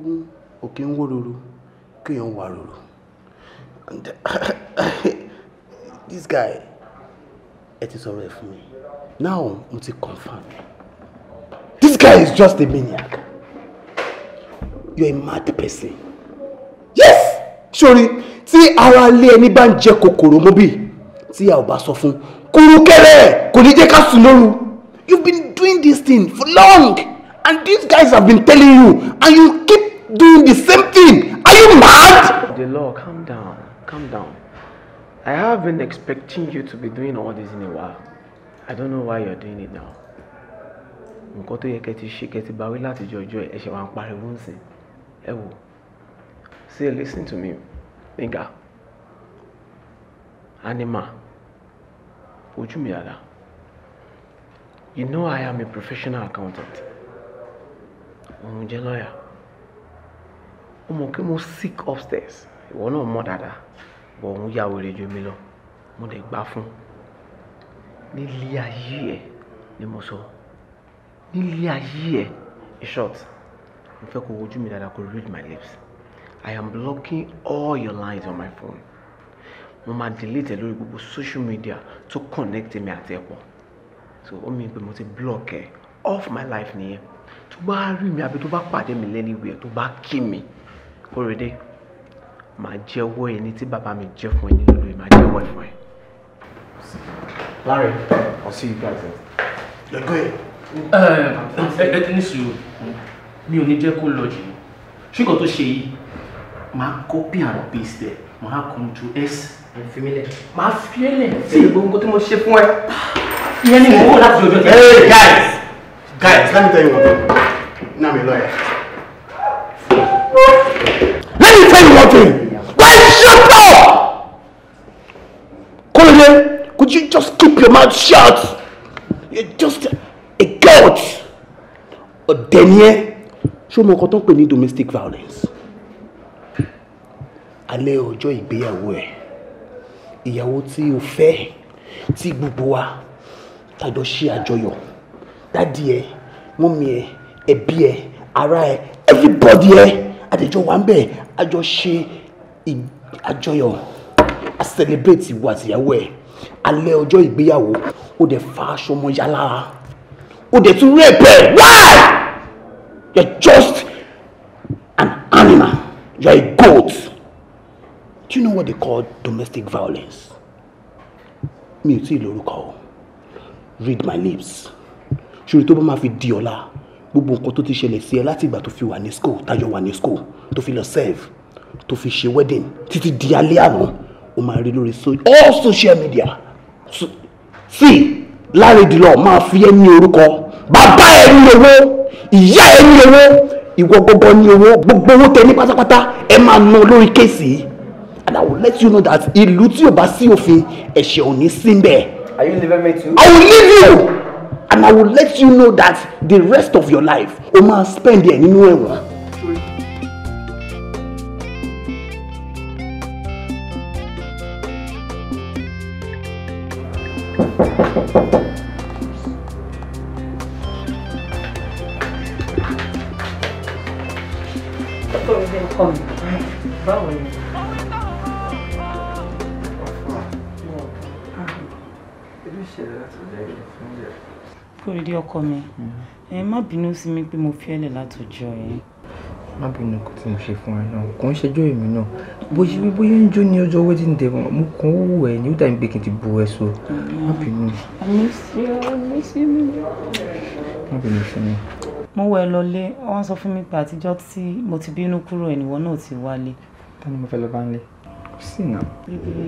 [SPEAKER 7] òkè ń wó ruru kéèyàn wà ruru this guy ẹ ti sọ̀rọ̀ ẹ fún mi now mo ti confirm this guy is just a maniac you are a mad person. yes sori tí ara lé ẹni bá ń jẹ kòkòrò mú bí tí a ò bá sọ fún kurukẹrẹ kò ní jẹ́ ká sùn lóru you been doing this thing for long and these guys have been telling you and you keep doing the same thing are you mad.
[SPEAKER 1] Delor calm down calm down I have been expecting you to be doing all this in a while I don't know why you're doing it now nǹkan tó yẹ kẹ́ ti ṣe kẹ́ ti bawí láti jọjọ́ ẹ̀ ṣe wà ń pariwo ń sìn ẹ wò say listen to me nígbà anima ojú mi àlá you know I am a professional accountant òun jẹ́ lọ́ọ̀yà ó kí mo sick upstairs ìwọ náà mọ̀ dáadáa bọ̀ òun yà wèrè ju mi lọ mo dẹ̀ gbá fún nílé ayé ẹ̀ ni mo sọ nílé ayé ẹ̀ in short mo fẹ́ kó wojú mi dáadáa kó read my lips i am blocking all your lines on my phone mo máa delete ẹ lórí gbogbo social media tó connect mi àti ẹ pọ̀ so ó mi pé mo ti block ẹ off my life nìyẹn tó bá rí mi àbí tó bá pàdé mi lẹ́nìwẹ̀ẹ́ tó bá kí mi kórèdé màá jẹ́wọ́ ẹni tí bàbá mi jẹ́ fún ẹni lórí màá jẹ́wọ́ ẹ fún ẹ.
[SPEAKER 7] Larry, I'll see you guys then. You're good. Uh, uh, uh, ní jẹ́ kó lọ jù ṣùgbọ́n tó ṣe yìí
[SPEAKER 1] máa copy and paste ẹ̀ máa control s. fìmílẹ̀. máa
[SPEAKER 6] fìmílẹ̀. sí gbogbo
[SPEAKER 1] tí
[SPEAKER 7] mo ṣe fún ẹ. ìyẹn ni mò wò láti ọjọ́ tí. guys guys let me tell you one thing now i'm a lawyer.
[SPEAKER 5] let me tell you
[SPEAKER 1] one
[SPEAKER 7] thing why shut up. Kolode could you just keep your mouth shut you just a god ọ̀dẹ̀ ni ẹ́ ṣó mọ nǹkan tó ń pè ní domestic violence alẹ́ ọjọ́ ìgbéyàwó ẹ̀ ìyàwó tí o fẹ́ tí gbogbo wa tàjọ ṣe àjọyọ̀ dádì ẹ mọ́mí ẹ ẹbí ẹ ará ẹ everybody ẹ àdéjọ wà ń bẹ̀ àjọ ṣe àjọyọ̀ a celebrate ìwọ àtìyàwó ẹ alẹ́ ọjọ́ ìgbéyàwó ó dẹ̀ fa aṣọ ọmọ yá lára ó dẹ̀ tún rẹ̀ bẹ̀ wáá. You're just
[SPEAKER 2] an animal. You're a
[SPEAKER 7] goat.
[SPEAKER 1] Do you know what they call domestic violence? Mi ò
[SPEAKER 7] tí ì lórúkọ Read my lips. Ṣòro tó bá máa fi di ọ̀la gbogbo nǹkan tó ti ṣẹlẹ̀ sí ẹ láti ìgbà tó fi wà ní school tájọ wà ní school tó fi lọ serve tó fi ṣe wedding títí di alẹ́ àná o máa rí lórí all social media. see, Larry Delore máa fi ẹ́ ní orúkọ bàbá ẹ ní owó ìyá ẹ ní owó ìwọ gbogbo ní owó gbogbo owó tẹ ní pátápátá ẹ máa ná lórí kéèsì and I will let you know that ìlú tí o bá sí òfin ẹ̀ṣẹ̀ ò ní sí mbẹ̀. are you leaving me too. I will leave you and I will let you know that the rest of your life
[SPEAKER 1] o máa spend there nínú ẹ̀wọ̀n. má bínú sí mi pé mo fi ẹ́ lẹ̀ látọjọ́ yẹn.
[SPEAKER 4] má bínú kò tí mo ṣe fún ẹ náà kò ń ṣẹjọ́ èmi náà
[SPEAKER 1] bó bóyá ń jó ní ọjọ́ wedding day mo kàn ń wù ẹ ní ó dàbí pé kí ti bu ẹ má bínú.
[SPEAKER 5] má bínú sí
[SPEAKER 1] mi. mo wọ lọlé wọn sọ fún mi pé àtijọ́ tí mo ti bínú kúrò ẹnìwọ náà ti wálé. ta mo fẹ́ lọ bá ń lé
[SPEAKER 5] sí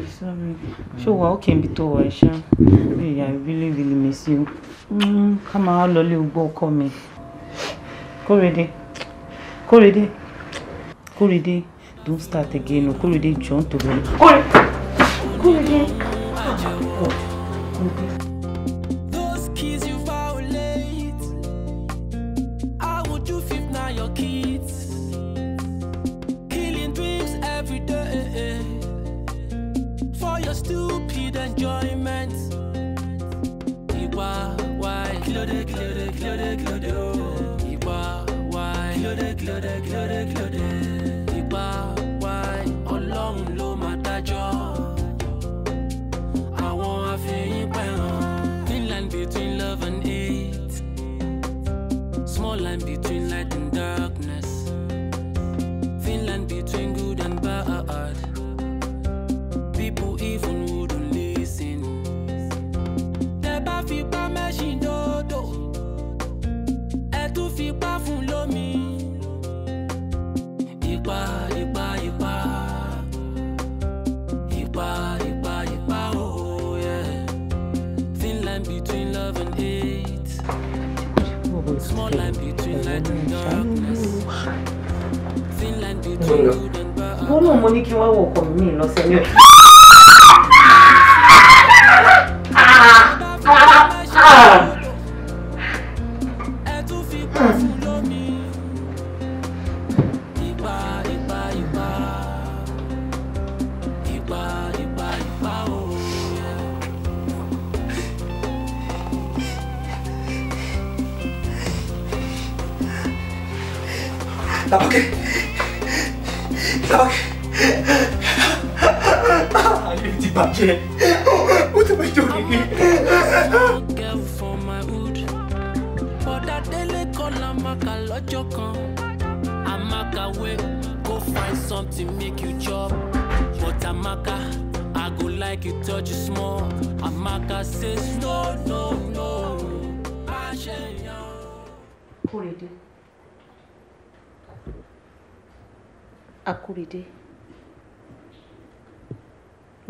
[SPEAKER 5] sorry
[SPEAKER 1] ṣé what can be tó wà ṣá baby I really really miss you Come mm, ká máa lọ lé ogbó ready. mi ready. Kóredé ready. don't start again o Kóredé jọ̀ ń tòrò ní.
[SPEAKER 5] Kóredé Kóredé.
[SPEAKER 2] bọ́lá
[SPEAKER 1] mo ní kí wọ́n wọ̀ ọkọ mi lọ́sẹ̀ ní ọ̀sẹ̀.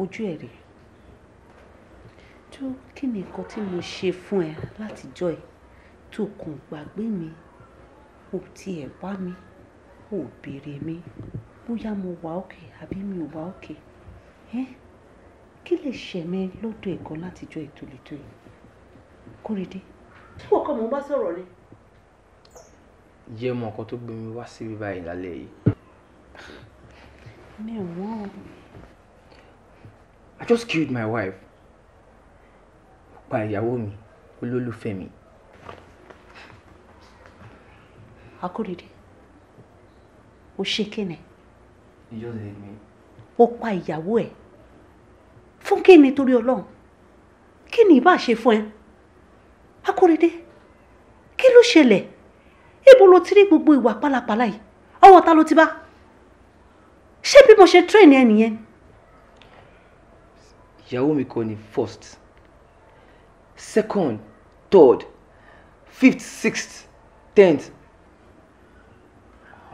[SPEAKER 1] ojú ẹ̀ rí tó kí ni nǹkan tí mo ṣe fún ẹ látijọ́ ẹ tó kàn gbàgbé mi ò tiẹ̀ wá mi ò béèrè mi bóyá mo wà òkè àbí mi ò wà òkè ẹ́ kí lè ṣẹ̀mí lọ́dọ̀ ẹ̀kọ́ látijọ́ ìtòlétò yìí kórìdé. tí wọ́n kọ́ mo bá sọ̀rọ̀ ni. jẹ́ mọ̀ nǹkan tó gbé mi wá síbí báyìí lálẹ́ yìí. mi ò I just killed my wife. Ó pa ìyàwó mi, olólùfẹ́ mi. Akóredé, o ṣe kíni? He just hate me. Ó pa ìyàwó ẹ̀. Fún kíni torí Ọlọ́run? Kí ni ìbá ṣe fún ẹ? Akóredé, kí ló ṣẹlẹ̀? Ibo lo ti rí gbogbo ìwà pálapàla yìí? Ọwọ́ ta ló ti bá? Ṣé bí mo ṣe train ẹ nìyẹn? ìyàwó mi kọ́ ni first second third fifth sixth tenth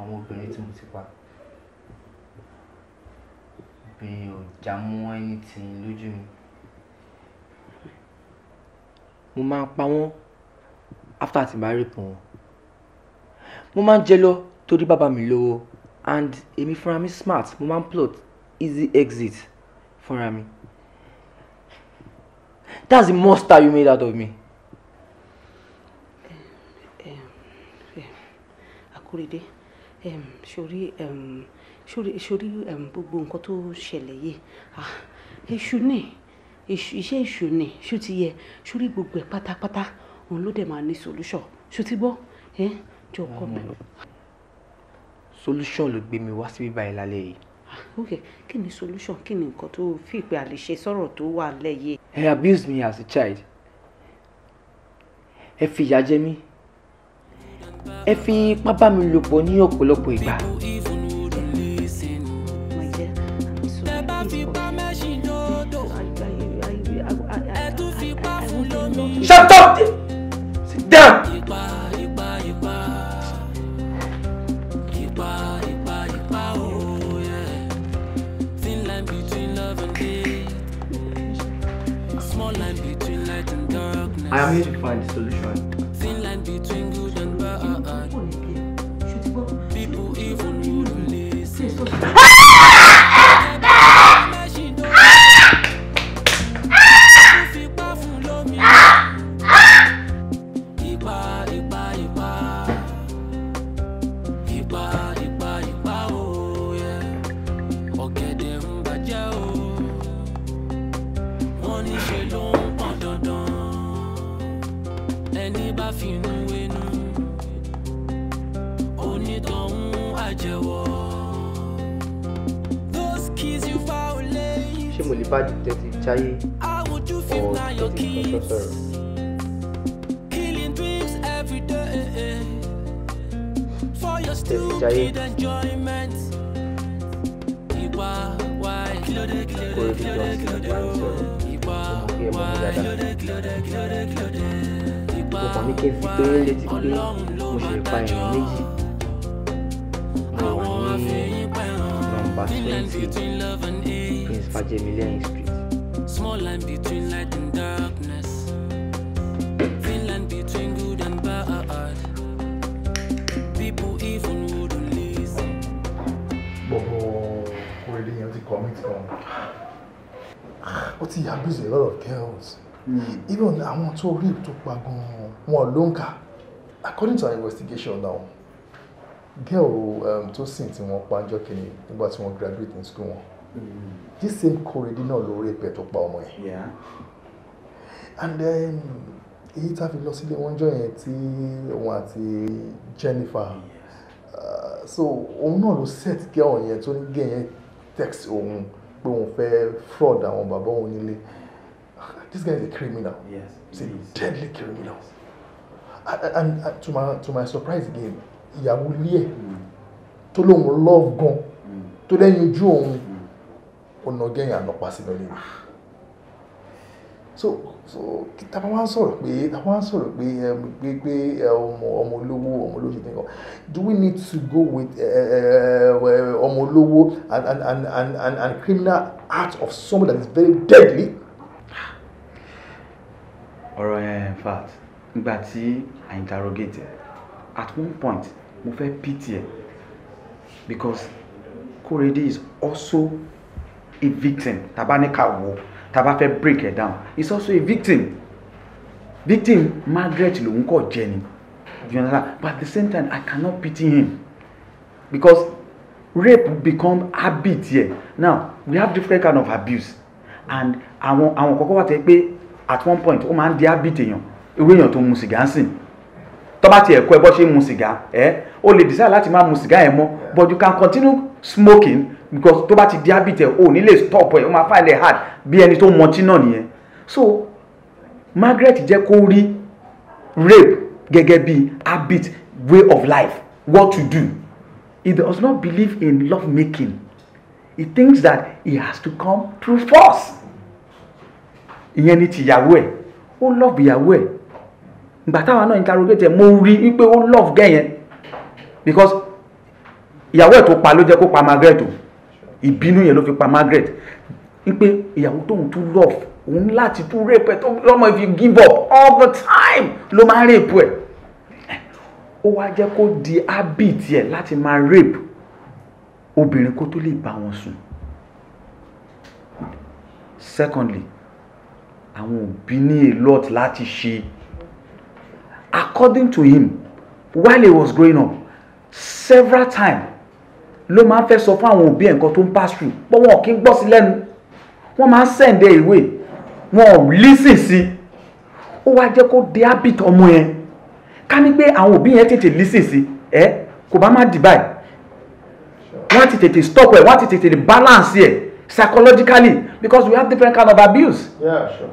[SPEAKER 1] àwọn obìnrin tí mo ti pa obìnrin ò já mọ́ ẹni tì í lójú mi mo máa pa wọ́n after ti máa rèpọ̀ wọn mo máa ń jẹ lọ torí bàbá mi lówó and èmi fúnra mi smart mo máa plot easy exit fúnra mi. That's the monster you made out of me. Akurede, sori sori sori gbogbo nǹkan tó ṣẹlẹ̀ yìí, èṣù ah, ni iṣẹ́ èṣù ni ṣó ti yẹ sórí gbogbo ẹ̀ pátápátá pata pata. dẹ̀ máa ní solution ṣó ti gbọ́ jọ kọ́ mi. solution ló be mi wá síbí báyìí lálẹ́ yìí ok kí ni solution kí ni nǹkan tó fi ìpè àlè ṣe sọ̀rọ̀ tó wà lẹ́yẹ. he abused me as a child ẹ fi ìyà jẹ mí ẹ fi ipá bá mi lò pọ̀ ní ọ̀pọ̀lọpọ̀ ìgbà.
[SPEAKER 6] Shut up!
[SPEAKER 4] I am here to find solutions.
[SPEAKER 1] bá tẹ̀sí jáyé
[SPEAKER 6] ọ̀ tẹ̀sí kọ́sọ́sọ́rọ̀. tẹ̀sí jáyé kórè bí johnson bá ń sọ̀rọ̀ ọmọ kí ẹ mọ̀ mí dáadáa ọkàn mi kí n fi pé létí pé mo ṣe pa èèyàn méjì mo wà ní Ajemilian Street. Small line between light and darkness. Thin line between good and bad.
[SPEAKER 7] People even wouldn't listen. Bobo, where did you commit from? Ó ti abuse a lot of girls. Even àwọn tó rí tó pa gan-an, wọn ló ń kà. According to our investigation now, girl um, tó sìn tí wọ́n pa ń jọ́ nígbà tí wọ́n graduate ní school wọn this same Korede náà ló rape ẹ̀ tó pa ọmọ ẹ̀ and then èyí tá a fi lọ sílé wọn jọ yẹn tí òun àti Jennifer uh, so òun náà ló set girl yẹn tó ní gẹ̀ yẹn text òun pé òun fẹ́ fraud àwọn bàbá òun nílé this guy is a criminal yes, he is a deadly criminal and, and, and to my to my surprise again ìyàwó ilé ẹ̀ mm. tó lóun love gan mm. tó lẹ́yìn ojú òun ó na gẹ́yìn ànàpá sínú ilé mi so so tàbá wá ń sọ̀rọ̀ pé tàbá wá ń sọ̀rọ̀ pé pé pé ọmọ ọmọ olówó ọmọ olówó ṣètò nǹkan do we need to go with ọmọ uh, olówó uh, and, and and and and and criminal act of someone that is very deadly.
[SPEAKER 1] ọ̀rọ̀ yẹn in fact nígbà tí i interrogate ẹ at one point mo fẹ́ pity ẹ because Korede is also a victim taba ní ka wo, taba fe break ẹ̀ down it's also a victim victim Margaret lòun kọ̀ jẹ́ ni but at the same time I cannot pity him because rape become habit here now we have different kind of abuse and àwọn àwọn kọ̀ọ̀kan wà tẹ́ pé at one point ó máa ń di habit èèyàn irú èèyàn tó mu sìgá ń sìn tó bá tiẹ̀ kọ́ ẹ bọ́ ṣe mu sìgá ẹ o le decide lati ma mu sìgá yẹn mọ́ but you can continue smoking because tó bá ti di habit ẹ o ní lè stop ẹ o máa find it hard bí ẹni tó mọtí náà nìyẹn so Margaret jẹ́ kó rí rape gẹ́gẹ́ bí habit way of life what to do he does not believe in love making he thinks that he has to come through force ìyẹn ni tìyàwó ẹ̀ ó love ìyàwó ẹ̀ ìgbà táwa náà interrogate ẹ̀ mo rí i ó love gẹ̀yẹn because ìyàwó ẹ̀ tó pa ló jẹ́ kó pa Margaret o ìbínú yẹn ló fi pa Margaret wípé ìyàwó tóun tún love òun láti tún rape ẹ tó if you give up all the time ló máa rape ẹ ó wá jẹ́ kó di habit ẹ̀ láti máa rape obìnrin kó tó lè bá wọn sùn secondly àwọn òbí ní a lot láti ṣe according to him while he was growing up several times ló máa ń fẹ́ sọ fún àwọn òbí ẹ̀ tó ń pass through pé wọn kì í gbọ́ sí lẹ́nu wọ́n máa ń sẹ̀ǹdẹ̀ ìwé wọn ò lísìn sí i ó wá jẹ́ kó di habit ọmọ yẹn ká ní pé àwọn òbí yẹn tètè lísìn sí ẹ kò bá má dìbà ẹ̀ wọ́n ti tètè stop ẹ̀ wọ́n ti tètè balance ẹ̀ psychologically because we have different kind of abuse. Yeah, sure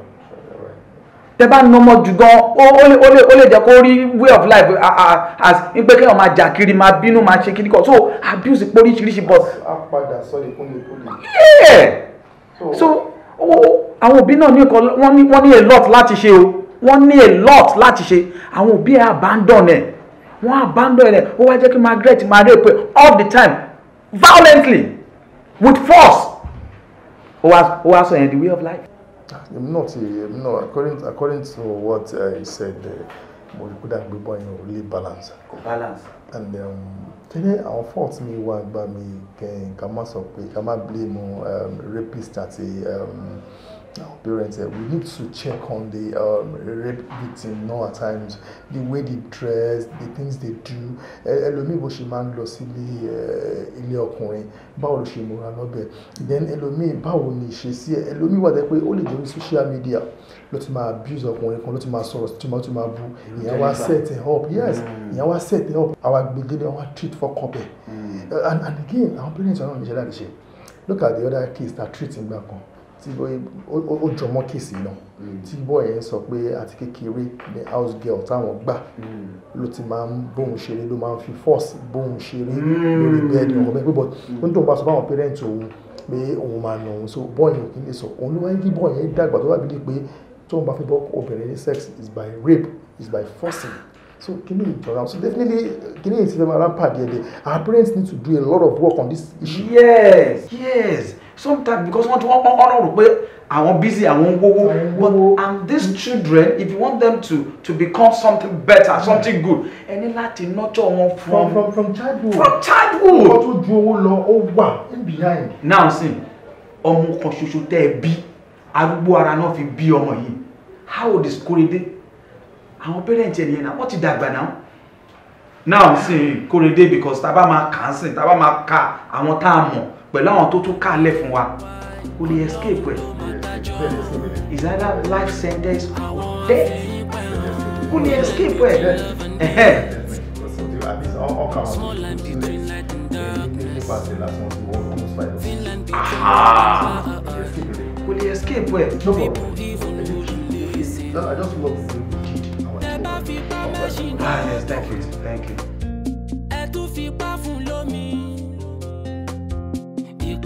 [SPEAKER 1] tẹ bá nọmọ jù gan ó lè jẹ́ kó rí way of life as n pé kéèyàn máa jà kiri máa bínú máa ṣe kíní kan so abuse poríṣiríṣi but. a padà sọ lè kún lè kún so àwọn òbí náà ní nǹkan wọ́n ní a lot láti ṣe o wọ́n ní a lot láti ṣe àwọn òbí ẹ̀ abandon ẹ̀ wọ́n abandon ẹ̀ ó wá jẹ́ kí Margaret máa rẹ̀ pé all the time violently with force ó wá sọ yẹn the way of life. I'm not, I'm not according,
[SPEAKER 7] according to what uh, he said, we rí kódà gbígbọ́ yẹn ò lè balance. kò balance. and um, today our fault me one by me can come má sọ come ká blame um, rapist àti. Um, our parents uh, we need to check on the um, rape victim you know at times the way they dress the things they do eh, ẹlòmíì bó ṣe máa ń lọ sílé eh, ilé ọkùnrin báwo ló ṣe múra lọ́bẹ̀ then ẹlòmíì báwo ni ṣe sí ẹ ẹlòmíì wà pé ó lè jẹ́ social media ló ti máa abuse ọkùnrin kan ló ti máa sọ̀rọ̀ tí wọ́n ti máa bu ìyẹn wá set ẹ̀ up yes mm. ìyẹn wá set ẹ̀ up àwọn agbègbè wọn treat for bẹ̀ mm. and again our parents wọn náà ní ìṣẹ̀lẹ̀ àdìṣe look at the other case that treat back on tí ó jọmọ́ kìsì náà mm. tí bọ́ọ̀ yẹn sọ pé àti kékeré ní house girl táwọn gbà mm. ló ti máa ń bóun ṣeré ló máa ń fi force bóun ṣeré mm. lórí bẹ́ẹ̀dì ọkọ̀ bẹ́ẹ̀ pípọ̀ nítorí òun bá sọ fáwọn parents òun pé òun máa nà òun so bọ́ọ̀ yẹn kì í lè sọ òun ló wáyé kí bọ́ọ̀ yẹn dàgbà tó wà bí i pé tóun bá fi bọ́ obìnrin ní sex is by rape is by forcing so kini ìjọra so definitely kini ìsinmi ara pàdé ẹ̀ dẹ̀ our parents need to do a lot of work on this issue. yes yes
[SPEAKER 1] sometimes because wọ́n ti wọ́n ọ̀nà rò pé àwọn busy àwọn wọ́wọ́ but and these children if you want them to to become something better something good ẹ ní láti nurture wọn from from from childhood from childhood. now see, ọmọ kan ṣoṣo tẹ́ ẹ bí arúgbó ara náà fi bí ọmọ yìí how old is Kóredé àwọn parents ẹ nìyẹn náà wọ́n ti dàgbà náà now sin Kóredé because tá a bá máa kà á sìn car, a bá time. ka pẹ̀lú àwọn tó tún kálẹ̀ fún wa o lè escape ẹ̀ is that either life sentence or death o lè escape ẹ̀.
[SPEAKER 7] ọkàn àwọn tó o lè
[SPEAKER 1] escape ẹ̀. no problem i just love the way you
[SPEAKER 6] did our show. ah
[SPEAKER 1] yes thank you thank you.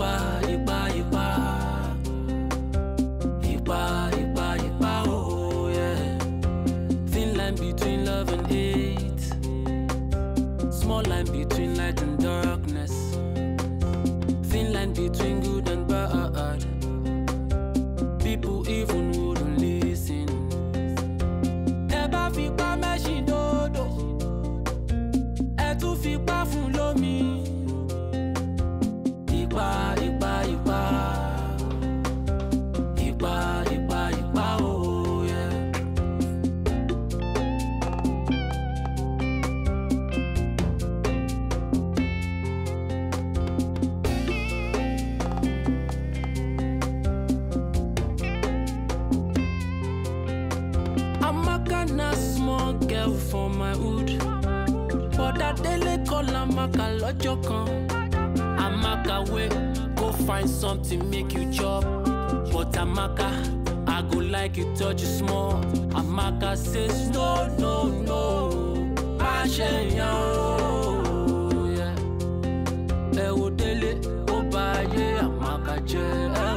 [SPEAKER 6] ipa ipa ipa ipa ipa ipa oh yeah thin line between love and hate small line between one girl for my hood. Bọ̀dá Délé call Amaka lọ́jọ́ kan. Amaka wey go find something make you chop. But Amaka, I go like you touch you small. Amaka says no no no, má ṣe yan o. Ẹ wo Délé, ó bá ayé Amaka jẹ́ ẹ́.